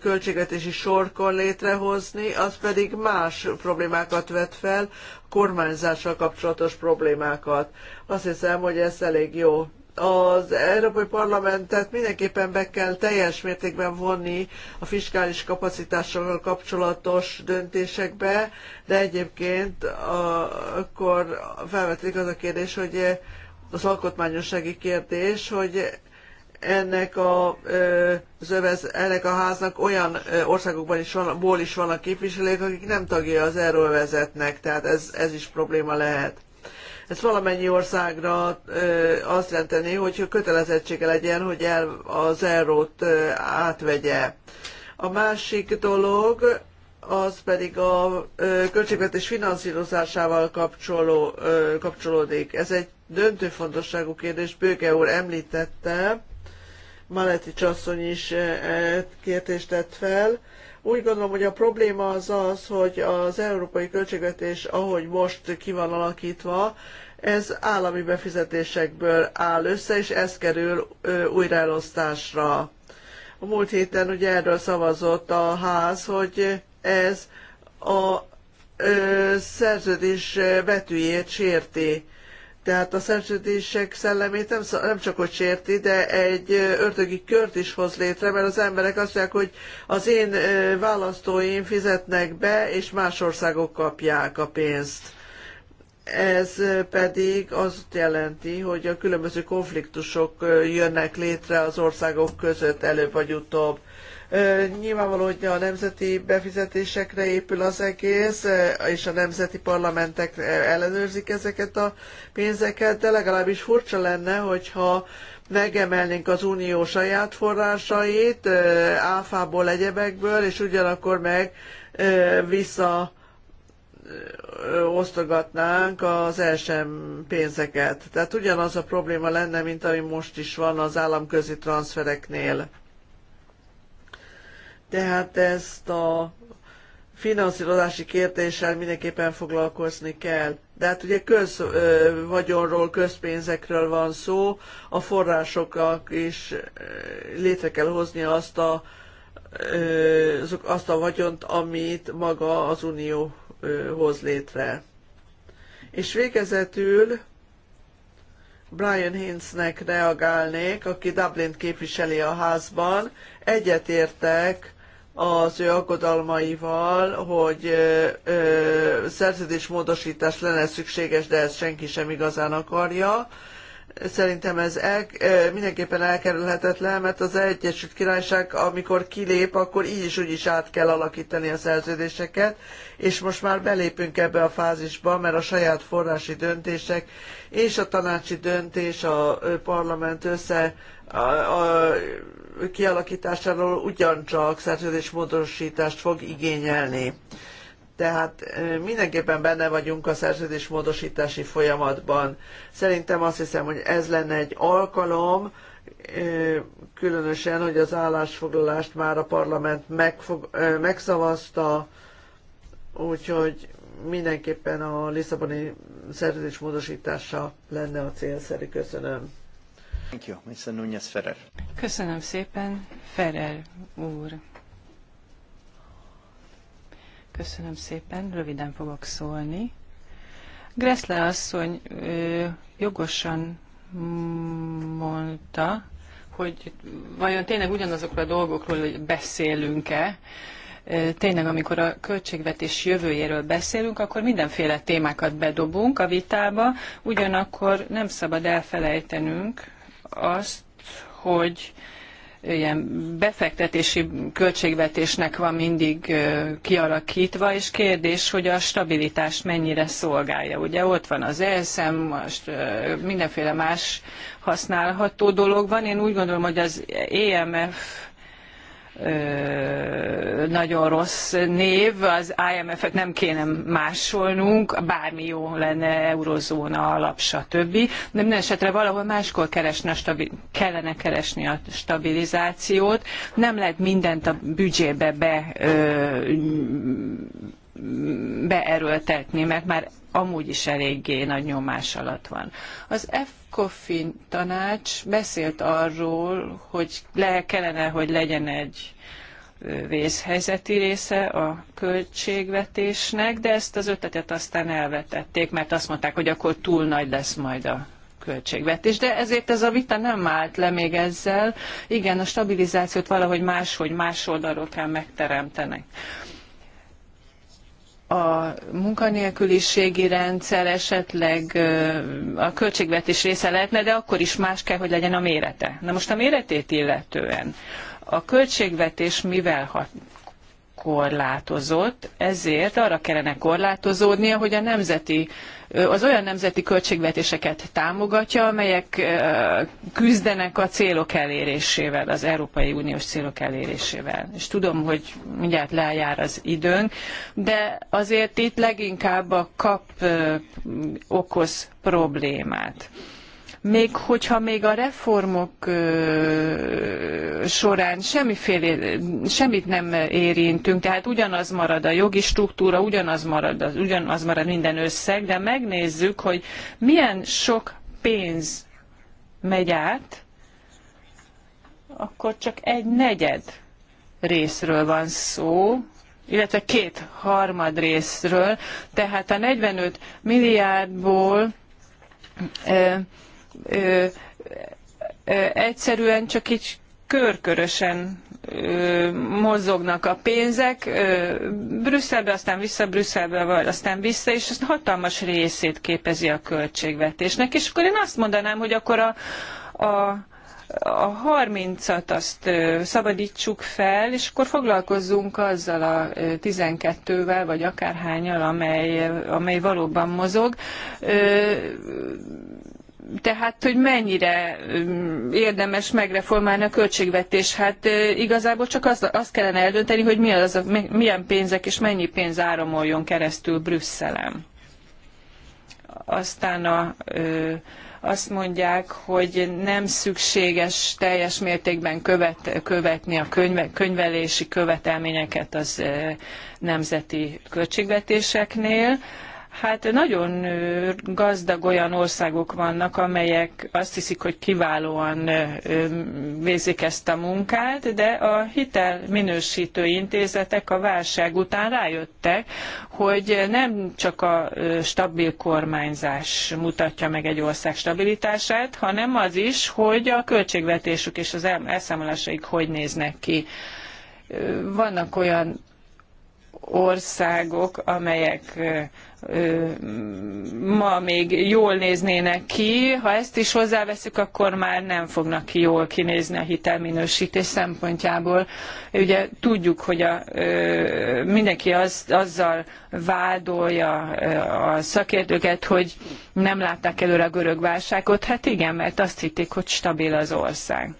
költségvetési sorkon létrehozni, az pedig más problémákat vet fel, kormányzással kapcsolatos problémákat. Azt hiszem, hogy ez elég jó az Európai Parlamentet mindenképpen be kell teljes mértékben vonni a fiskális kapacitással kapcsolatos döntésekbe, de egyébként a, akkor felvetődik az a kérdés, hogy az alkotmányossági kérdés, hogy ennek a, az övez, ennek a háznak olyan országokban is van, ból is vannak képviselők, akik nem tagja az euróvezetnek, tehát ez, ez is probléma lehet. Ez valamennyi országra azt jelenteni, hogy kötelezettsége legyen, hogy el, az eurót átvegye. A másik dolog, az pedig a költségvetés finanszírozásával kapcsoló, kapcsolódik. Ez egy döntő fontosságú kérdés, Bőke úr említette, Maletics is e, kérdést tett fel, úgy gondolom, hogy a probléma az az, hogy az európai költségvetés, ahogy most ki van alakítva, ez állami befizetésekből áll össze, és ez kerül újraelosztásra. A múlt héten ugye erről szavazott a ház, hogy ez a ö, szerződés betűjét sérti. Tehát a szerződések szellemét nem, nem csak hogy sérti, de egy ördögi kört is hoz létre, mert az emberek azt mondják, hogy az én választóim fizetnek be, és más országok kapják a pénzt. Ez pedig azt jelenti, hogy a különböző konfliktusok jönnek létre az országok között előbb vagy utóbb. Nyilvánvaló, hogy a nemzeti befizetésekre épül az egész, és a nemzeti parlamentek ellenőrzik ezeket a pénzeket, de legalábbis furcsa lenne, hogyha megemelnénk az unió saját forrásait, áfából, egyebekből, és ugyanakkor meg vissza osztogatnánk az elsem pénzeket. Tehát ugyanaz a probléma lenne, mint ami most is van az államközi transfereknél. Tehát ezt a finanszírozási kérdéssel mindenképpen foglalkozni kell. De hát ugye közvagyonról, közpénzekről van szó, a forrásoknak is létre kell hozni azt a, azok, azt a vagyont, amit maga az Unió hoz létre. És végezetül Brian Hinsnek reagálnék, aki Dublin képviseli a házban. Egyetértek az ő aggodalmaival, hogy ö, ö, szerződésmódosítás lenne szükséges, de ezt senki sem igazán akarja. Szerintem ez el, mindenképpen elkerülhetetlen, mert az Egyesült Királyság, amikor kilép, akkor így is úgy is át kell alakítani a szerződéseket, és most már belépünk ebbe a fázisba, mert a saját forrási döntések és a tanácsi döntés a parlament össze a, a kialakításáról ugyancsak szerződésmódosítást fog igényelni. Tehát mindenképpen benne vagyunk a szerződés folyamatban. Szerintem azt hiszem, hogy ez lenne egy alkalom, különösen, hogy az állásfoglalást már a parlament megfog, megszavazta, úgyhogy mindenképpen a Lisszaboni szerződés lenne a célszerű. Köszönöm. Thank you, Mr. Núñez Ferrer. Köszönöm szépen, Ferrer úr. Köszönöm szépen, röviden fogok szólni. Gressler asszony jogosan mondta, hogy vajon tényleg ugyanazokról a dolgokról hogy beszélünk-e, tényleg, amikor a költségvetés jövőjéről beszélünk, akkor mindenféle témákat bedobunk a vitába, ugyanakkor nem szabad elfelejtenünk azt, hogy ilyen befektetési költségvetésnek van mindig kialakítva, és kérdés, hogy a stabilitást mennyire szolgálja. Ugye ott van az ESM, most mindenféle más használható dolog van. Én úgy gondolom, hogy az EMF nagyon rossz név, az IMF-et nem kéne másolnunk, bármi jó lenne, eurozóna alap, stb. De minden esetre valahol máskor keresne a stabil, kellene keresni a stabilizációt. Nem lehet mindent a büdzsébe be ö, beerőltetni, mert már amúgy is eléggé nagy nyomás alatt van. Az EFCOFIN tanács beszélt arról, hogy le kellene, hogy legyen egy vészhelyzeti része a költségvetésnek, de ezt az ötletet aztán elvetették, mert azt mondták, hogy akkor túl nagy lesz majd a költségvetés. De ezért ez a vita nem állt le még ezzel. Igen, a stabilizációt valahogy máshogy, más oldalról kell megteremteni a munkanélküliségi rendszer esetleg a költségvetés része lehetne, de akkor is más kell, hogy legyen a mérete. Na most a méretét illetően a költségvetés mivel korlátozott, ezért arra kellene korlátozódnia, hogy a nemzeti, az olyan nemzeti költségvetéseket támogatja, amelyek küzdenek a célok elérésével, az Európai Uniós célok elérésével. És tudom, hogy mindjárt lejár az időnk, de azért itt leginkább a kap okoz problémát még hogyha még a reformok során semmiféle, semmit nem érintünk, tehát ugyanaz marad a jogi struktúra, ugyanaz marad, ugyanaz marad minden összeg, de megnézzük, hogy milyen sok pénz megy át, akkor csak egy negyed részről van szó, illetve két harmad részről, tehát a 45 milliárdból ö, ö, egyszerűen csak így körkörösen ö, mozognak a pénzek, ö, Brüsszelbe, aztán vissza Brüsszelbe, vagy aztán vissza, és ez hatalmas részét képezi a költségvetésnek. És akkor én azt mondanám, hogy akkor a, a a 30-at azt szabadítsuk fel, és akkor foglalkozzunk azzal a 12-vel, vagy akárhányal, amely, amely valóban mozog tehát, hogy mennyire érdemes megreformálni a költségvetés, hát igazából csak azt, azt kellene eldönteni, hogy mi az, milyen pénzek és mennyi pénz áramoljon keresztül Brüsszelen. Aztán a, azt mondják, hogy nem szükséges teljes mértékben követ, követni a könyve, könyvelési követelményeket az nemzeti költségvetéseknél, Hát nagyon gazdag olyan országok vannak, amelyek azt hiszik, hogy kiválóan vézik ezt a munkát, de a hitelminősítő intézetek a válság után rájöttek, hogy nem csak a stabil kormányzás mutatja meg egy ország stabilitását, hanem az is, hogy a költségvetésük és az elszámolásaik hogy néznek ki. Vannak olyan országok, amelyek ma még jól néznének ki, ha ezt is hozzáveszük, akkor már nem fognak jól kinézni a hitelminősítés szempontjából. Ugye tudjuk, hogy a, mindenki az, azzal vádolja a szakértőket, hogy nem látták előre a görög válságot. Hát igen, mert azt hitték, hogy stabil az ország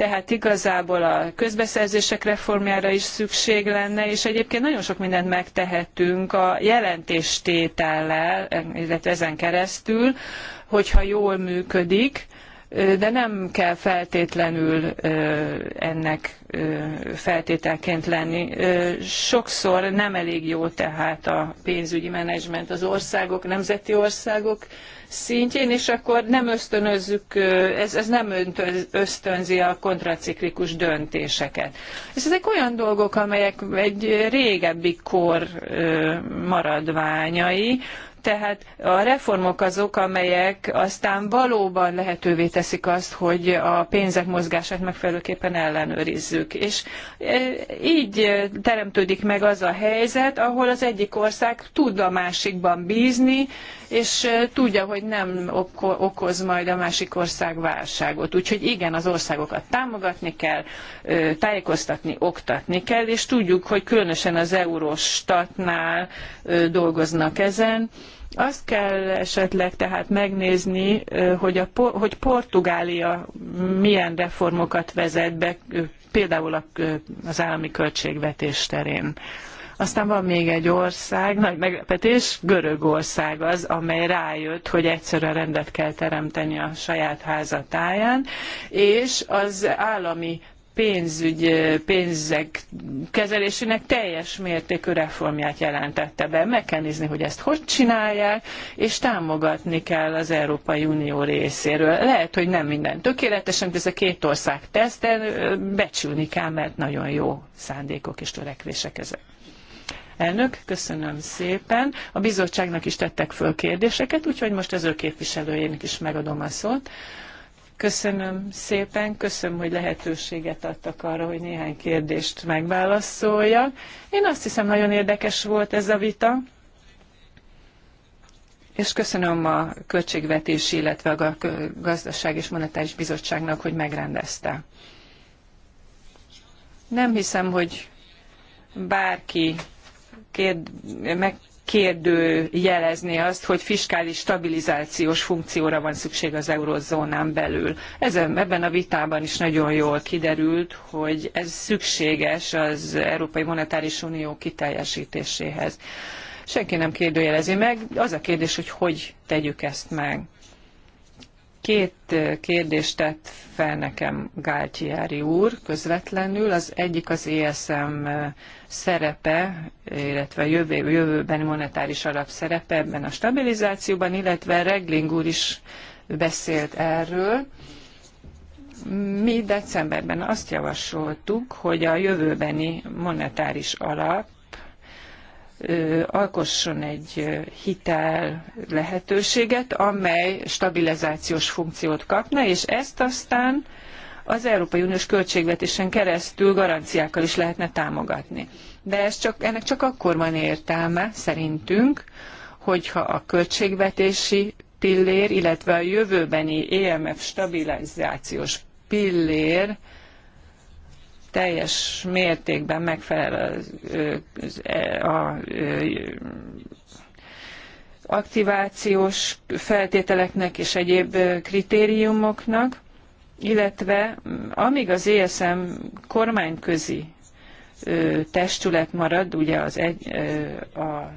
tehát igazából a közbeszerzések reformjára is szükség lenne, és egyébként nagyon sok mindent megtehetünk a jelentéstétellel, illetve ezen keresztül, hogyha jól működik, de nem kell feltétlenül ennek feltételként lenni. Sokszor nem elég jó tehát a pénzügyi menedzsment az országok, nemzeti országok szintjén, és akkor nem ösztönözzük, ez, ez nem ösztönzi a kontraciklikus döntéseket. És ezek olyan dolgok, amelyek egy régebbi kor maradványai, tehát a reformok azok, amelyek aztán valóban lehetővé teszik azt, hogy a pénzek mozgását megfelelőképpen ellenőrizzük. És így teremtődik meg az a helyzet, ahol az egyik ország tud a másikban bízni, és tudja, hogy nem okoz majd a másik ország válságot. Úgyhogy igen, az országokat támogatni kell, tájékoztatni, oktatni kell, és tudjuk, hogy különösen az Eurostatnál dolgoznak ezen. Azt kell esetleg tehát megnézni, hogy, a, hogy Portugália milyen reformokat vezet be, például az állami költségvetés terén. Aztán van még egy ország, nagy meglepetés, Görögország az, amely rájött, hogy egyszerűen rendet kell teremteni a saját házatáján, és az állami pénzügy, pénzek kezelésének teljes mértékű reformját jelentette be. Meg kell nézni, hogy ezt hogy csinálják, és támogatni kell az Európai Unió részéről. Lehet, hogy nem minden tökéletesen, de ez a két ország tesz, de becsülni kell, mert nagyon jó szándékok és törekvések ezek. Elnök, köszönöm szépen. A bizottságnak is tettek föl kérdéseket, úgyhogy most az ő képviselőjének is megadom a szót. Köszönöm szépen, köszönöm, hogy lehetőséget adtak arra, hogy néhány kérdést megválaszoljak. Én azt hiszem, nagyon érdekes volt ez a vita, és köszönöm a Költségvetési, illetve a Gazdaság és Monetáris Bizottságnak, hogy megrendezte. Nem hiszem, hogy bárki kérd, meg azt, hogy fiskális stabilizációs funkcióra van szükség az eurózónán belül. Ez ebben a vitában is nagyon jól kiderült, hogy ez szükséges az Európai Monetáris Unió kiteljesítéséhez. Senki nem kérdőjelezi meg, az a kérdés, hogy hogy tegyük ezt meg. Két kérdést tett fel nekem Gáltyári úr közvetlenül. Az egyik az ESM szerepe, illetve jövőbeni monetáris alap szerepe ebben a stabilizációban, illetve Regling úr is beszélt erről. Mi decemberben azt javasoltuk, hogy a jövőbeni monetáris alap alkosson egy hitel lehetőséget, amely stabilizációs funkciót kapna, és ezt aztán az Európai Uniós költségvetésen keresztül garanciákkal is lehetne támogatni. De ez csak, ennek csak akkor van értelme, szerintünk, hogyha a költségvetési pillér, illetve a jövőbeni EMF stabilizációs pillér teljes mértékben megfelel az, az, e, a, aktivációs feltételeknek és egyéb kritériumoknak, illetve amíg az ESM kormányközi testület marad, ugye az, egy, a,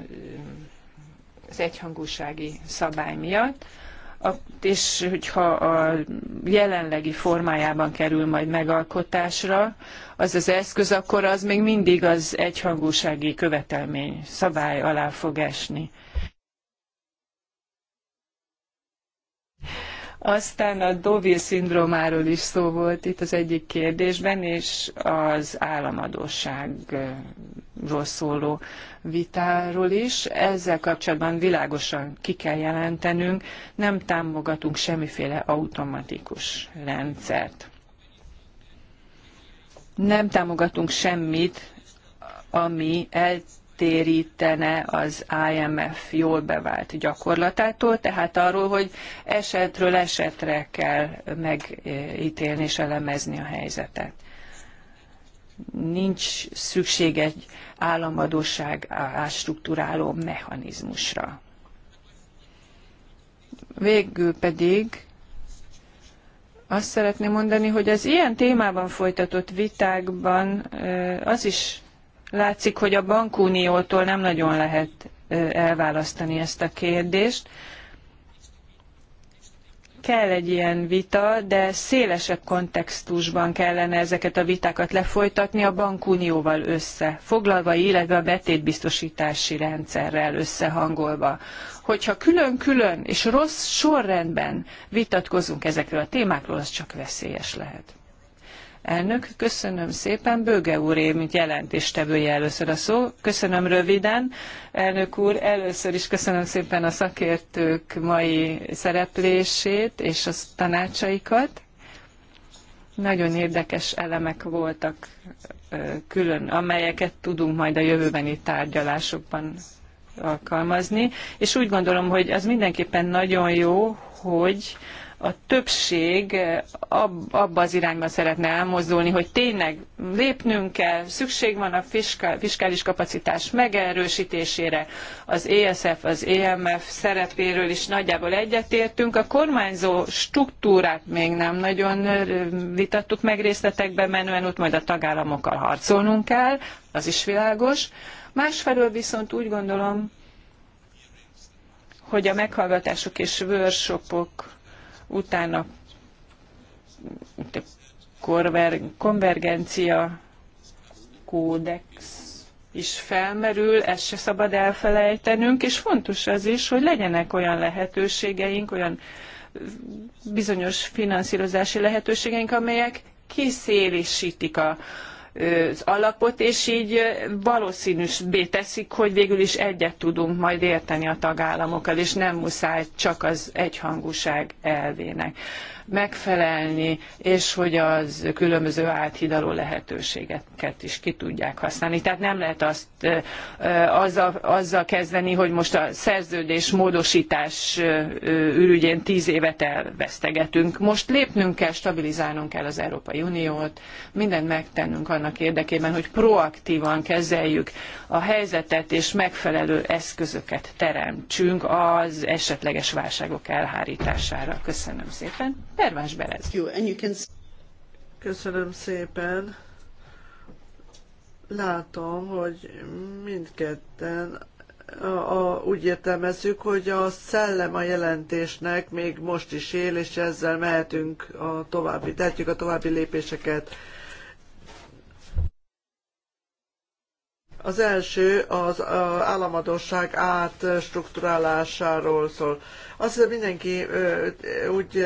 az egyhangúsági szabály miatt, és hogyha a jelenlegi formájában kerül majd megalkotásra, az az eszköz, akkor az még mindig az egyhangúsági követelmény szabály alá fog esni. Aztán a Deauville szindrómáról is szó volt itt az egyik kérdésben, és az államadóságról szóló vitáról is. Ezzel kapcsolatban világosan ki kell jelentenünk, nem támogatunk semmiféle automatikus rendszert. Nem támogatunk semmit, ami el eltérítene az IMF jól bevált gyakorlatától, tehát arról, hogy esetről esetre kell megítélni és elemezni a helyzetet. Nincs szükség egy államadóság ástruktúráló mechanizmusra. Végül pedig azt szeretném mondani, hogy az ilyen témában folytatott vitákban az is Látszik, hogy a bankuniótól nem nagyon lehet elválasztani ezt a kérdést. Kell egy ilyen vita, de szélesebb kontextusban kellene ezeket a vitákat lefolytatni a bankunióval összefoglalva, illetve a betétbiztosítási rendszerrel összehangolva. Hogyha külön-külön és rossz sorrendben vitatkozunk ezekről a témákról, az csak veszélyes lehet. Elnök, köszönöm szépen. Bőge úr, én, mint jelentéstevője először a szó. Köszönöm röviden. Elnök úr, először is köszönöm szépen a szakértők mai szereplését és a tanácsaikat. Nagyon érdekes elemek voltak külön, amelyeket tudunk majd a jövőbeni tárgyalásokban alkalmazni. És úgy gondolom, hogy az mindenképpen nagyon jó, hogy a többség abba az irányba szeretne elmozdulni, hogy tényleg lépnünk kell, szükség van a fiskális kapacitás megerősítésére, az ESF, az EMF szerepéről is nagyjából egyetértünk. A kormányzó struktúrát még nem nagyon vitattuk meg részletekben menően, ott majd a tagállamokkal harcolnunk kell, az is világos. Másfelől viszont úgy gondolom, hogy a meghallgatások és workshopok utána konvergencia kódex is felmerül, ezt se szabad elfelejtenünk, és fontos az is, hogy legyenek olyan lehetőségeink, olyan bizonyos finanszírozási lehetőségeink, amelyek kiszélésítik a, az alapot, és így valószínűsbé teszik, hogy végül is egyet tudunk majd érteni a tagállamokkal, és nem muszáj csak az egyhangúság elvének megfelelni, és hogy az különböző áthidaló lehetőségeket is ki tudják használni. Tehát nem lehet azt azzal, azzal kezdeni, hogy most a szerződés módosítás ürügyén tíz évet elvesztegetünk. Most lépnünk kell, stabilizálnunk kell az Európai Uniót, mindent megtennünk annak érdekében, hogy proaktívan kezeljük a helyzetet, és megfelelő eszközöket teremtsünk az esetleges válságok elhárítására. Köszönöm szépen. Pervás Berez. Köszönöm szépen. Látom, hogy mindketten a, a, úgy értelmezzük, hogy a szellem a jelentésnek még most is él, és ezzel mehetünk a további, tehetjük a további lépéseket. Az első az államadóság átstruktúrálásáról szól. Azt mindenki úgy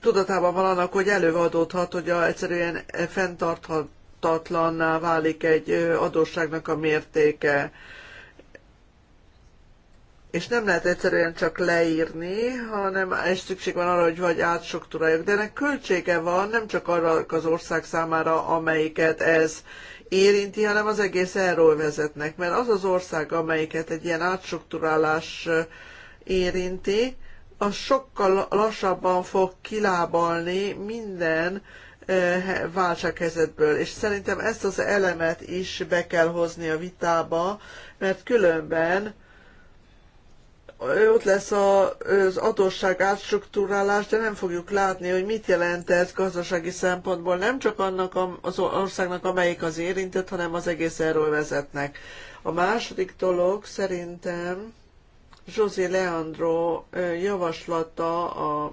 tudatában van annak, hogy előadódhat, hogy a egyszerűen fenntarthatatlanná válik egy adósságnak a mértéke és nem lehet egyszerűen csak leírni, hanem és szükség van arra, hogy vagy átstruktúráljuk. De ennek költsége van nem csak arra az ország számára, amelyiket ez érinti, hanem az egész erről vezetnek, mert az az ország, amelyiket egy ilyen átstruktúrálás érinti, az sokkal lassabban fog kilábalni minden válsághelyzetből, és szerintem ezt az elemet is be kell hozni a vitába, mert különben ott lesz a, az adósság átstruktúrálás, de nem fogjuk látni, hogy mit jelent ez gazdasági szempontból, nem csak annak a, az országnak, amelyik az érintett, hanem az egész erről vezetnek. A második dolog szerintem José Leandro javaslata a,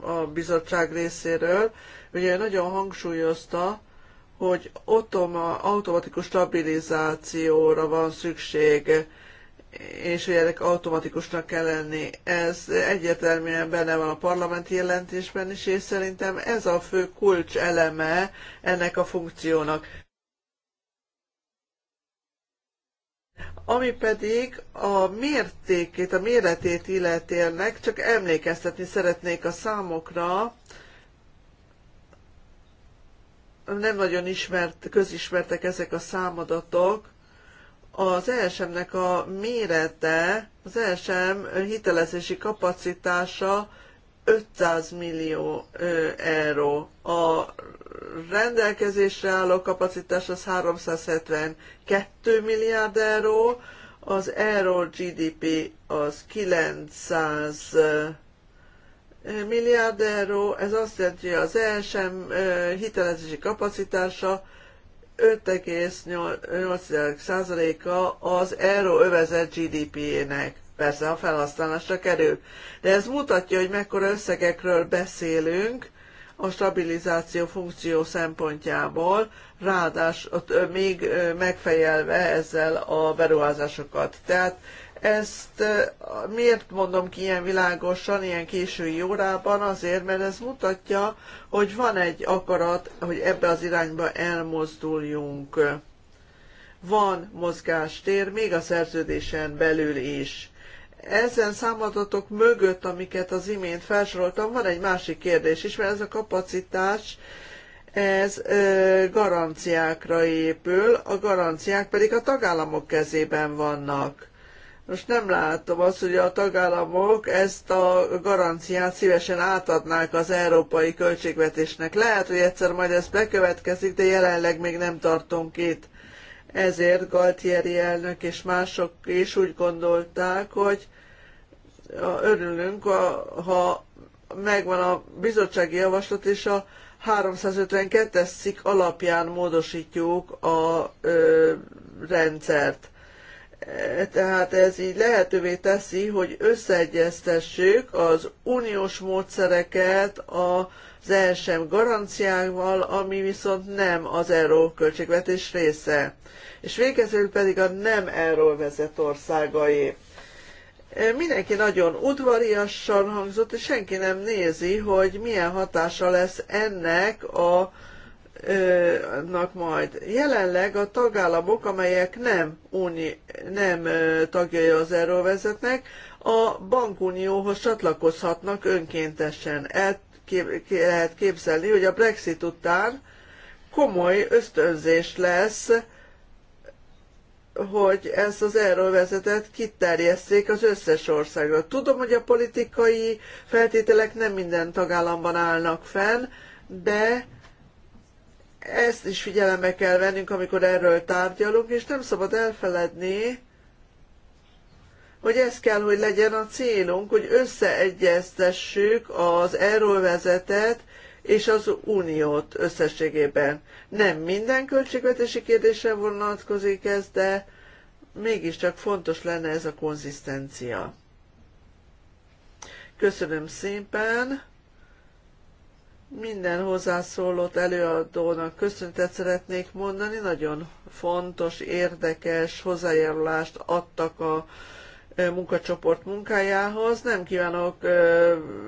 a bizottság részéről, ugye nagyon hangsúlyozta, hogy automa, automatikus stabilizációra van szüksége és hogy ennek automatikusnak kell lenni. Ez egyértelműen benne van a parlamenti jelentésben is, és szerintem ez a fő kulcs eleme ennek a funkciónak. Ami pedig a mértékét, a méretét illetélnek, csak emlékeztetni szeretnék a számokra, nem nagyon ismert, közismertek ezek a számadatok, az ESM-nek a mérete, az ESM hitelezési kapacitása 500 millió euró. A rendelkezésre álló kapacitás az 372 milliárd euró, az euró GDP az 900 milliárd euró, ez azt jelenti, hogy az ESM hitelezési kapacitása 5,8%-a az euróövezet GDP-ének. Persze a felhasználásra kerül. De ez mutatja, hogy mekkora összegekről beszélünk a stabilizáció funkció szempontjából, ráadás még megfejelve ezzel a beruházásokat. Tehát ezt miért mondom ki ilyen világosan, ilyen késői órában? Azért, mert ez mutatja, hogy van egy akarat, hogy ebbe az irányba elmozduljunk. Van mozgástér, még a szerződésen belül is. Ezen számadatok mögött, amiket az imént felsoroltam, van egy másik kérdés is, mert ez a kapacitás, ez ö, garanciákra épül, a garanciák pedig a tagállamok kezében vannak most nem látom azt, hogy a tagállamok ezt a garanciát szívesen átadnák az európai költségvetésnek. Lehet, hogy egyszer majd ez bekövetkezik, de jelenleg még nem tartunk itt. Ezért Galtieri elnök és mások is úgy gondolták, hogy örülünk, ha megvan a bizottsági javaslat, és a 352-es cikk alapján módosítjuk a ö, rendszert tehát ez így lehetővé teszi, hogy összeegyeztessük az uniós módszereket az ESM garanciával, ami viszont nem az euró költségvetés része. És végezetül pedig a nem euró vezet országai. Mindenki nagyon udvariasan hangzott, és senki nem nézi, hogy milyen hatása lesz ennek a nak majd. Jelenleg a tagállamok, amelyek nem, uni, nem tagjai az euróvezetnek, a bankunióhoz csatlakozhatnak önkéntesen. El lehet képzelni, hogy a Brexit után komoly ösztönzés lesz, hogy ezt az euróvezetet kiterjesszék az összes országra. Tudom, hogy a politikai feltételek nem minden tagállamban állnak fenn, de ezt is figyelembe kell vennünk, amikor erről tárgyalunk, és nem szabad elfeledni, hogy ez kell, hogy legyen a célunk, hogy összeegyeztessük az erről vezetett és az uniót összességében. Nem minden költségvetési kérdésre vonatkozik ez, de mégiscsak fontos lenne ez a konzisztencia. Köszönöm szépen! Minden hozzászólót előadónak köszöntet szeretnék mondani, nagyon fontos, érdekes hozzájárulást adtak a e, munkacsoport munkájához. Nem kívánok e,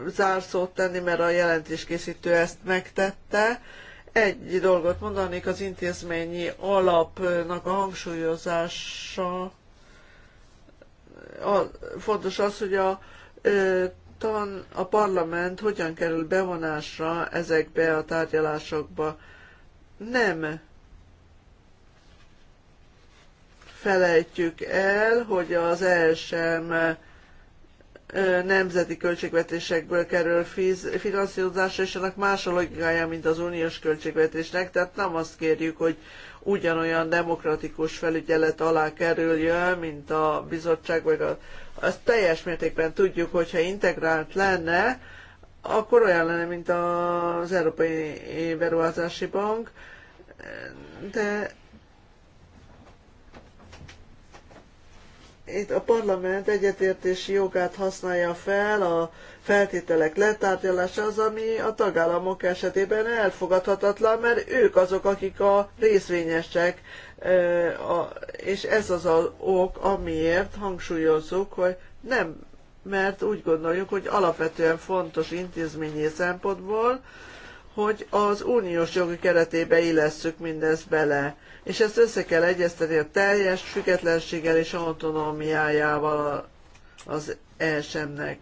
zárszót tenni, mert a jelentéskészítő ezt megtette. Egy dolgot mondanék, az intézményi alapnak a hangsúlyozása a, fontos az, hogy a e, konkrétan a parlament hogyan kerül bevonásra ezekbe a tárgyalásokba. Nem felejtjük el, hogy az ESM nemzeti költségvetésekből kerül finanszírozásra, és annak más a logikája, mint az uniós költségvetésnek, tehát nem azt kérjük, hogy ugyanolyan demokratikus felügyelet alá kerüljön, mint a bizottság, vagy a, azt teljes mértékben tudjuk, hogyha integrált lenne, akkor olyan lenne, mint az Európai Beruházási Bank, de itt a parlament egyetértési jogát használja fel a feltételek letárgyalása az, ami a tagállamok esetében elfogadhatatlan, mert ők azok, akik a részvényesek, és ez az az ok, amiért hangsúlyozzuk, hogy nem, mert úgy gondoljuk, hogy alapvetően fontos intézményi szempontból, hogy az uniós jogi keretébe illesszük mindezt bele, és ezt össze kell egyezteni a teljes függetlenséggel és autonómiájával az ESM-nek.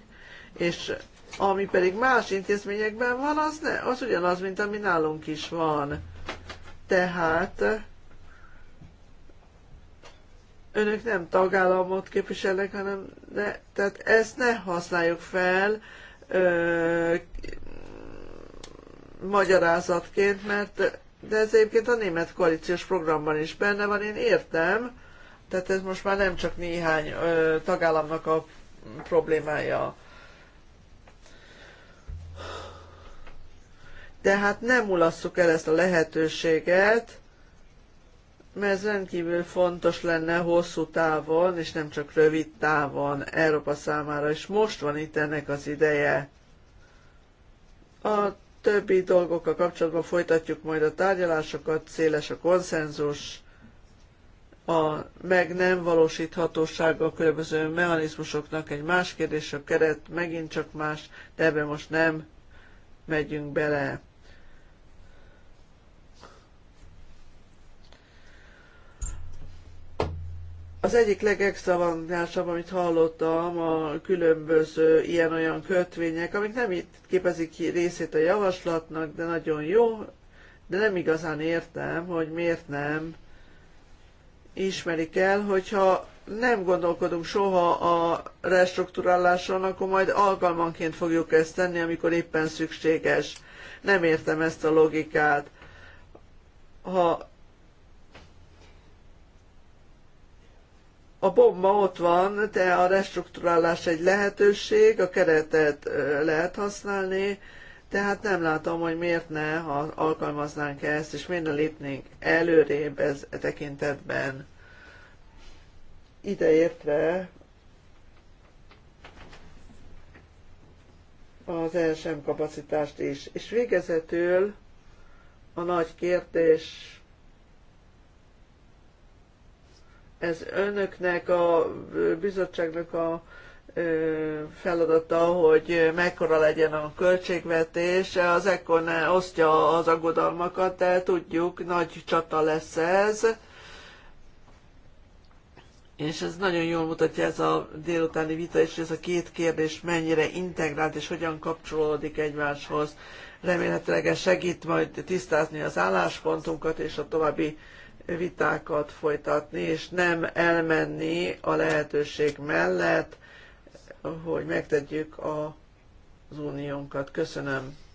És ami pedig más intézményekben van, az, ne, az ugyanaz, mint ami nálunk is van. Tehát önök nem tagállamot képviselnek, hanem ne, tehát ezt ne használjuk fel ö, magyarázatként, mert de ez egyébként a német koalíciós programban is benne van, én értem, tehát ez most már nem csak néhány ö, tagállamnak a problémája. hát nem mulasszuk el ezt a lehetőséget, mert ez rendkívül fontos lenne hosszú távon, és nem csak rövid távon Európa számára, és most van itt ennek az ideje. A többi dolgokkal kapcsolatban folytatjuk majd a tárgyalásokat, széles a konszenzus, a meg nem valósíthatósága a különböző mechanizmusoknak egy más kérdés, a keret megint csak más, de ebbe most nem megyünk bele. Az egyik legextravagánsabb, amit hallottam, a különböző ilyen-olyan kötvények, amik nem itt képezik részét a javaslatnak, de nagyon jó, de nem igazán értem, hogy miért nem ismerik el, hogyha nem gondolkodunk soha a restruktúráláson, akkor majd alkalmanként fogjuk ezt tenni, amikor éppen szükséges. Nem értem ezt a logikát. Ha a bomba ott van, de a restruktúrálás egy lehetőség, a keretet lehet használni, tehát nem látom, hogy miért ne, ha alkalmaznánk ezt, és miért ne lépnénk előrébb ez e tekintetben. Ideértve az ESM kapacitást is. És végezetül a nagy kérdés ez önöknek, a bizottságnak a feladata, hogy mekkora legyen a költségvetés. Az ekkor ne osztja az aggodalmakat, de tudjuk, nagy csata lesz ez. És ez nagyon jól mutatja ez a délutáni vita, és ez a két kérdés mennyire integrált, és hogyan kapcsolódik egymáshoz. Remélhetőleg ez segít majd tisztázni az álláspontunkat és a további vitákat folytatni, és nem elmenni a lehetőség mellett, hogy megtegyük az uniónkat. Köszönöm.